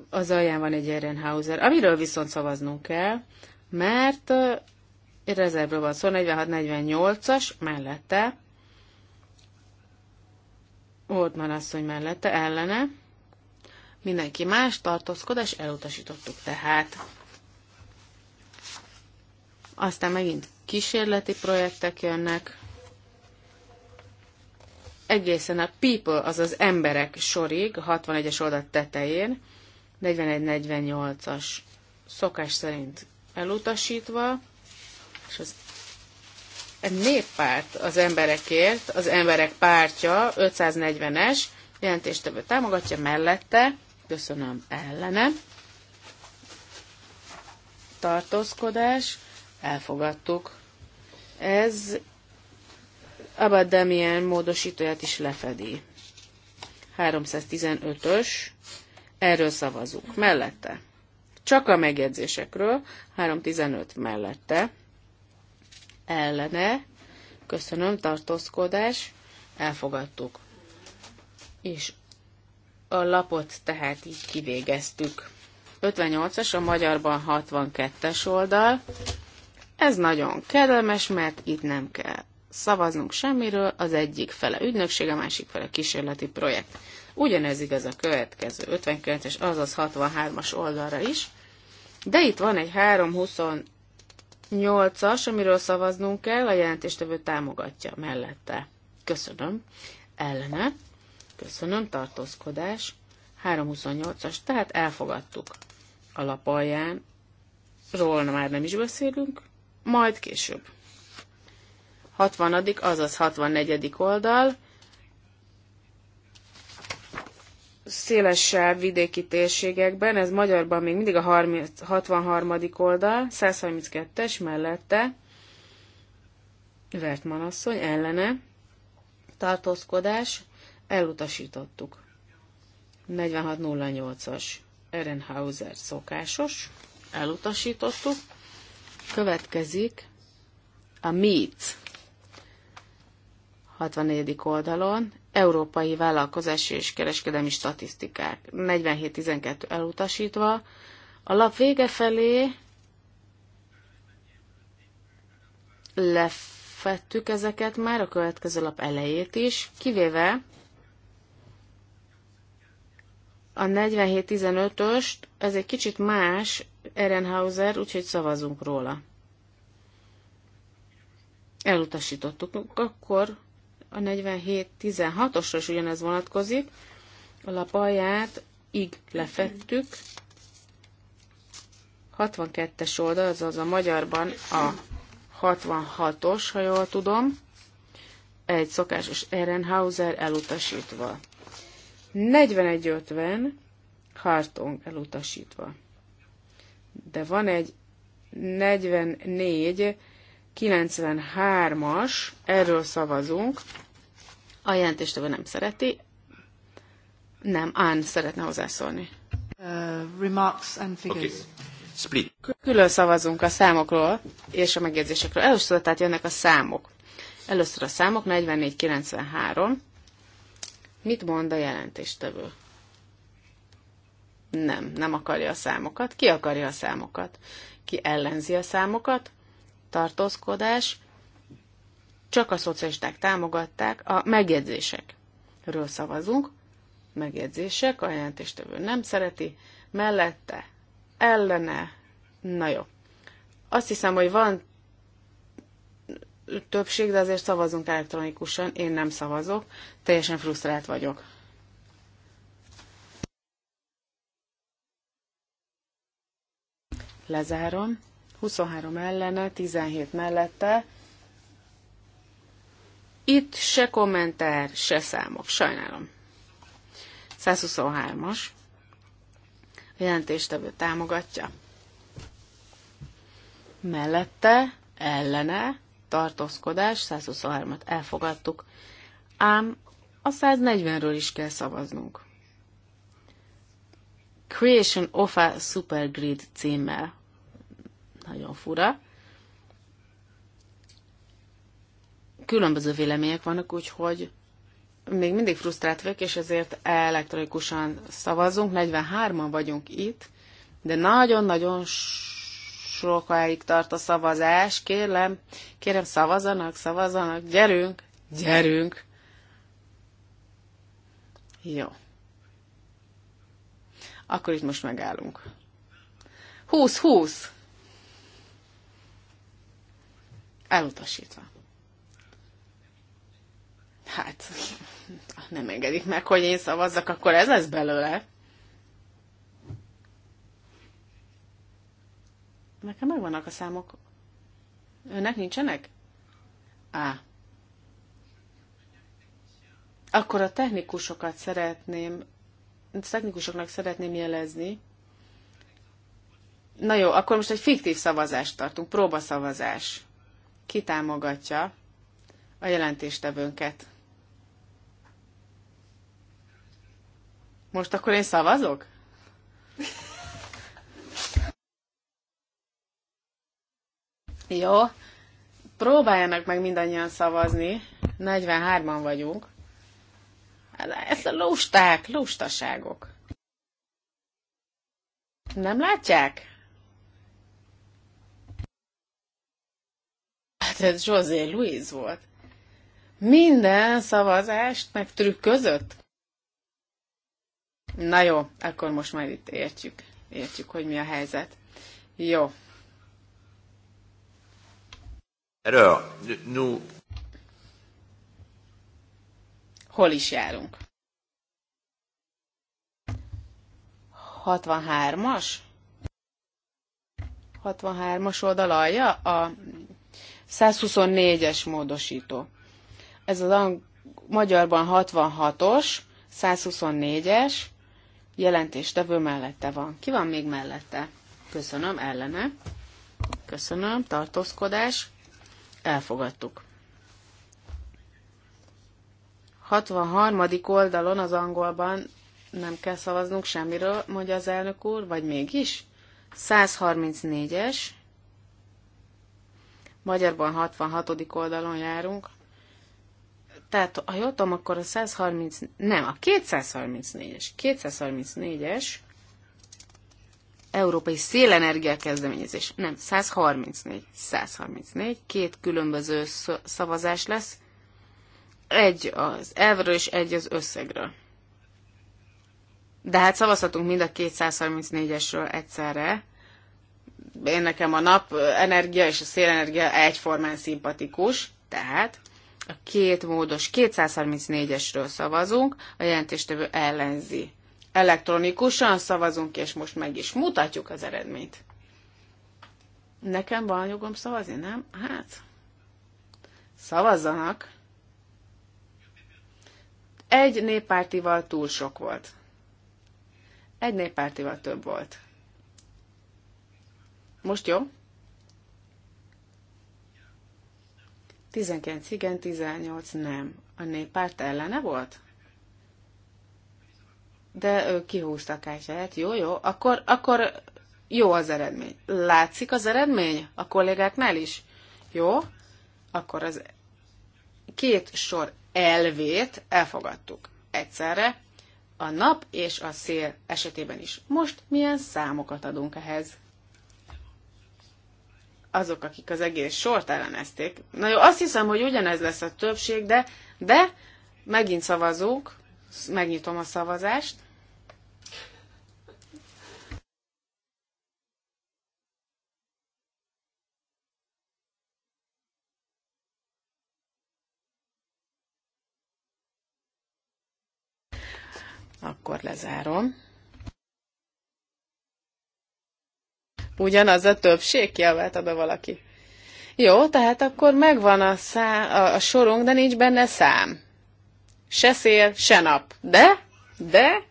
Az alján van egy Ehrenhauser, amiről viszont szavaznunk kell, mert egy rezervről van szó, 46-48-as mellette, Oldman asszony mellette, ellene, mindenki más tartózkodás, elutasítottuk tehát. Aztán megint kísérleti projektek jönnek, egészen a people, azaz emberek sorig, 61-es oldal tetején, 41-48-as szokás szerint elutasítva, és az a e néppárt az emberekért, az emberek pártja, 540-es, jelentéstevő támogatja mellette, köszönöm ellene, tartózkodás, elfogadtuk. Ez Abad Damien módosítóját is lefedi. 315-ös, erről szavazunk. Mellette. Csak a megjegyzésekről, 315 mellette. Ellene, köszönöm, tartózkodás, elfogadtuk. És a lapot tehát így kivégeztük. 58-as, a magyarban 62-es oldal, ez nagyon kellemes, mert itt nem kell szavaznunk semmiről, az egyik fele ügynökség, a másik fele kísérleti projekt. Ugyanez igaz a következő 59-es, azaz 63-as oldalra is, de itt van egy 328-as, amiről szavaznunk kell, a jelentéstevő támogatja mellette. Köszönöm. Ellene. Köszönöm, tartózkodás. 328-as, tehát elfogadtuk. a lapalján. Róla már nem is beszélünk, majd később. 60. azaz 64. oldal, szélesebb vidéki térségekben, ez magyarban még mindig a 30, 63. oldal, 132-es mellette, vert Manasszony ellene, tartózkodás, elutasítottuk. 4608-as, Ehrenhauser szokásos, elutasítottuk. Következik a MEET 64. oldalon, Európai Vállalkozási és Kereskedelmi Statisztikák 47.12 elutasítva. A lap vége felé lefettük ezeket már a következő lap elejét is, kivéve a 47.15-öst, ez egy kicsit más, Ehrenhauser, úgyhogy szavazunk róla. Elutasítottuk. Akkor a 47-16-osra is ugyanez vonatkozik. A lap alját így lefettük. 62-es oldal, azaz a magyarban a 66-os, ha jól tudom. Egy szokásos Ehrenhauser elutasítva. 41-50 Hartung elutasítva de van egy 44 93-as, erről szavazunk. A jelentést nem szereti. Nem, Án szeretne hozzászólni. Uh, remarks and figures. Okay. Split. Külön szavazunk a számokról és a megjegyzésekről. Először tehát jönnek a számok. Először a számok, 44-93. Mit mond a jelentéstevő? Nem, nem akarja a számokat. Ki akarja a számokat? Ki ellenzi a számokat? Tartózkodás. Csak a szocialisták támogatták a megjegyzésekről szavazunk. Megjegyzések, a jelentéstevő nem szereti, mellette, ellene, na jó. Azt hiszem, hogy van többség, de azért szavazunk elektronikusan, én nem szavazok, teljesen frusztrált vagyok. Lezárom. 23 ellene, 17 mellette. Itt se kommentár, se számok, sajnálom. 123-as. A jelentéstevő támogatja. Mellette, ellene, tartózkodás, 123-at elfogadtuk. Ám a 140-ről is kell szavaznunk. Creation of a Supergrid címmel nagyon fura. Különböző vélemények vannak, úgyhogy még mindig frusztrált vagyok, és ezért elektronikusan szavazunk. 43-an vagyunk itt, de nagyon-nagyon sokáig tart a szavazás. Kérlem, kérem szavazanak, szavazanak, gyerünk, gyerünk. Jó. Akkor itt most megállunk. 20-20. Elutasítva. Hát, nem engedik meg, hogy én szavazzak, akkor ez lesz belőle. Nekem megvannak a számok. Önnek nincsenek? Á. Akkor a technikusokat szeretném, a technikusoknak szeretném jelezni. Na jó, akkor most egy fiktív szavazást tartunk, próbaszavazás kitámogatja a jelentéstevőnket. Most akkor én szavazok? Jó. Próbáljanak meg mindannyian szavazni. 43-an vagyunk. Hát ez a lusták, lustaságok. Nem látják? ez José Luis volt. Minden szavazást trükközött? Na jó, akkor most már itt értjük. Értjük, hogy mi a helyzet. Jó. Erről, nu... Hol is járunk? 63-as? 63-as oldal alja a 124-es módosító. Ez az ang- magyarban 66-os, 124-es, jelentéstevő mellette van. Ki van még mellette? Köszönöm, ellene. Köszönöm, tartózkodás. Elfogadtuk. 63. oldalon az angolban nem kell szavaznunk semmiről, mondja az elnök úr, vagy mégis? 134-es Magyarban 66. oldalon járunk. Tehát, ha jól tudom, akkor a 130, nem, a 234-es, 234-es Európai Szélenergia Kezdeményezés. Nem, 134, 134, két különböző szavazás lesz. Egy az elvről és egy az összegről. De hát szavazhatunk mind a 234-esről egyszerre, én nekem a nap energia és a szélenergia egyformán szimpatikus, tehát a két módos 234-esről szavazunk, a jelentéstevő ellenzi. Elektronikusan szavazunk, és most meg is mutatjuk az eredményt. Nekem van jogom szavazni, nem? Hát, szavazzanak. Egy néppártival túl sok volt. Egy néppártival több volt. Most jó? 19 igen, 18 nem. A néppárt ellene volt? De ők kihúztak ását. Jó, jó. Akkor, akkor jó az eredmény. Látszik az eredmény a kollégáknál is? Jó? Akkor az két sor elvét elfogadtuk egyszerre, a nap és a szél esetében is. Most milyen számokat adunk ehhez? azok, akik az egész sort ellenezték. Na jó, azt hiszem, hogy ugyanez lesz a többség, de, de megint szavazunk, megnyitom a szavazást. Akkor lezárom. Ugyanaz a többség, kiabált oda valaki. Jó, tehát akkor megvan a, szám, a, a sorunk, de nincs benne szám. Se szél, se nap. De, de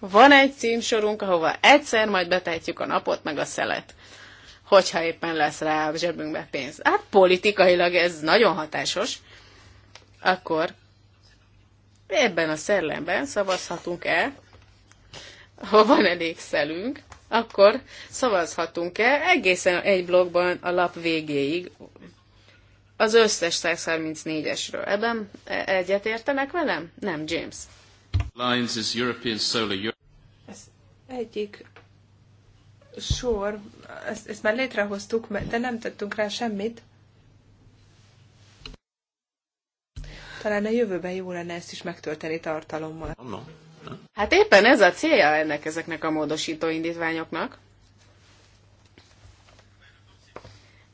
van egy címsorunk, ahova egyszer majd betehetjük a napot, meg a szelet. Hogyha éppen lesz rá a zsebünkbe pénz. Hát politikailag ez nagyon hatásos. Akkor ebben a szellemben szavazhatunk el, ha van elég szelünk, akkor szavazhatunk-e egészen egy blogban a lap végéig az összes 134-esről. Ebben e- egyet értenek velem? Nem, James. Lines is European Solar Ez egyik sor, ezt, ezt már létrehoztuk, de nem tettünk rá semmit. Talán a jövőben jó lenne ezt is megtölteni tartalommal. Oh, no. Hát éppen ez a célja ennek ezeknek a módosító indítványoknak.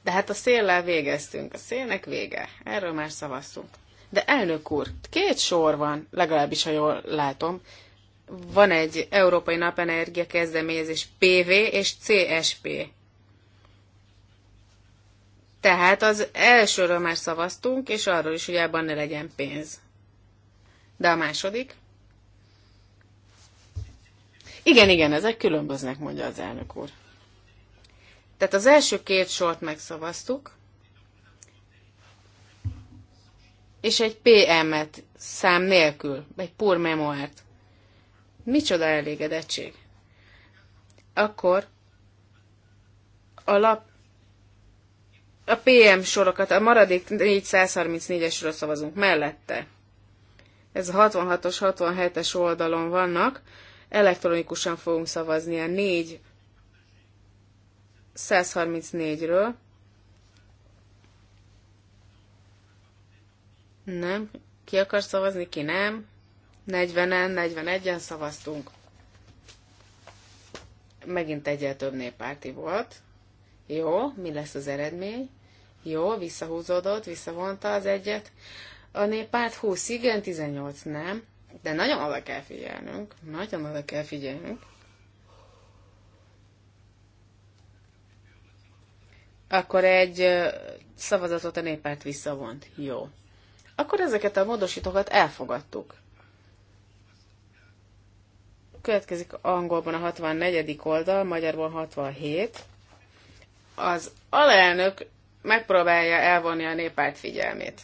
De hát a széllel végeztünk, a szélnek vége, erről már szavaztunk. De elnök úr, két sor van, legalábbis ha jól látom. Van egy Európai Napenergia kezdeményezés PV és CSP. Tehát az elsőről már szavaztunk, és arról is, hogy abban ne legyen pénz. De a második? Igen, igen, ezek különböznek, mondja az elnök úr. Tehát az első két sort megszavaztuk, és egy PM-et szám nélkül, egy pur memoárt. Micsoda elégedettség. Akkor a lap a PM sorokat, a maradék 434-esről szavazunk mellette. Ez a 66-os, 67-es oldalon vannak elektronikusan fogunk szavazni a 4 134-ről. Nem. Ki akar szavazni, ki nem. 40-en, 41-en szavaztunk. Megint egyel több néppárti volt. Jó, mi lesz az eredmény? Jó, visszahúzódott, visszavonta az egyet. A néppárt 20 igen, 18 nem de nagyon oda kell figyelnünk, nagyon oda kell figyelnünk. Akkor egy szavazatot a néppárt visszavont. Jó. Akkor ezeket a módosítókat elfogadtuk. Következik angolban a 64. oldal, magyarban 67. Az alelnök megpróbálja elvonni a néppárt figyelmét.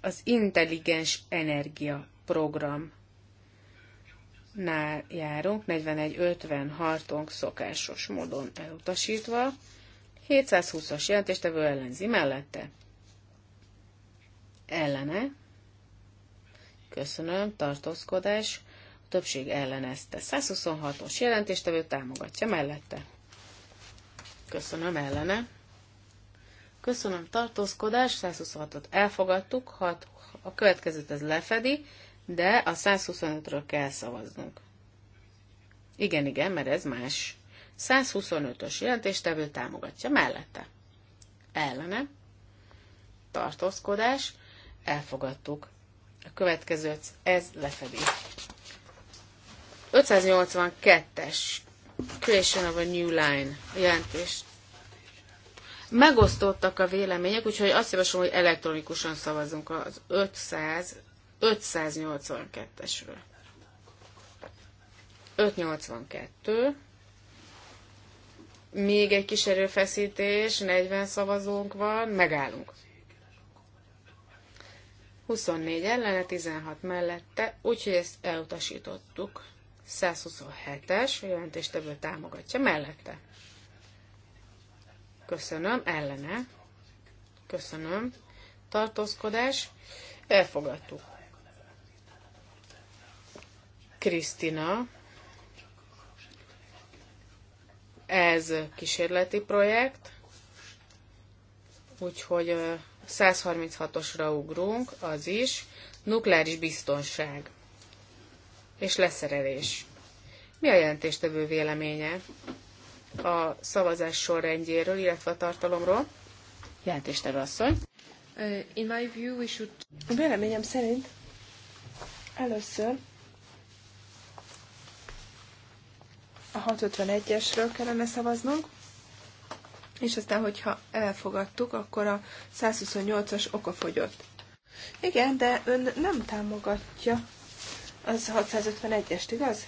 az intelligens energia program nál járunk, 41-56-onk szokásos módon elutasítva. 720-as jelentéstevő ellenzi mellette. Ellene. Köszönöm, tartózkodás. A többség ellenezte. 126-os jelentéstevő támogatja mellette. Köszönöm, ellene. Köszönöm, tartózkodás, 126-ot elfogadtuk, hat, a következőt ez lefedi, de a 125-ről kell szavaznunk. Igen, igen, mert ez más. 125-ös jelentéstevő támogatja mellette. Ellene. Tartózkodás. Elfogadtuk. A következőt ez lefedi. 582-es Creation of a New Line jelentést Megosztottak a vélemények, úgyhogy azt javaslom, hogy elektronikusan szavazunk az 500, 582-esről. 582. Még egy kis erőfeszítés, 40 szavazónk van, megállunk. 24 ellene, 16 mellette, úgyhogy ezt elutasítottuk. 127-es jelentéstevő támogatja mellette. Köszönöm. Ellene. Köszönöm. Tartózkodás. Elfogadtuk. Krisztina. Ez kísérleti projekt, úgyhogy 136-osra ugrunk, az is. Nukleáris biztonság és leszerelés. Mi a jelentéstevő véleménye? a szavazás sorrendjéről, illetve a tartalomról. Jelentéstevő asszony. Uh, in my view, we should... Véleményem szerint először a 651-esről kellene szavaznunk, és aztán, hogyha elfogadtuk, akkor a 128-as okafogyott. Igen, de ön nem támogatja az 651-est, igaz?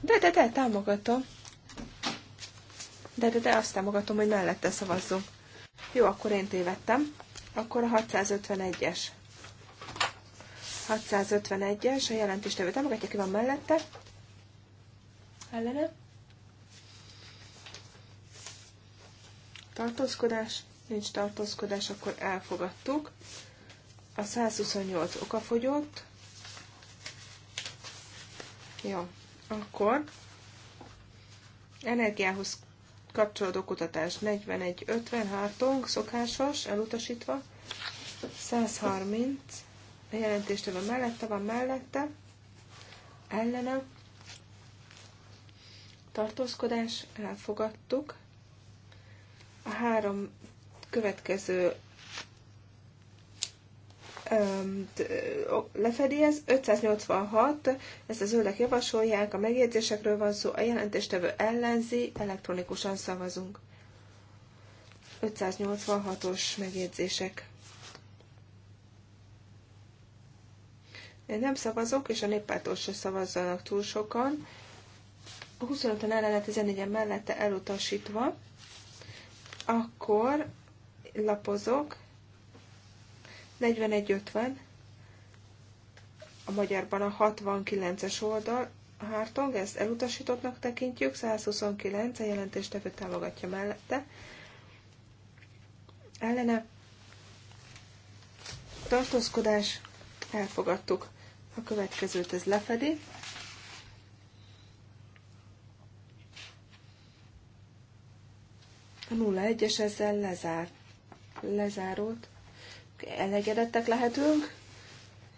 De, de, de, támogatom. De, de, de azt támogatom, hogy mellette szavazzunk. Jó, akkor én tévedtem. Akkor a 651-es. 651-es, a jelentéstevő támogatja, ki van mellette? Ellene? Tartózkodás? Nincs tartózkodás, akkor elfogadtuk. A 128 okafogyott. Jó, akkor energiához kapcsolódó kutatás 41-50 hátunk, szokásos, elutasítva. 130 a jelentéstől van mellette, van mellette, ellene, tartózkodás, elfogadtuk. A három következő lefedi ez, 586, ezt az zöldek javasolják, a megjegyzésekről van szó, a jelentéstevő ellenzi, elektronikusan szavazunk. 586-os megjegyzések. Én nem szavazok, és a néppártól se szavazzanak túl sokan. A 25-en ellene 14-en mellette elutasítva, akkor lapozok, 4150 a magyarban a 69-es oldal, a Hartong, ezt elutasítottnak tekintjük, 129, a jelentéstevő támogatja mellette, ellene tartózkodás, elfogadtuk. A következőt ez lefedi. A 01-es ezzel lezár, lezárult elégedettek lehetünk,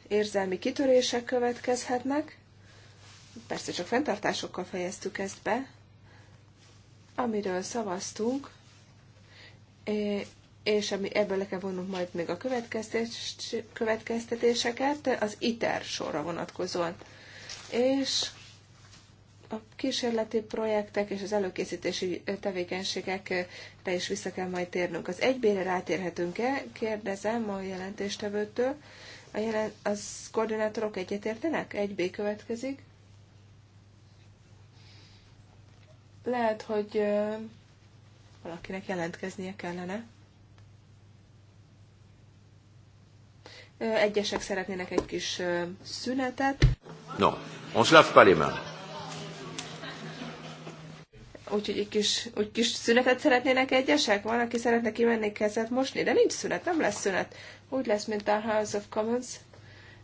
érzelmi kitörések következhetnek. Persze csak fenntartásokkal fejeztük ezt be, amiről szavaztunk, és ami ebből le kell vonnunk majd még a következtetéseket, az ITER sorra vonatkozóan. És a kísérleti projektek és az előkészítési tevékenységekre is vissza kell majd térnünk. Az egybére rátérhetünk-e? Kérdezem a jelentéstevőtől. A jelen, az koordinátorok egyetértenek? Egy b következik. Lehet, hogy ö, valakinek jelentkeznie kellene. egyesek szeretnének egy kis szünetet. No, on se lave pas les mains. Úgyhogy egy kis, úgy kis szünetet szeretnének egyesek? Van, aki szeretne kimenni kezet mosni, de nincs szünet, nem lesz szünet. Úgy lesz, mint a House of Commons.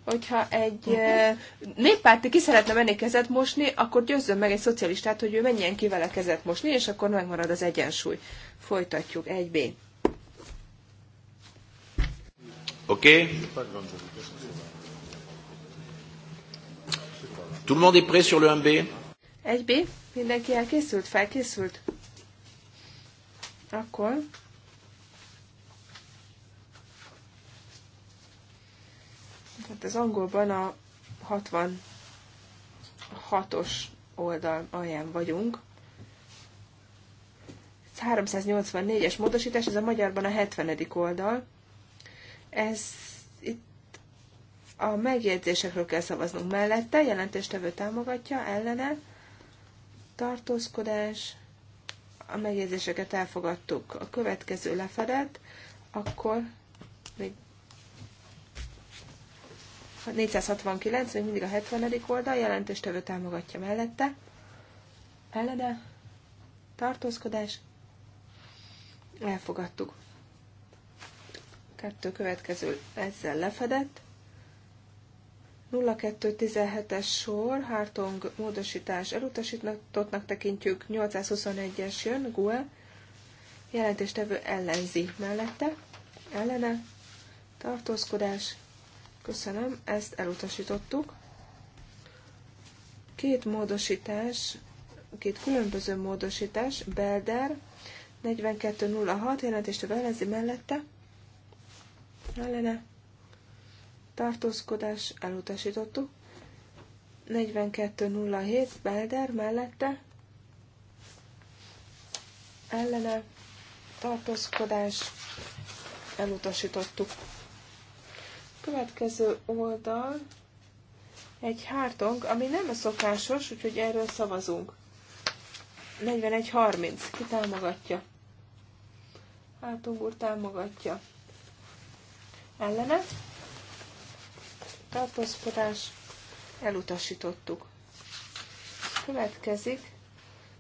Hogyha egy uh-huh. néppárti ki szeretne menni kezet mosni, akkor győzzön meg egy szocialistát, hogy ő menjen ki vele kezet mosni, és akkor megmarad az egyensúly. Folytatjuk, 1B. Oké? Okay. Tout le monde est prêt sur le 1B 1B Mindenki elkészült? Felkészült? Akkor... Hát az angolban a 66-os oldal alján vagyunk. 384-es módosítás, ez a magyarban a 70. oldal. Ez itt a megjegyzésekről kell szavaznunk mellette, jelentéstevő támogatja, ellene, tartózkodás, a megjegyzéseket elfogadtuk. A következő lefedett, akkor még 469, még mindig a 70. oldal, jelentéstevő támogatja mellette. Ellene, tartózkodás, elfogadtuk. Kettő következő ezzel lefedett. 0217-es sor, Hartong módosítás elutasítottnak tekintjük, 821-es jön, GUE, jelentéstevő ellenzi mellette, ellene, tartózkodás, köszönöm, ezt elutasítottuk. Két módosítás, két különböző módosítás, Belder, 4206, jelentéstevő ellenzi mellette, ellene, tartózkodás elutasítottuk. 4207 Belder mellette ellene tartózkodás elutasítottuk. Következő oldal egy hártong, ami nem a szokásos, úgyhogy erről szavazunk. 4130 Ki támogatja? Hátung úr támogatja. Ellene? tartózkodás, elutasítottuk. Következik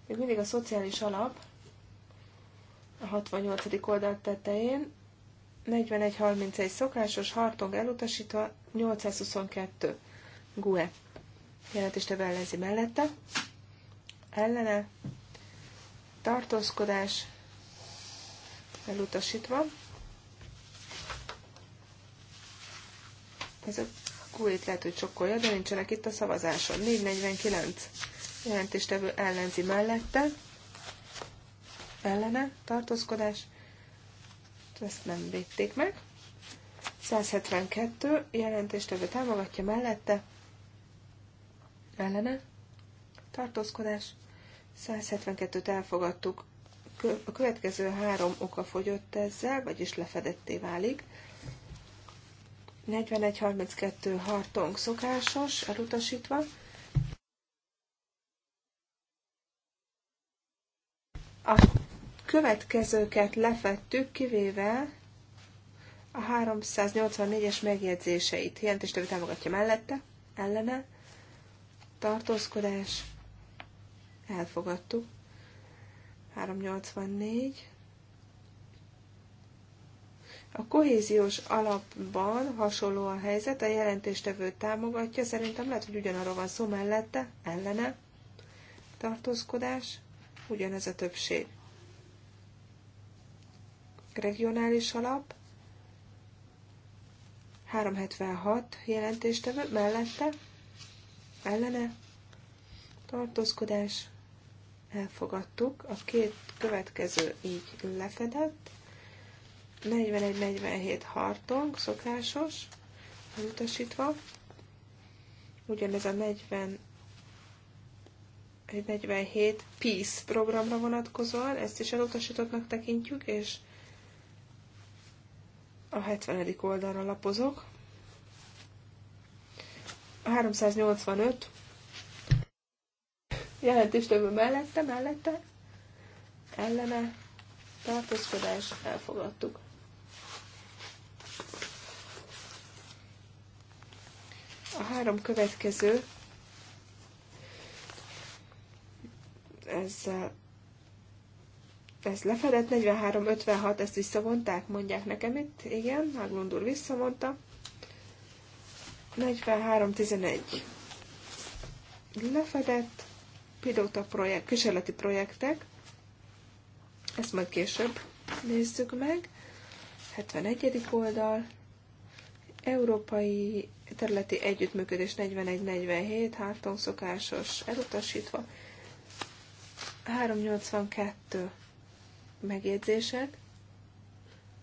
még mindig a szociális alap a 68. oldal tetején, 41.31 szokásos, hartong elutasítva, 822 GUE. Jelentéstevő ellenzi mellette. Ellene. Tartózkodás. Elutasítva. Ez a Kulit lehet, hogy sokkolja, de nincsenek itt a szavazáson. 449 jelentéstevő ellenzi mellette. Ellene tartózkodás. Ezt nem védték meg. 172 jelentéstevő támogatja mellette. Ellene tartózkodás. 172-t elfogadtuk. A következő három oka fogyott ezzel, vagyis lefedetté válik. 41-32 hartong szokásos, elutasítva. A következőket lefettük, kivéve a 384-es megjegyzéseit. többi támogatja mellette, ellene, tartózkodás, elfogadtuk. 384, a kohéziós alapban hasonló a helyzet, a jelentéstevő támogatja, szerintem lehet, hogy ugyanarról van szó mellette, ellene, tartózkodás, ugyanez a többség. Regionális alap, 376 jelentéstevő, mellette, ellene, tartózkodás, elfogadtuk. A két következő így lefedett. 41-47 hartong, szokásos, elutasítva. Ugyanez a 40 47 Peace programra vonatkozóan, ezt is elutasítottnak tekintjük, és a 70. oldalra lapozok. A 385 jelentéstevő mellette, mellette, ellene, tartózkodás, elfogadtuk. A három következő ez, ez lefedett, 43-56, ezt visszavonták, mondják nekem itt, igen, Haglund úr visszavonta. 43-11 lefedett, pilóta projekt, kísérleti projektek, ezt majd később nézzük meg. 71. oldal, európai területi együttműködés 41-47, szokásos elutasítva, 382 megjegyzések,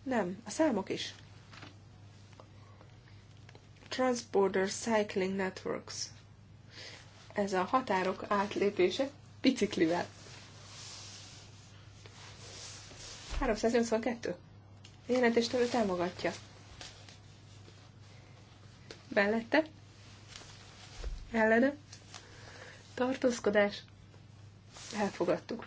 nem, a számok is. Transborder Cycling Networks. Ez a határok átlépése biciklivel. 382. Jelentéstevő támogatja mellette, ellene, tartózkodás, elfogadtuk.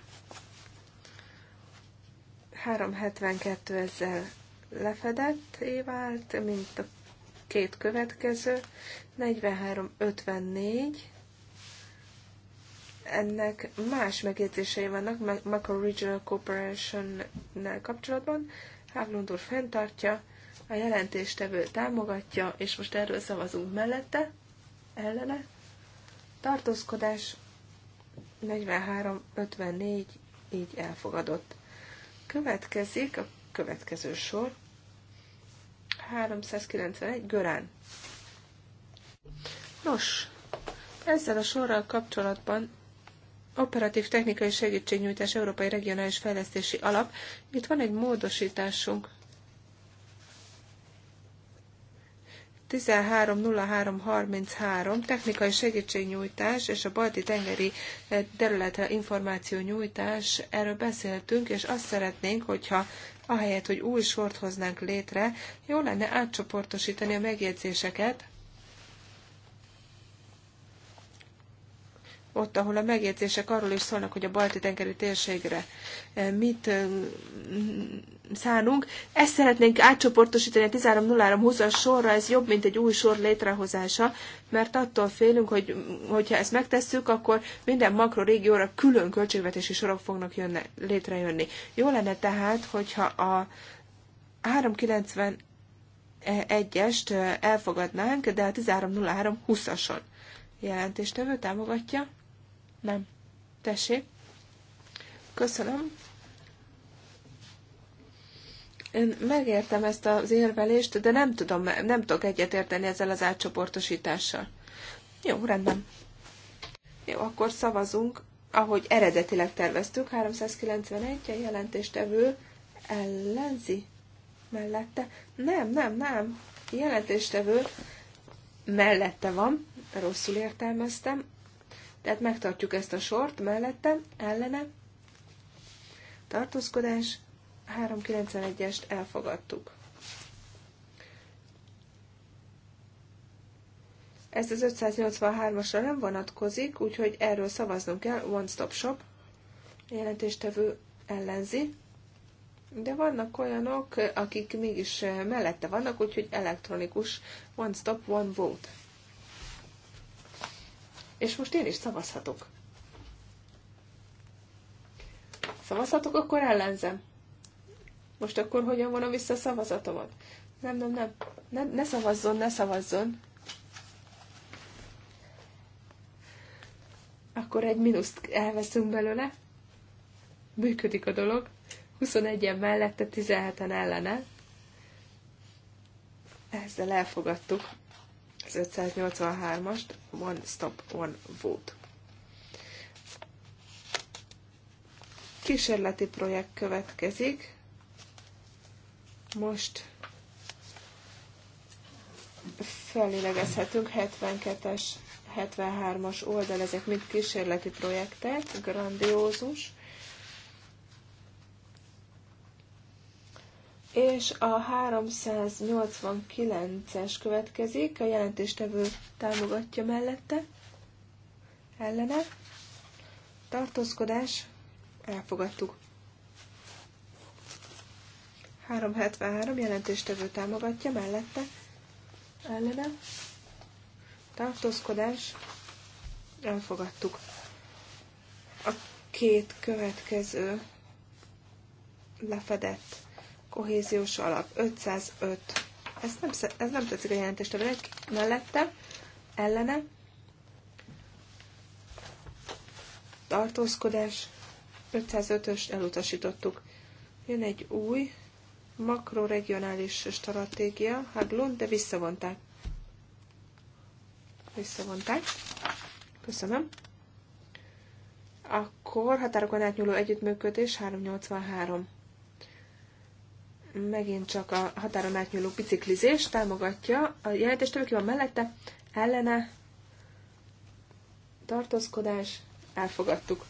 372 ezzel lefedett évált, mint a két következő, 4354, ennek más megjegyzései vannak Macro Regional Corporation-nel kapcsolatban. Havlundor fenntartja, a jelentéstevő támogatja, és most erről szavazunk mellette, ellene. Tartózkodás 43-54, így elfogadott. Következik a következő sor. 391, Görán. Nos, ezzel a sorral kapcsolatban operatív technikai segítségnyújtás Európai Regionális Fejlesztési Alap. Itt van egy módosításunk. 130333 technikai segítségnyújtás és a balti tengeri eh, területre információ nyújtás, erről beszéltünk, és azt szeretnénk, hogyha ahelyett, hogy új sort hoznánk létre, jó lenne átcsoportosítani a megjegyzéseket, ott, ahol a megjegyzések arról is szólnak, hogy a balti tengeri térségre eh, mit eh, szánunk. Ezt szeretnénk átcsoportosítani a 13.03.20-as sorra, ez jobb, mint egy új sor létrehozása, mert attól félünk, hogy hogyha ezt megtesszük, akkor minden makrorégióra külön költségvetési sorok fognak jönne, létrejönni. Jó lenne tehát, hogyha a 3.91-est eh, elfogadnánk, de a 13.03.20-ason jelentéstevő támogatja. Nem. Tessék. Köszönöm. Én megértem ezt az érvelést, de nem tudom, nem tudok egyetérteni ezzel az átcsoportosítással. Jó, rendben. Jó, akkor szavazunk, ahogy eredetileg terveztük. 391 a jelentéstevő ellenzi mellette. Nem, nem, nem. Jelentéstevő mellette van. Rosszul értelmeztem. Tehát megtartjuk ezt a sort mellette, ellene. Tartózkodás. 391-est elfogadtuk. Ez az 583-asra nem vonatkozik, úgyhogy erről szavaznunk kell. One Stop Shop jelentéstevő ellenzi. De vannak olyanok, akik mégis mellette vannak, úgyhogy elektronikus One Stop, One Vote. És most én is szavazhatok. Szavazhatok, akkor ellenzem. Most akkor hogyan vonom vissza a szavazatomat? Nem, nem, nem. nem ne szavazzon, ne szavazzon. Akkor egy mínuszt elveszünk belőle. Működik a dolog. 21-en mellette, 17-en ellene. Ezzel elfogadtuk az 583-ast, One Stop, One Vote. Kísérleti projekt következik. Most felélegezhetünk 72-es, 73-as oldal, ezek mind kísérleti projektek, grandiózus és a 389-es következik, a jelentéstevő támogatja mellette, ellene, tartózkodás, elfogadtuk. 373 jelentéstevő támogatja mellette, ellene, tartózkodás, elfogadtuk. A két következő lefedett kohéziós alap 505. Ez nem, ez nem tetszik a de Mellette, ellene, tartózkodás, 505 ös elutasítottuk. Jön egy új makroregionális stratégia, Haglund, de visszavonták. Visszavonták. Köszönöm. Akkor határokon átnyúló együttműködés 383 megint csak a határon átnyúló biciklizés támogatja. A jelentést, aki van mellette, ellene, tartózkodás, elfogadtuk.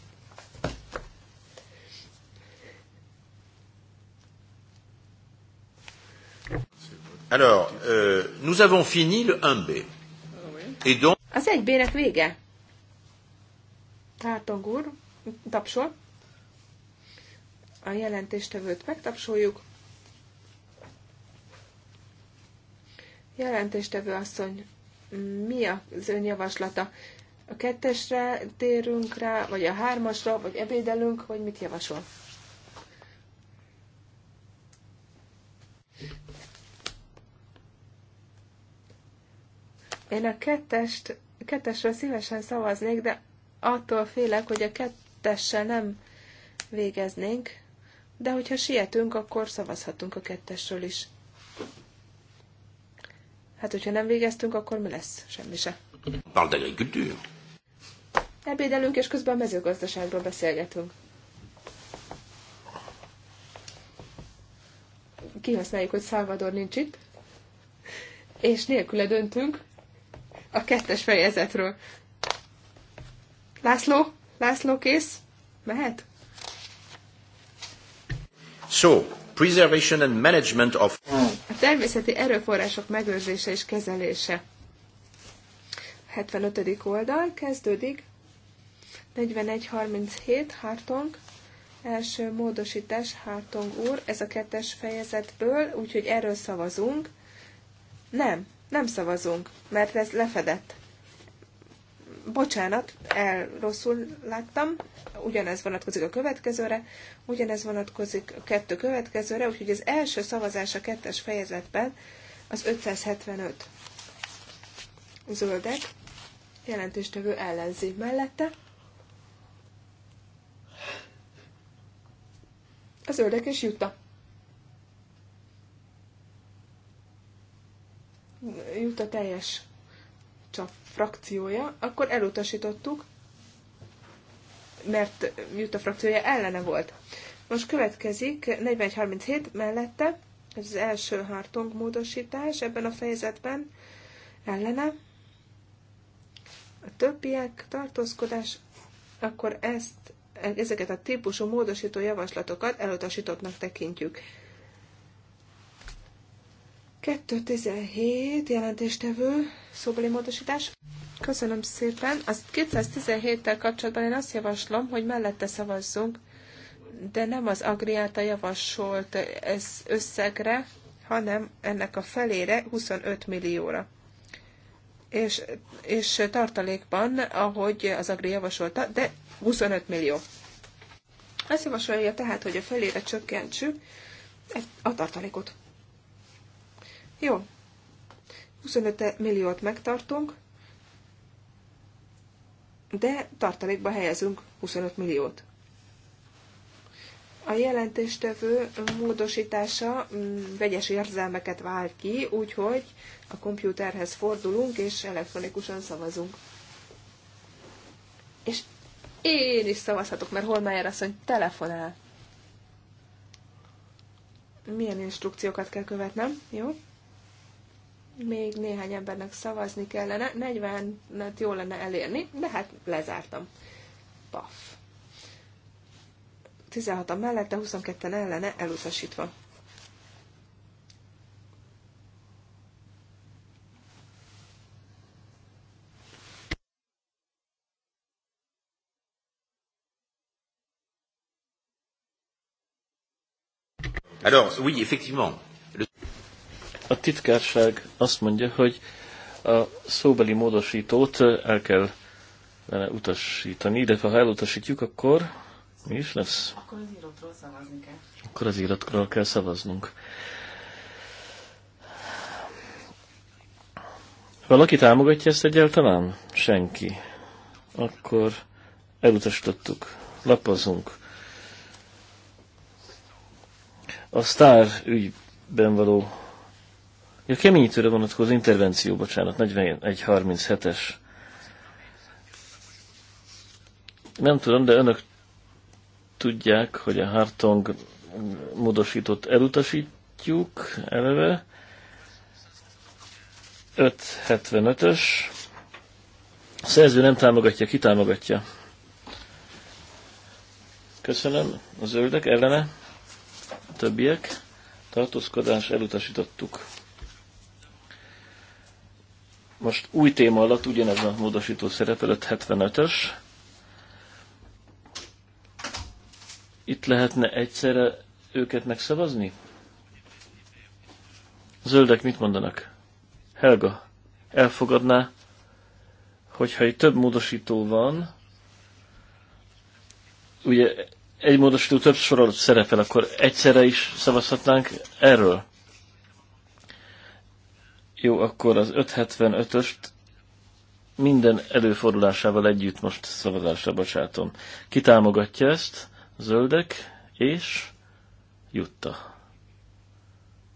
Alors, euh, nous avons fini le 1B. Et donc... Az 1B-nek vége. Tártong úr, tapsol. A jelentéstevőt megtapsoljuk. Jelentéstevő asszony, mi az ön javaslata? A kettesre térünk rá, vagy a hármasra, vagy ebédelünk, vagy mit javasol? Én a kettest, kettesről szívesen szavaznék, de attól félek, hogy a kettessel nem végeznénk, de hogyha sietünk, akkor szavazhatunk a kettesről is. Hát, hogyha nem végeztünk, akkor mi lesz? Semmi se. Ebédelünk, és közben a mezőgazdaságról beszélgetünk. Kihasználjuk, hogy Salvador nincs itt, és nélküle döntünk a kettes fejezetről. László? László kész? Mehet? So, preservation and management of természeti erőforrások megőrzése és kezelése. 75. oldal kezdődik. 4137 Hartong. Első módosítás Hartong úr, ez a kettes fejezetből, úgyhogy erről szavazunk. Nem, nem szavazunk, mert ez lefedett bocsánat, el rosszul láttam, ugyanez vonatkozik a következőre, ugyanez vonatkozik a kettő következőre, úgyhogy az első szavazás a kettes fejezetben az 575 zöldek, jelentéstevő ellenzi mellette. A zöldek is jutta. Jutta teljes frakciója, akkor elutasítottuk, mert Jutta frakciója ellene volt. Most következik 4137 mellette, ez az első hartunk módosítás ebben a fejezetben ellene. A többiek tartózkodás, akkor ezt, ezeket a típusú módosító javaslatokat elutasítottnak tekintjük. 217 jelentéstevő szóbeli Köszönöm szépen. Az 217-tel kapcsolatban én azt javaslom, hogy mellette szavazzunk, de nem az Agriáta javasolt ez összegre, hanem ennek a felére 25 millióra. És, és tartalékban, ahogy az Agri javasolta, de 25 millió. Azt javasolja tehát, hogy a felére csökkentsük a tartalékot. Jó, 25 milliót megtartunk, de tartalékba helyezünk 25 milliót. A jelentéstevő módosítása mm, vegyes érzelmeket vált ki, úgyhogy a kompjúterhez fordulunk és elektronikusan szavazunk. És én is szavazhatok, mert Holmeyer asszony telefonál. Milyen instrukciókat kell követnem, jó? még néhány embernek szavazni kellene, 40-et jó lenne elérni, de hát lezártam. Paf. 16 a mellette, 22-en ellene, elutasítva. Alors, oui, effectivement, a titkárság azt mondja, hogy a szóbeli módosítót el kell utasítani, de ha elutasítjuk, akkor mi is lesz? Akkor az íratról szavazni kell. Akkor az íratról kell szavaznunk. Valaki támogatja ezt egyáltalán? Senki. Akkor elutasítottuk. Lapozunk. A sztár ügyben való a keményítőre vonatkozó intervenció, bocsánat, 41.37-es. Nem tudom, de önök tudják, hogy a Hartong módosított elutasítjuk eleve. 575-ös. A szerző nem támogatja, ki támogatja? Köszönöm. A zöldek ellene. A többiek. Tartózkodás elutasítottuk. Most új téma alatt ugyanez a módosító szerepel, 75-ös. Itt lehetne egyszerre őket megszavazni? zöldek mit mondanak? Helga, elfogadná, hogyha itt több módosító van, ugye egy módosító több sor alatt szerepel, akkor egyszerre is szavazhatnánk erről? Jó, akkor az 575-öst minden előfordulásával együtt most szavazásra bocsátom. Ki támogatja ezt? Zöldek és Jutta.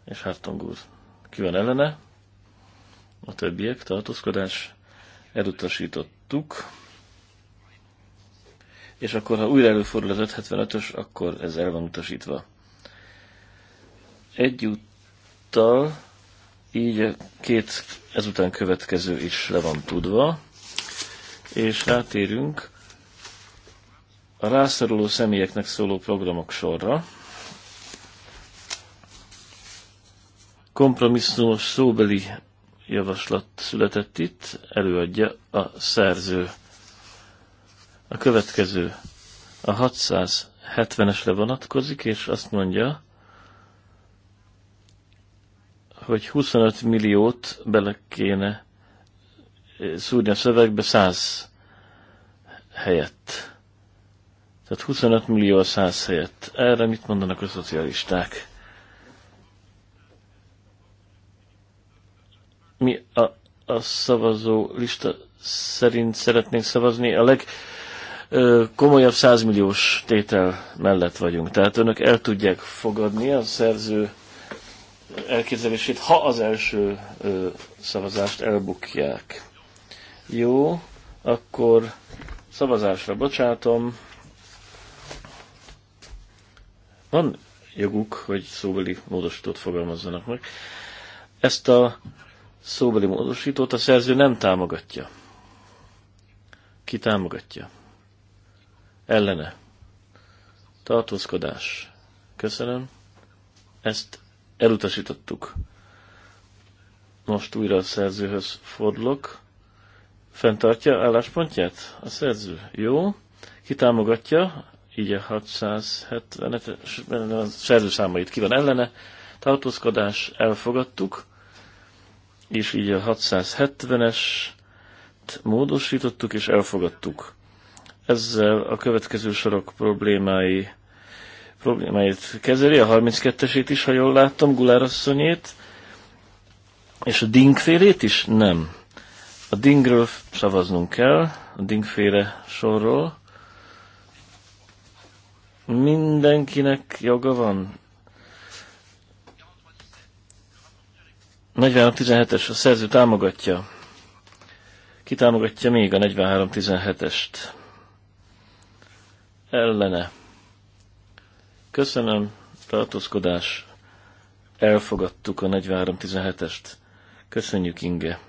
És Hartong úr. Ki van ellene? A többiek, tartózkodás. Elutasítottuk. És akkor, ha újra előfordul az 575-ös, akkor ez el van utasítva. Egyúttal így két ezután következő is le van tudva, és rátérünk a rászoruló személyeknek szóló programok sorra. Kompromisszumos szóbeli javaslat született itt, előadja a szerző. A következő a 670-esre vonatkozik, és azt mondja, hogy 25 milliót bele kéne eh, szúrni a szövegbe 100 helyett. Tehát 25 millió a 100 helyett. Erre mit mondanak a szocialisták? Mi a, a szavazó lista szerint szeretnénk szavazni. A leg, komolyabb 100 milliós tétel mellett vagyunk. Tehát önök el tudják fogadni a szerző elképzelését, ha az első ö, szavazást elbukják. Jó, akkor szavazásra bocsátom. Van joguk, hogy szóbeli módosítót fogalmazzanak meg. Ezt a szóbeli módosítót a szerző nem támogatja. Ki támogatja? Ellene. Tartózkodás. Köszönöm. Ezt Elutasítottuk. Most újra a szerzőhöz fordulok. Fentartja álláspontját? A szerző. Jó. Ki támogatja? Így a 670 es szerző számait ki van ellene. Tartózkodás elfogadtuk. És így a 670-es módosítottuk és elfogadtuk. Ezzel a következő sorok problémái problémáit kezeli, a 32-esét is, ha jól láttam, Gulárasszonyét, és a dingfélét is? Nem. A dingről szavaznunk kell, a dingféle sorról. Mindenkinek joga van. 17 es a szerző támogatja. Ki támogatja még a 43.17-est? Ellene. Köszönöm, tartózkodás. Elfogadtuk a 4317 est Köszönjük, Inge.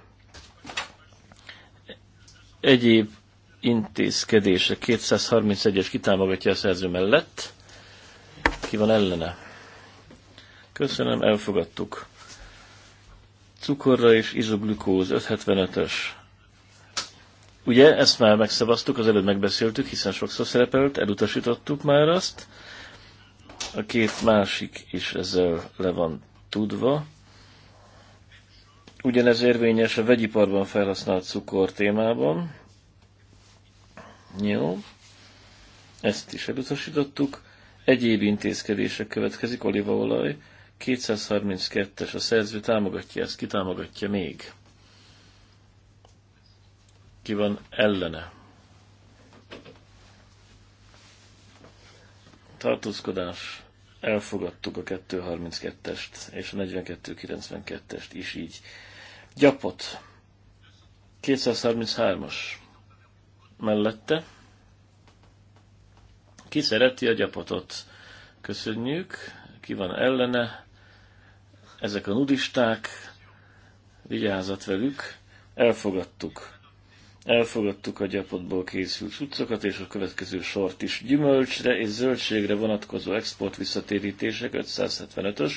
Egyéb intézkedése 231-es kitámogatja a szerző mellett. Ki van ellene? Köszönöm, elfogadtuk. Cukorra és izoglükóz 575-ös. Ugye, ezt már megszavaztuk, az előbb megbeszéltük, hiszen sokszor szerepelt, elutasítottuk már azt. A két másik is ezzel le van tudva. Ugyanez érvényes a vegyiparban felhasznált cukor témában. Jó. Ezt is elutasítottuk. Egyéb intézkedések következik, olívaolaj. 232-es a szerző támogatja ezt, ki támogatja még? Ki van ellene? tartózkodás, elfogadtuk a 232-est és a 4292-est is így. Gyapot, 233-as mellette. Ki szereti a gyapotot? Köszönjük. Ki van ellene? Ezek a nudisták. Vigyázat velük. Elfogadtuk. Elfogadtuk a gyapotból készült cuccokat és a következő sort is. Gyümölcsre és zöldségre vonatkozó export visszatérítések 575-ös,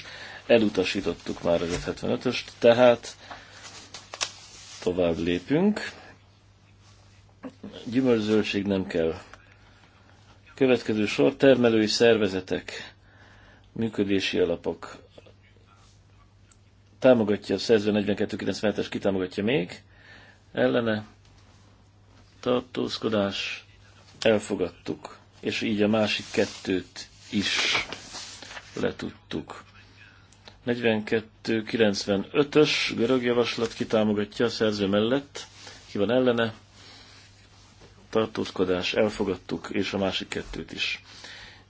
elutasítottuk már az 575-öst, tehát tovább lépünk. Gyümölcs zöldség nem kell. Következő sor termelői szervezetek, működési alapok. Támogatja a 14297 es kitámogatja még, ellene tartózkodás elfogadtuk, és így a másik kettőt is letudtuk. 42.95-ös görög javaslat kitámogatja a szerző mellett, ki van ellene, tartózkodás, elfogadtuk, és a másik kettőt is.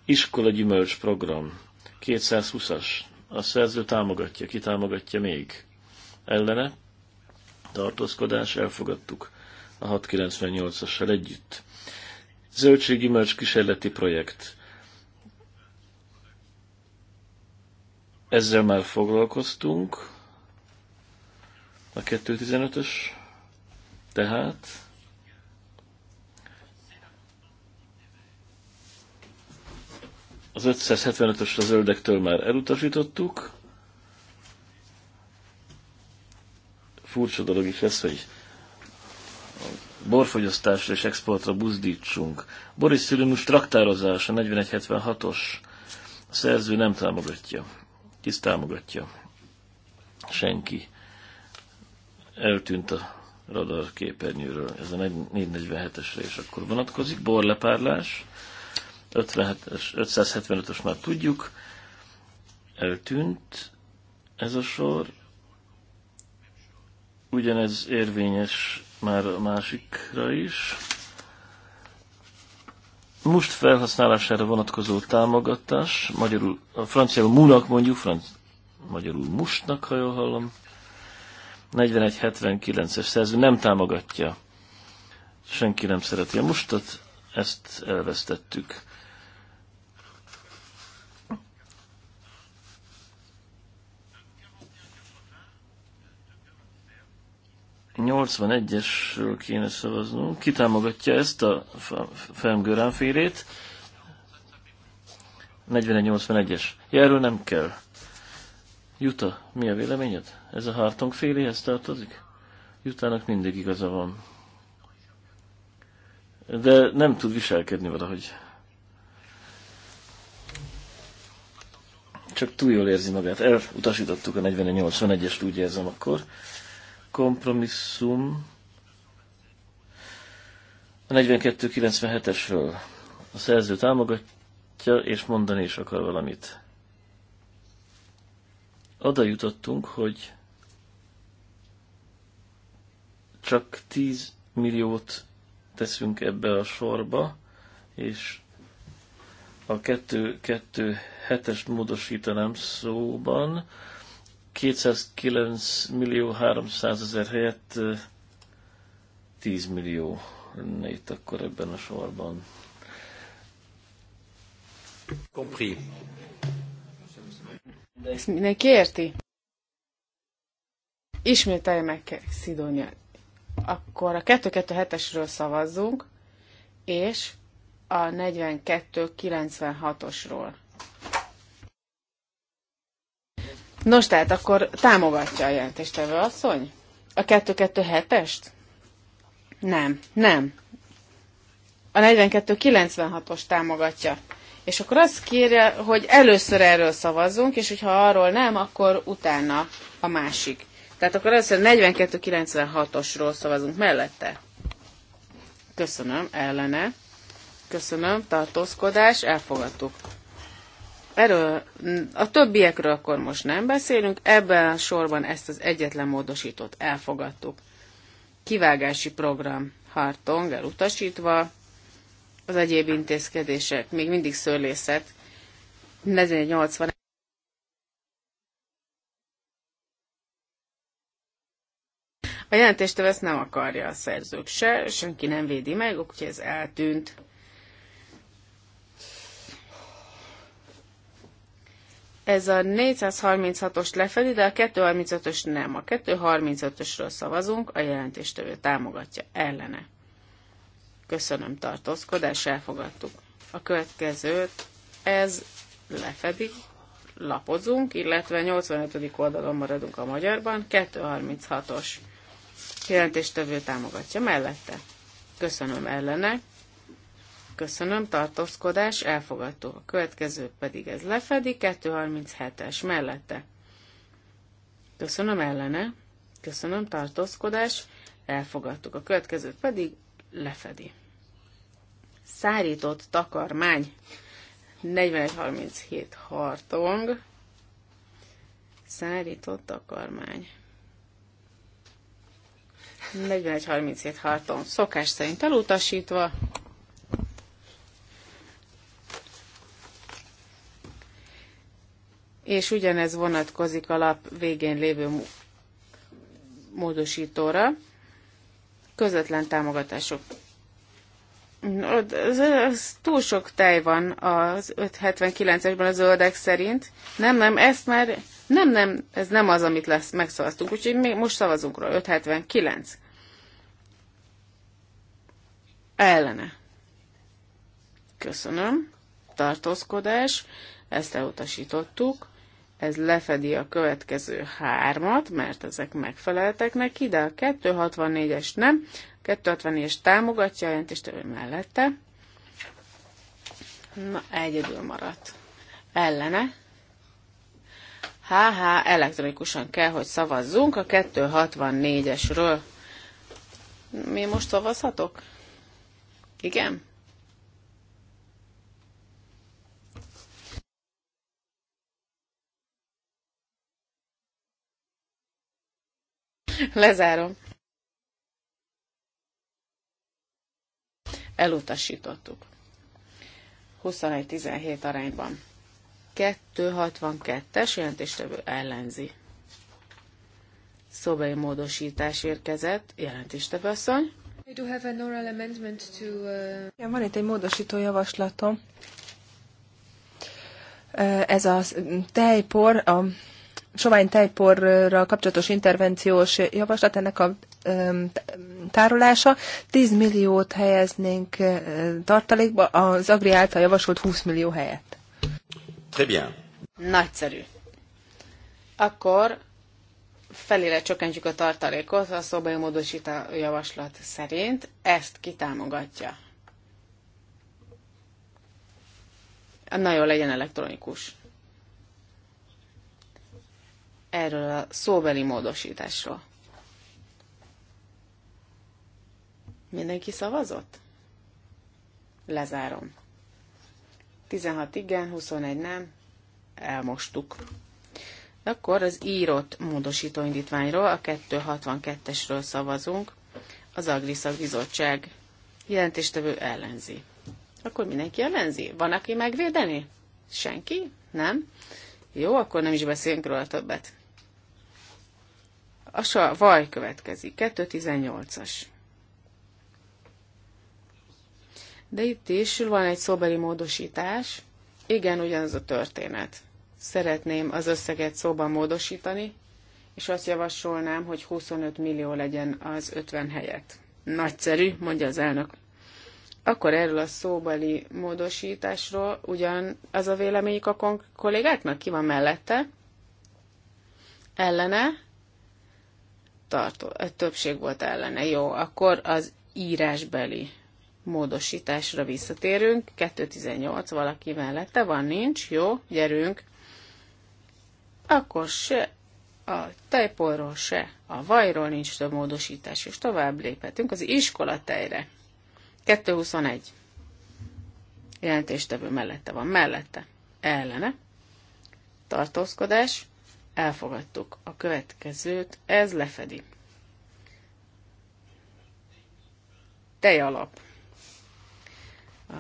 Iskola gyümölcs program, 220-as, a szerző támogatja, ki támogatja még? Ellene, tartózkodás, elfogadtuk a 698-assal együtt. Zöldséggyümölcs kísérleti projekt. Ezzel már foglalkoztunk. A 215-ös. Tehát... Az 575-ös a zöldektől már elutasítottuk. Furcsa dolog is ez, hogy borfogyasztásra és exportra buzdítsunk. Boris Szilinus traktározása 4176-os. A szerző nem támogatja. Kis támogatja? Senki. Eltűnt a radar képernyőről. Ez a 447-esre is akkor vonatkozik. Borlepárlás. 575-ös már tudjuk. Eltűnt ez a sor. Ugyanez érvényes már a másikra is. Most felhasználására vonatkozó támogatás, magyarul, a franciául munak mondjuk, franc, magyarul mustnak, ha jól hallom, 41-79-es szerző nem támogatja. Senki nem szereti a mustat, ezt elvesztettük. 81-esről kéne szavaznunk. Ki támogatja ezt a Fem férét? 41-81-es. Ja, erről nem kell. Juta, mi a véleményed? Ez a Hartong féléhez tartozik? Jutának mindig igaza van. De nem tud viselkedni valahogy. Csak túl jól érzi magát. Elutasítottuk a 41 est úgy érzem akkor kompromisszum a 4297-esről. A szerző támogatja, és mondani is akar valamit. Oda jutottunk, hogy csak 10 milliót teszünk ebbe a sorba, és a 227 est módosítanám szóban, 209 millió 300 ezer helyett 10 millió lenne itt akkor ebben a sorban. Kompri. Ezt mindenki érti? Ismételje meg Szidónia. Akkor a 227-esről szavazzunk, és a 4296-osról. Nos, tehát akkor támogatja a jelentéstevő asszony? A 227-est? Nem, nem. A 4296-os támogatja. És akkor azt kérje, hogy először erről szavazzunk, és hogyha arról nem, akkor utána a másik. Tehát akkor először 4296-osról szavazunk mellette. Köszönöm, ellene. Köszönöm, tartózkodás, elfogadtuk. Erről a többiekről akkor most nem beszélünk, ebben a sorban ezt az egyetlen módosítót elfogadtuk. Kivágási program Hartong elutasítva, az egyéb intézkedések, még mindig szőlészet, 1480 A jelentéstől ezt nem akarja a szerzők se, senki nem védi meg, úgyhogy ez eltűnt. Ez a 436-os lefedi, de a 235-ös nem. A 235-ösről szavazunk, a jelentéstevő támogatja ellene. Köszönöm tartózkodás, elfogadtuk. A következőt ez lefedi, lapozunk, illetve 85. oldalon maradunk a magyarban, 236-os jelentéstevő támogatja mellette. Köszönöm ellene, Köszönöm, tartózkodás, elfogadó. A következő pedig ez lefedi, 237-es mellette. Köszönöm ellene, köszönöm, tartózkodás, elfogadtuk. A következőt pedig lefedi. Szárított takarmány, 4137 hartong, szárított takarmány. 4137 37 harton szokás szerint elutasítva, és ugyanez vonatkozik a lap végén lévő módosítóra, közvetlen támogatások. Az, ez túl sok tej van az 579-esben a zöldek szerint. Nem, nem, ezt már nem, nem, ez nem az, amit lesz, megszavaztunk. Úgyhogy még most szavazunk rá, 579. Ellene. Köszönöm. Tartózkodás. Ezt elutasítottuk ez lefedi a következő hármat, mert ezek megfeleltek neki, de a 264-es nem. 264-es támogatja a ő mellette. Na, egyedül maradt. Ellene. Háhá, elektronikusan kell, hogy szavazzunk a 264-esről. Mi most szavazhatok? Igen? Lezárom. Elutasítottuk. 21-17 arányban. 262-es jelentéstevő ellenzi. Szobai módosítás érkezett, jelentéstevő asszony. To, uh... van itt egy módosító javaslatom. Ez a tejpor, a sovány tejporral kapcsolatos intervenciós javaslat, ennek a tárolása. 10 milliót helyeznénk tartalékba, az Agri által javasolt 20 millió helyett. Très bien. Nagyszerű. Akkor felére csökkentjük a tartalékot a szobai javaslat szerint. Ezt kitámogatja. jó legyen elektronikus erről a szóbeli módosításról. Mindenki szavazott? Lezárom. 16 igen, 21 nem. Elmostuk. Akkor az írott módosító indítványról, a 262-esről szavazunk. Az Agriszak Bizottság jelentéstevő ellenzi. Akkor mindenki ellenzi? Van, aki megvédeni? Senki? Nem? Jó, akkor nem is beszélünk róla többet. A sa, vaj következik, 218-as. De itt is van egy szóbeli módosítás. Igen, ugyanaz a történet. Szeretném az összeget szóban módosítani, és azt javasolnám, hogy 25 millió legyen az 50 helyett. Nagyszerű, mondja az elnök. Akkor erről a szóbeli módosításról ugyan az a véleményük a kollégáknak? Ki van mellette? Ellene? tartó, egy többség volt ellene. Jó, akkor az írásbeli módosításra visszatérünk. 218 valaki mellette van, nincs, jó, gyerünk. Akkor se a tejporról, se a vajról nincs több módosítás, és tovább léphetünk az tejre. 221. Jelentéstevő mellette van, mellette, ellene. Tartózkodás, Elfogadtuk. A következőt ez lefedi. Tejalap. A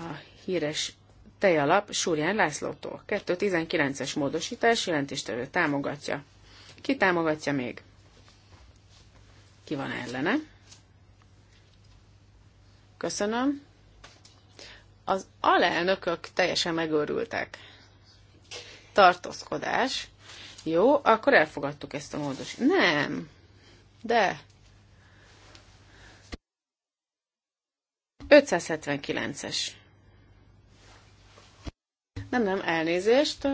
híres tejalap Súrján Lászlótól. 219-es módosítás jelentéstevő támogatja. Ki támogatja még? Ki van ellene? Köszönöm. Az alelnökök teljesen megőrültek. Tartózkodás. Jó, akkor elfogadtuk ezt a módos. Nem. De. 579-es. Nem, nem, elnézést.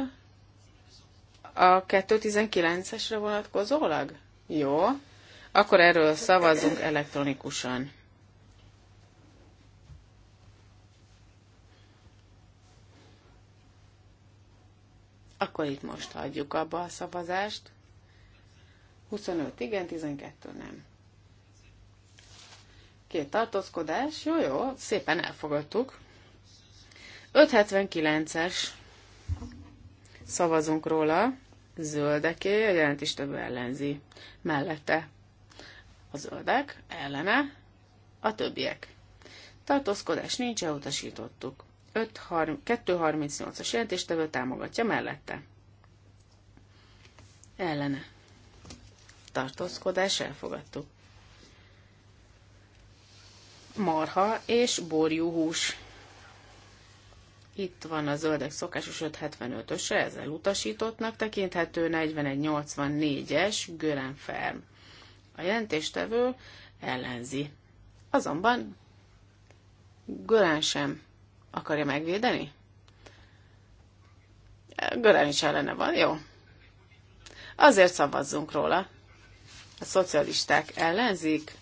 A 219-esre vonatkozólag? Jó. Akkor erről szavazunk elektronikusan. Akkor itt most hagyjuk abba a szavazást. 25 igen, 12 nem. Két tartózkodás, jó, jó, szépen elfogadtuk. 579-es szavazunk róla, zöldeké, a több ellenzi. Mellette a zöldek, ellene a többiek. Tartózkodás nincs, elutasítottuk. 238-as jelentéstevő támogatja mellette. Ellene. Tartózkodás elfogadtuk. Marha és borjúhús. Itt van a zöldek szokásos 575-öse, ezzel utasítottnak tekinthető 4184-es Gören Ferm. A jelentéstevő ellenzi. Azonban Gören sem Akarja megvédeni? Görán is ellene van, jó. Azért szavazzunk róla. A szocialisták ellenzik,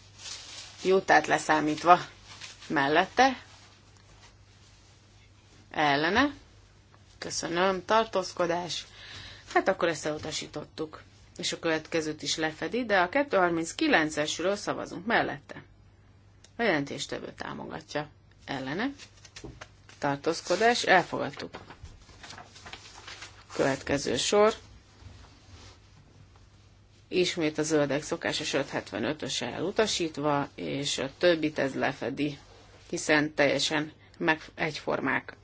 Jutát leszámítva mellette, ellene, köszönöm, tartózkodás, hát akkor ezt elutasítottuk. És a következőt is lefedi, de a 239-esről szavazunk mellette. A jelentéstevő támogatja. Ellene tartózkodás, elfogadtuk. Következő sor. Ismét a zöldek szokásos 575-ös elutasítva, és a többit ez lefedi, hiszen teljesen meg egyformák.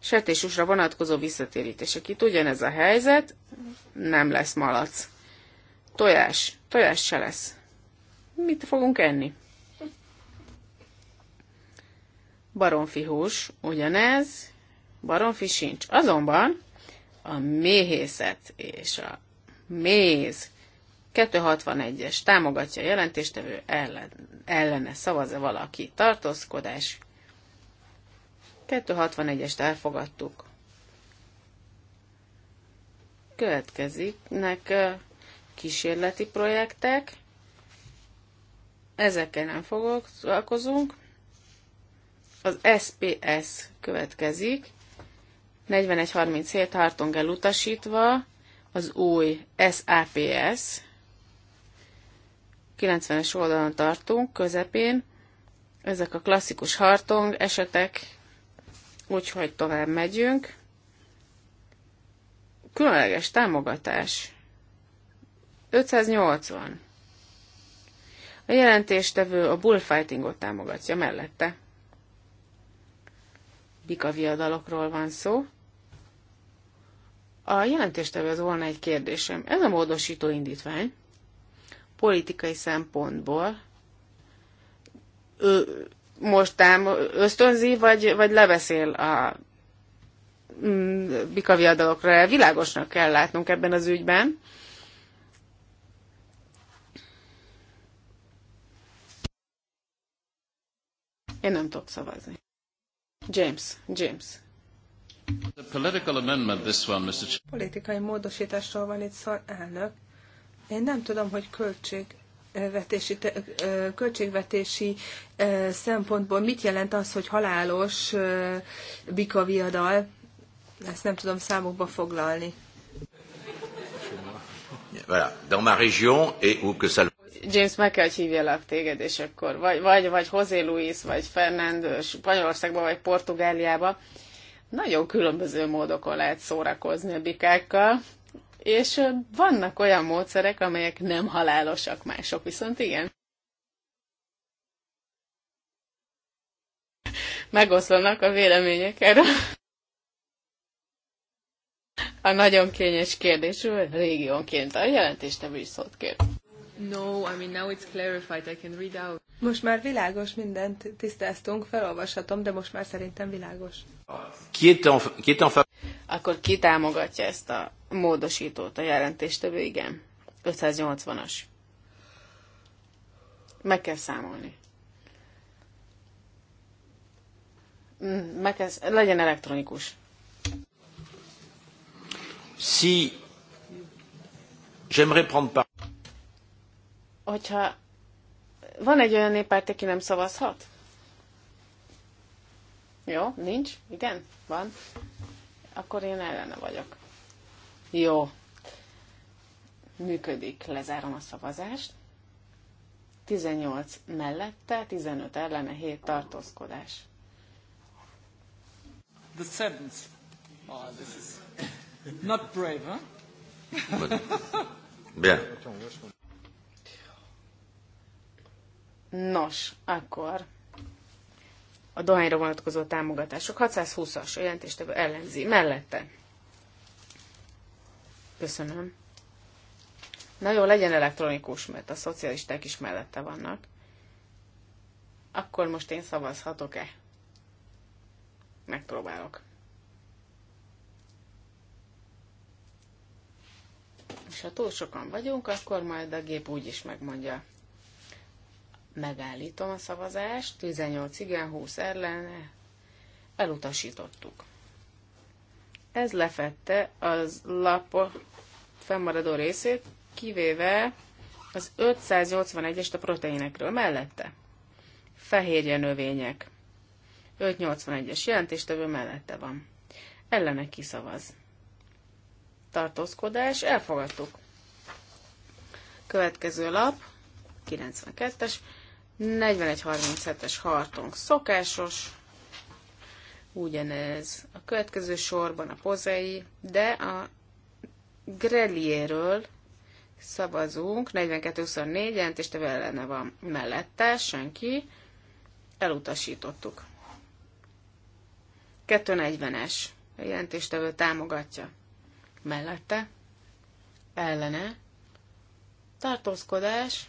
Sertésúsra vonatkozó visszatérítések. Itt ugyanez a helyzet, nem lesz malac. Tojás. Tojás se lesz. Mit fogunk enni? baromfi hús ugyanez, baromfi sincs. Azonban a méhészet és a méz 261-es támogatja a jelentéstevő ellen, ellene szavaz-e valaki tartózkodás. 261-est elfogadtuk. Következiknek kísérleti projektek. Ezekkel nem foglalkozunk. Az SPS következik. 4137 Hartong elutasítva, az új SAPS. 90-es oldalon tartunk, közepén. Ezek a klasszikus Hartong esetek, úgyhogy tovább megyünk. Különleges támogatás. 580. A jelentéstevő a bullfightingot támogatja mellette viadalokról van szó. A jelentéstevő az volna egy kérdésem. Ez a módosító indítvány politikai szempontból ő most ám ösztönzi, vagy, vagy leveszél a bikaviadalokra. Mm, Világosnak kell látnunk ebben az ügyben. Én nem tudok szavazni. James, James. The political amendment, this one, Mr. Ch- Politikai módosításról van itt szó, elnök. Én nem tudom, hogy költség, vetési, költségvetési szempontból mit jelent az, hogy halálos bikaviadal. Ezt nem tudom számokba foglalni. Voilà. Dans ma région, et où que ça James meg kell, hogy téged, és akkor vagy, vagy, vagy José Luis, vagy Fernando, Spanyolországba, vagy Portugáliába. Nagyon különböző módokon lehet szórakozni a bikákkal, és vannak olyan módszerek, amelyek nem halálosak, mások viszont igen. Megoszlanak a vélemények erről. A nagyon kényes kérdésről régiónként a jelentéstevő is szót kért. No, I mean now it's clarified, I can read out. Most már világos mindent tisztáztunk, felolvashatom, de most már szerintem világos. Akkor ki támogatja ezt a módosítót, a jelentéstevő, igen. 580-as. Meg kell számolni. Mm, meg kell, legyen elektronikus. Si j'aimerais prendre part hogyha van egy olyan néppárt, aki nem szavazhat? Jó, nincs? Igen? Van? Akkor én ellene vagyok. Jó. Működik. Lezárom a szavazást. 18 mellette, 15 ellene, 7 tartózkodás. The seventh. Oh, this is not brave, huh? Bien. Nos, akkor a dohányra vonatkozó támogatások 620-as jelentést ellenzi mellette. Köszönöm. Na jó, legyen elektronikus, mert a szocialisták is mellette vannak. Akkor most én szavazhatok-e? Megpróbálok. És ha túl sokan vagyunk, akkor majd a gép úgy is megmondja. Megállítom a szavazást, 18 igen, 20 ellen, elutasítottuk. Ez lefette az lap fennmaradó részét, kivéve az 581-est a proteinekről mellette. Fehérje növények. 581-es jelentéstevő mellette van. Ellene kiszavaz. Tartózkodás, elfogadtuk. Következő lap, 92-es, 41-37-es hartunk szokásos, ugyanez a következő sorban a pozei, de a grelieről szavazunk, 42-24 vele ellene van mellette, senki, elutasítottuk. 240-es a jelentéstevő támogatja mellette, ellene, tartózkodás,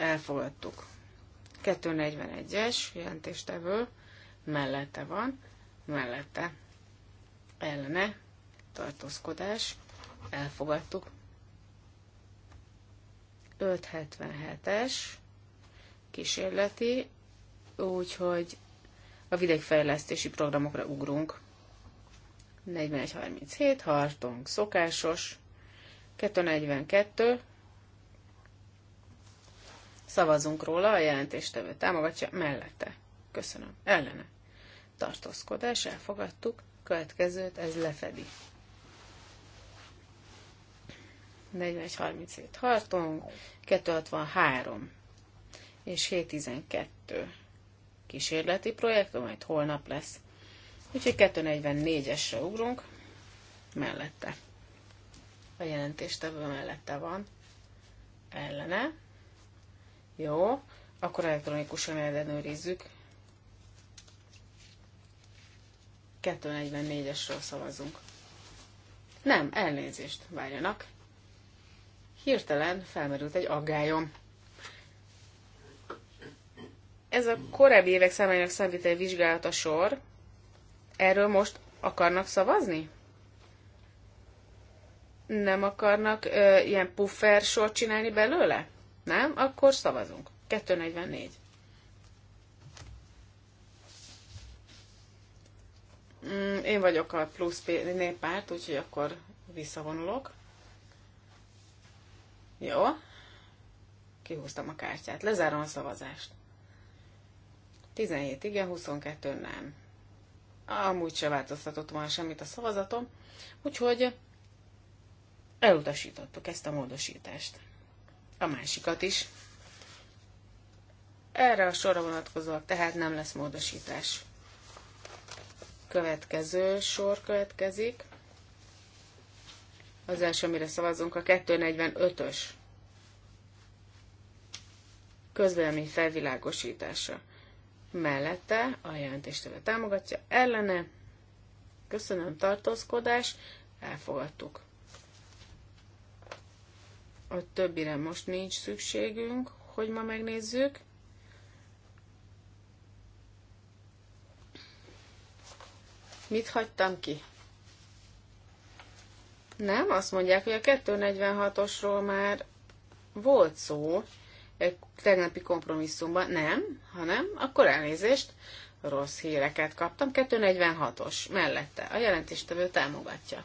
elfogadtuk. 241-es jelentéstevő mellette van, mellette ellene tartózkodás, elfogadtuk. 577-es kísérleti, úgyhogy a vidékfejlesztési programokra ugrunk. 4137, hartunk, szokásos. 242, Szavazunk róla, a jelentéstevő támogatja mellette. Köszönöm. Ellene. Tartózkodás, elfogadtuk. Következőt ez lefedi. 4137 tartunk, 263 és 712 kísérleti projekt, majd holnap lesz. Úgyhogy 244-esre ugrunk, mellette. A jelentéstevő mellette van, ellene, jó, akkor elektronikusan ellenőrizzük. 244-esről szavazunk. Nem, elnézést várjanak. Hirtelen felmerült egy aggályom. Ez a korábbi évek számának számviteli vizsgálata sor. Erről most akarnak szavazni? Nem akarnak ö, ilyen puffer sort csinálni belőle? Nem? Akkor szavazunk. 244. Mm, én vagyok a plusz néppárt, úgyhogy akkor visszavonulok. Jó. Kihúztam a kártyát. Lezárom a szavazást. 17 igen, 22 nem. Amúgy se változtatott volna semmit a szavazatom, úgyhogy elutasítottuk ezt a módosítást a másikat is. Erre a sorra vonatkozóak tehát nem lesz módosítás. Következő sor következik. Az első, amire szavazunk, a 245-ös közvélemény felvilágosítása. Mellette a jelentéstől támogatja, ellene, köszönöm tartózkodás, elfogadtuk. A többire most nincs szükségünk, hogy ma megnézzük. Mit hagytam ki? Nem, azt mondják, hogy a 246-osról már volt szó egy tegnapi kompromisszumban. Nem, hanem akkor elnézést, rossz híreket kaptam. 246-os mellette. A jelentéstevő támogatja.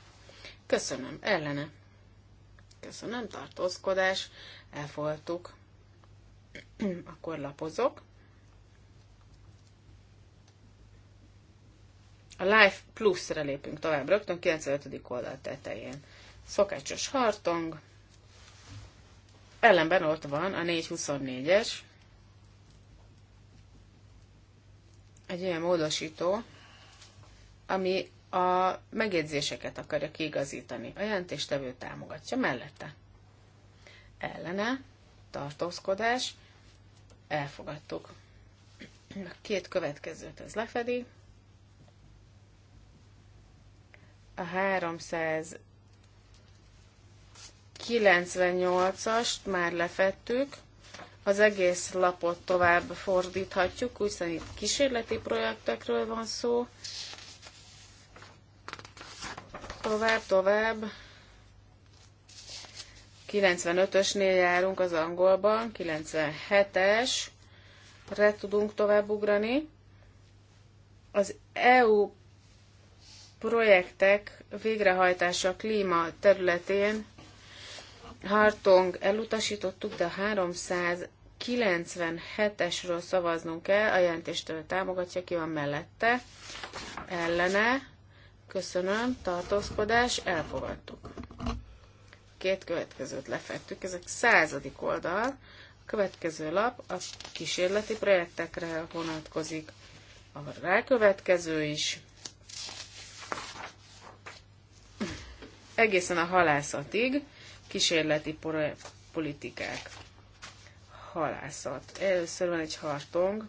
Köszönöm. Ellene. Köszönöm, tartózkodás, elfoltuk. Akkor lapozok. A Life Plus-re lépünk tovább, rögtön 95. oldal tetején. Szokácsos hartong. Ellenben ott van a 424-es. Egy olyan módosító, ami a megjegyzéseket akarja kiigazítani. A jelentéstevő támogatja mellette. Ellene, tartózkodás, elfogadtuk. A két következőt ez lefedi. A 398-ast már lefettük. Az egész lapot tovább fordíthatjuk, hiszen itt kísérleti projektekről van szó. Tovább, tovább. 95-ösnél járunk az angolban, 97 es Re tudunk tovább ugrani. Az EU projektek végrehajtása klíma területén Hartong elutasítottuk, de 397-esről szavaznunk kell, a jelentéstől támogatja, ki van mellette, ellene, Köszönöm, tartózkodás, elfogadtuk. Két következőt lefettük, ezek századik oldal. A következő lap a kísérleti projektekre vonatkozik, a rákövetkező is. Egészen a halászatig kísérleti politikák. Halászat. Először van egy hartong,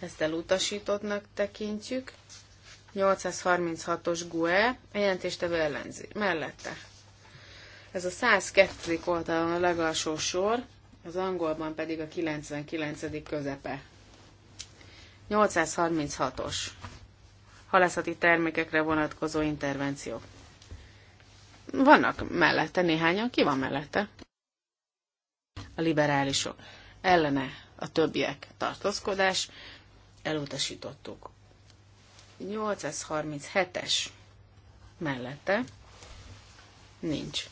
ezt elutasítottnak tekintjük. 836-os GUE, a jelentéstevő ellenzi, mellette. Ez a 102. oldalon a legalsó sor, az angolban pedig a 99. közepe. 836-os. Halászati termékekre vonatkozó intervenciók. Vannak mellette néhányan, ki van mellette? A liberálisok. Ellene a többiek tartózkodás. Elutasítottuk. 837-es mellette nincs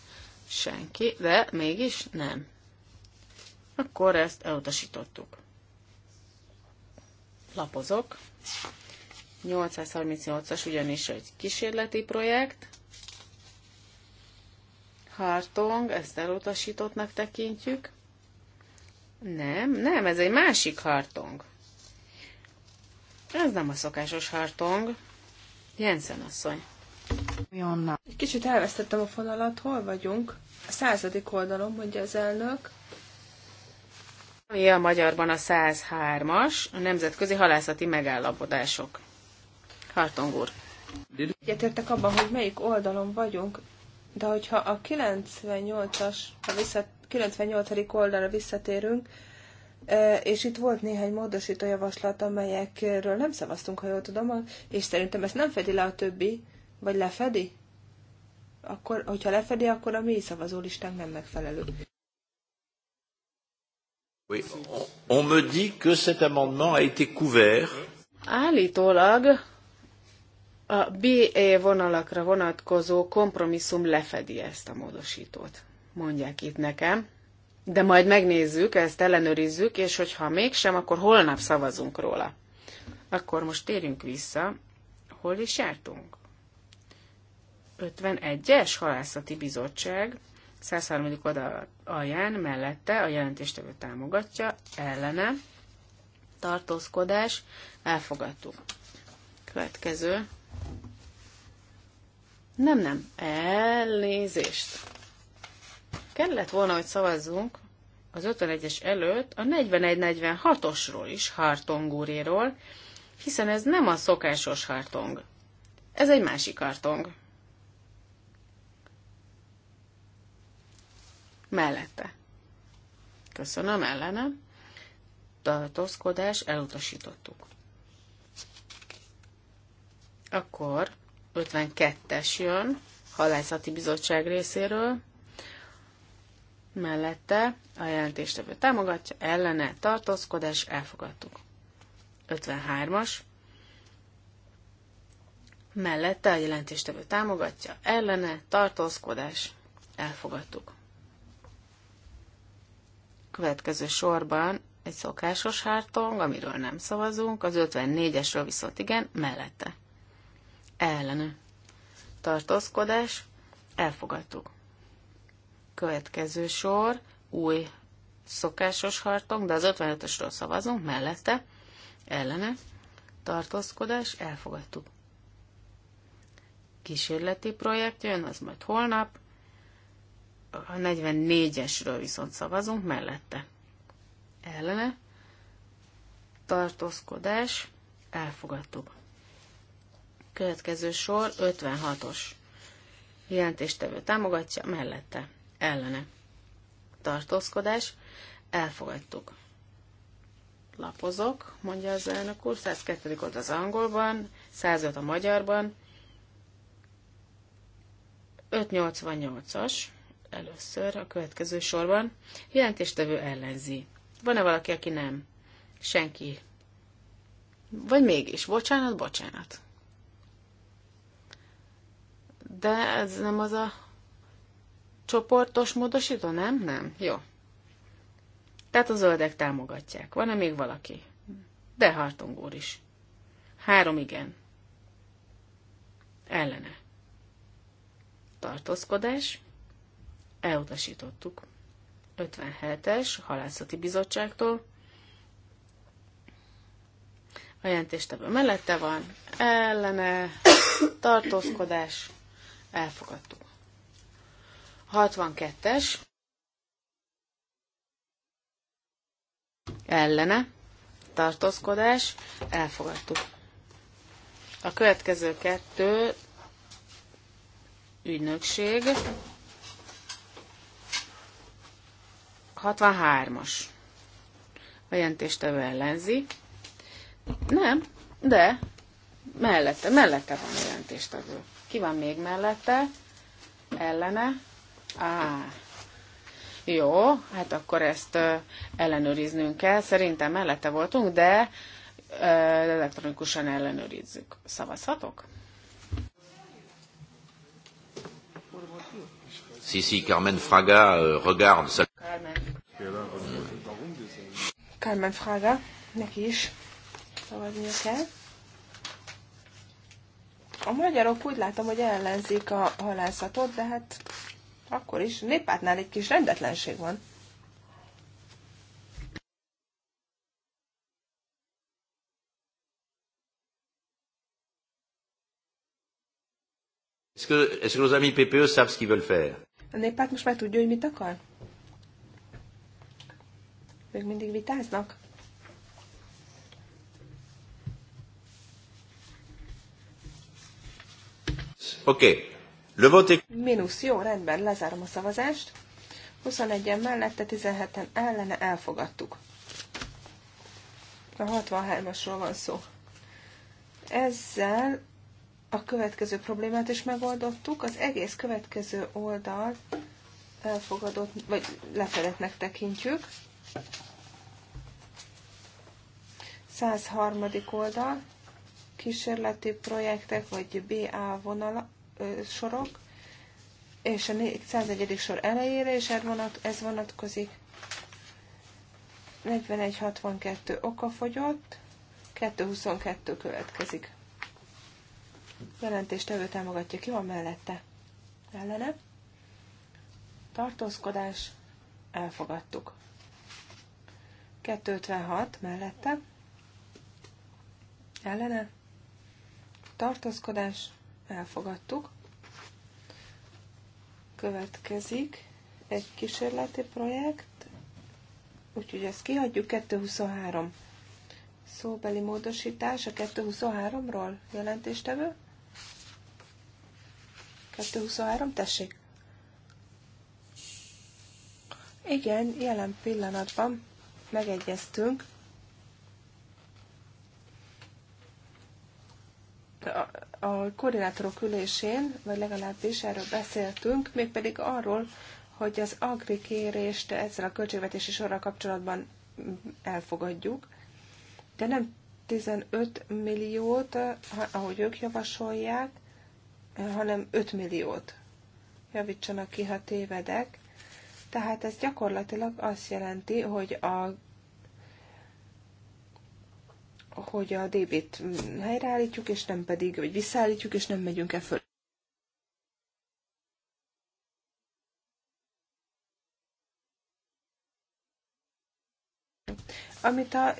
senki, de mégis nem. Akkor ezt elutasítottuk. Lapozok. 838-as ugyanis egy kísérleti projekt. Hartong, ezt elutasítottnak tekintjük. Nem, nem, ez egy másik hartong. Ez nem a szokásos hartong. Jensen asszony. Jonna. Egy kicsit elvesztettem a fonalat, hol vagyunk? A századik oldalon, mondja az elnök. Mi a magyarban a 103-as, a nemzetközi halászati megállapodások. Hartong úr. Egyetértek abban, hogy melyik oldalon vagyunk, de hogyha a 98-as, a vissza, 98. oldalra visszatérünk, és itt volt néhány módosító javaslat, amelyekről nem szavaztunk, ha jól tudom, és szerintem ezt nem fedi le a többi, vagy lefedi? Akkor, hogyha lefedi, akkor a mi szavazólistánk nem megfelelő. Oui, on, on me dit que cet amendement a été couvert. Állítólag a BE vonalakra vonatkozó kompromisszum lefedi ezt a módosítót. Mondják itt nekem de majd megnézzük, ezt ellenőrizzük, és hogyha mégsem, akkor holnap szavazunk róla. Akkor most térjünk vissza, hol is jártunk. 51-es halászati bizottság 103. oda alján mellette a jelentéstevő támogatja, ellene, tartózkodás, elfogadtuk. Következő. Nem, nem, elnézést. Kellett volna, hogy szavazzunk az 51-es előtt a 4146 osról is, Hartong úréről, hiszen ez nem a szokásos hartong. Ez egy másik hartong. Mellette. Köszönöm, ellenem. Tartózkodás elutasítottuk. Akkor 52-es jön, halászati bizottság részéről, mellette a jelentéstevő támogatja, ellene tartózkodás, elfogadtuk. 53-as, mellette a jelentéstevő támogatja, ellene tartózkodás, elfogadtuk. Következő sorban egy szokásos hártong, amiről nem szavazunk, az 54-esről viszont igen, mellette. Ellene. Tartózkodás, elfogadtuk. Következő sor, új szokásos hartunk, de az 55-ösről szavazunk, mellette, ellene, tartózkodás, elfogadtuk. Kísérleti projekt jön, az majd holnap, a 44-esről viszont szavazunk, mellette, ellene, tartózkodás, elfogadtuk. Következő sor 56-os. Jelentéstevő támogatja mellette ellene. Tartózkodás, elfogadtuk. Lapozok, mondja az elnök úr, 102. ott az angolban, 105 a magyarban, 588-as először a következő sorban. Jelentéstevő ellenzi. Van-e valaki, aki nem? Senki. Vagy mégis, bocsánat, bocsánat. De ez nem az a csoportos módosító, nem? Nem. Jó. Tehát a zöldek támogatják. Van-e még valaki? De Hartung úr is. Három igen. Ellene. Tartózkodás. Elutasítottuk. 57-es halászati bizottságtól. A jelentéstevő mellette van. Ellene. Tartózkodás. Elfogadtuk. 62-es. Ellene. Tartózkodás. Elfogadtuk. A következő kettő ügynökség. 63-as. A jelentéstevő ellenzi. Nem, de mellette, mellette van a jelentéstevő. Ki van még mellette? Ellene, Á, jó, hát akkor ezt ellenőriznünk kell. Szerintem mellette voltunk, de elektronikusan ellenőrizzük. Szavazhatok? Si, si, Carmen Fraga euh, regarde. Carmen. Carmen Fraga, neki is szavaznia kell. A magyarok úgy látom, hogy ellenzik a halászatot, de hát akkor is népátnál egy kis rendetlenség van. Est-ce que, est que nos amis PPE savent ce qu'ils veulent faire A népát most már tudja, hogy mit akar? Ők mindig vitáznak? Oké. Okay. Le vote est... Minusz, jó, rendben, lezárom a szavazást. 21-en mellette, 17-en ellene elfogadtuk. A 63-asról van szó. Ezzel a következő problémát is megoldottuk. Az egész következő oldal elfogadott, vagy lefeletnek tekintjük. 103. oldal, kísérleti projektek, vagy BA vonala, sorok, és a 101. sor elejére, is ez vonatkozik. 41.62 oka fogyott, 2.22 következik. Jelentéstevő támogatja, ki van mellette? Ellene? Tartózkodás, elfogadtuk. 256 mellette. Ellene. Tartózkodás elfogadtuk. Következik egy kísérleti projekt, úgyhogy ezt kihagyjuk 223 szóbeli módosítás a 223-ról jelentéstevő. 223, tessék. Igen, jelen pillanatban megegyeztünk a koordinátorok ülésén, vagy legalábbis erről beszéltünk, mégpedig arról, hogy az agri kérést ezzel a költségvetési sorral kapcsolatban elfogadjuk, de nem 15 milliót, ahogy ők javasolják, hanem 5 milliót. Javítsanak ki, ha tévedek. Tehát ez gyakorlatilag azt jelenti, hogy a hogy a DB-t helyreállítjuk, és nem pedig, vagy visszaállítjuk, és nem megyünk e föl. Amit, a,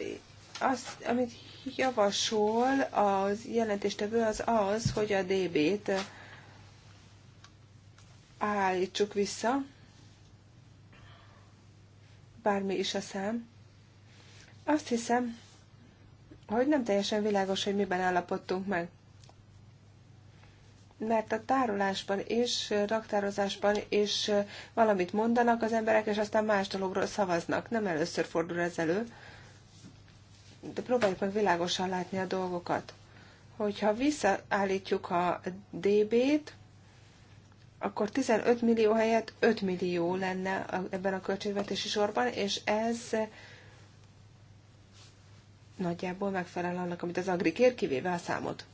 az, amit javasol az jelentéstevő az az, hogy a DB-t állítsuk vissza, bármi is a szám. Azt hiszem, hogy nem teljesen világos, hogy miben állapodtunk meg. Mert a tárolásban is, raktározásban is valamit mondanak az emberek, és aztán más dologról szavaznak. Nem először fordul ez elő. De próbáljuk meg világosan látni a dolgokat. Hogyha visszaállítjuk a DB-t, akkor 15 millió helyett 5 millió lenne ebben a költségvetési sorban, és ez nagyjából megfelel annak, amit az Agri kér, kivéve a számot.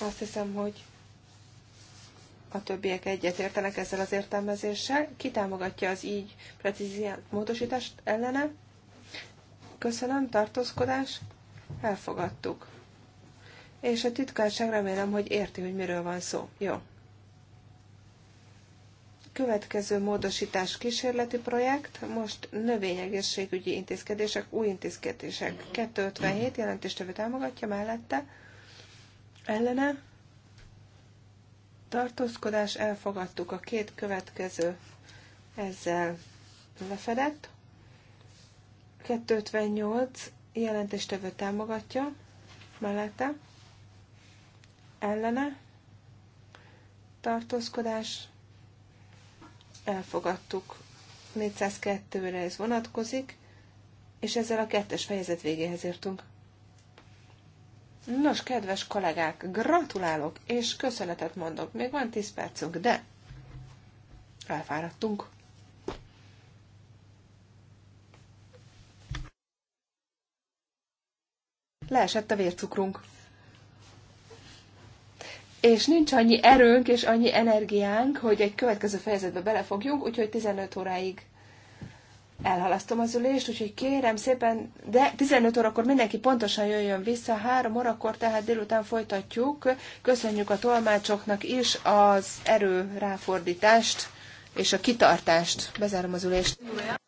Azt hiszem, hogy a többiek egyetértenek ezzel az értelmezéssel. Ki támogatja az így precíziált módosítást ellene? Köszönöm, tartózkodás. Elfogadtuk. És a titkárság remélem, hogy érti, hogy miről van szó. Jó. Következő módosítás kísérleti projekt, most növényegészségügyi intézkedések, új intézkedések. 257 jelentéstevő támogatja mellette, ellene, tartózkodás, elfogadtuk a két következő ezzel lefedett. 258 jelentéstevő támogatja mellette, ellene, tartózkodás, elfogadtuk. 402-re ez vonatkozik, és ezzel a kettes fejezet végéhez értünk. Nos, kedves kollégák, gratulálok, és köszönetet mondok. Még van 10 percünk, de elfáradtunk. Leesett a vércukrunk és nincs annyi erőnk és annyi energiánk, hogy egy következő fejezetbe belefogjunk, úgyhogy 15 óráig elhalasztom az ülést, úgyhogy kérem szépen, de 15 órakor mindenki pontosan jöjjön vissza, 3 órakor, tehát délután folytatjuk. Köszönjük a tolmácsoknak is az erő ráfordítást és a kitartást. Bezárom az ülést.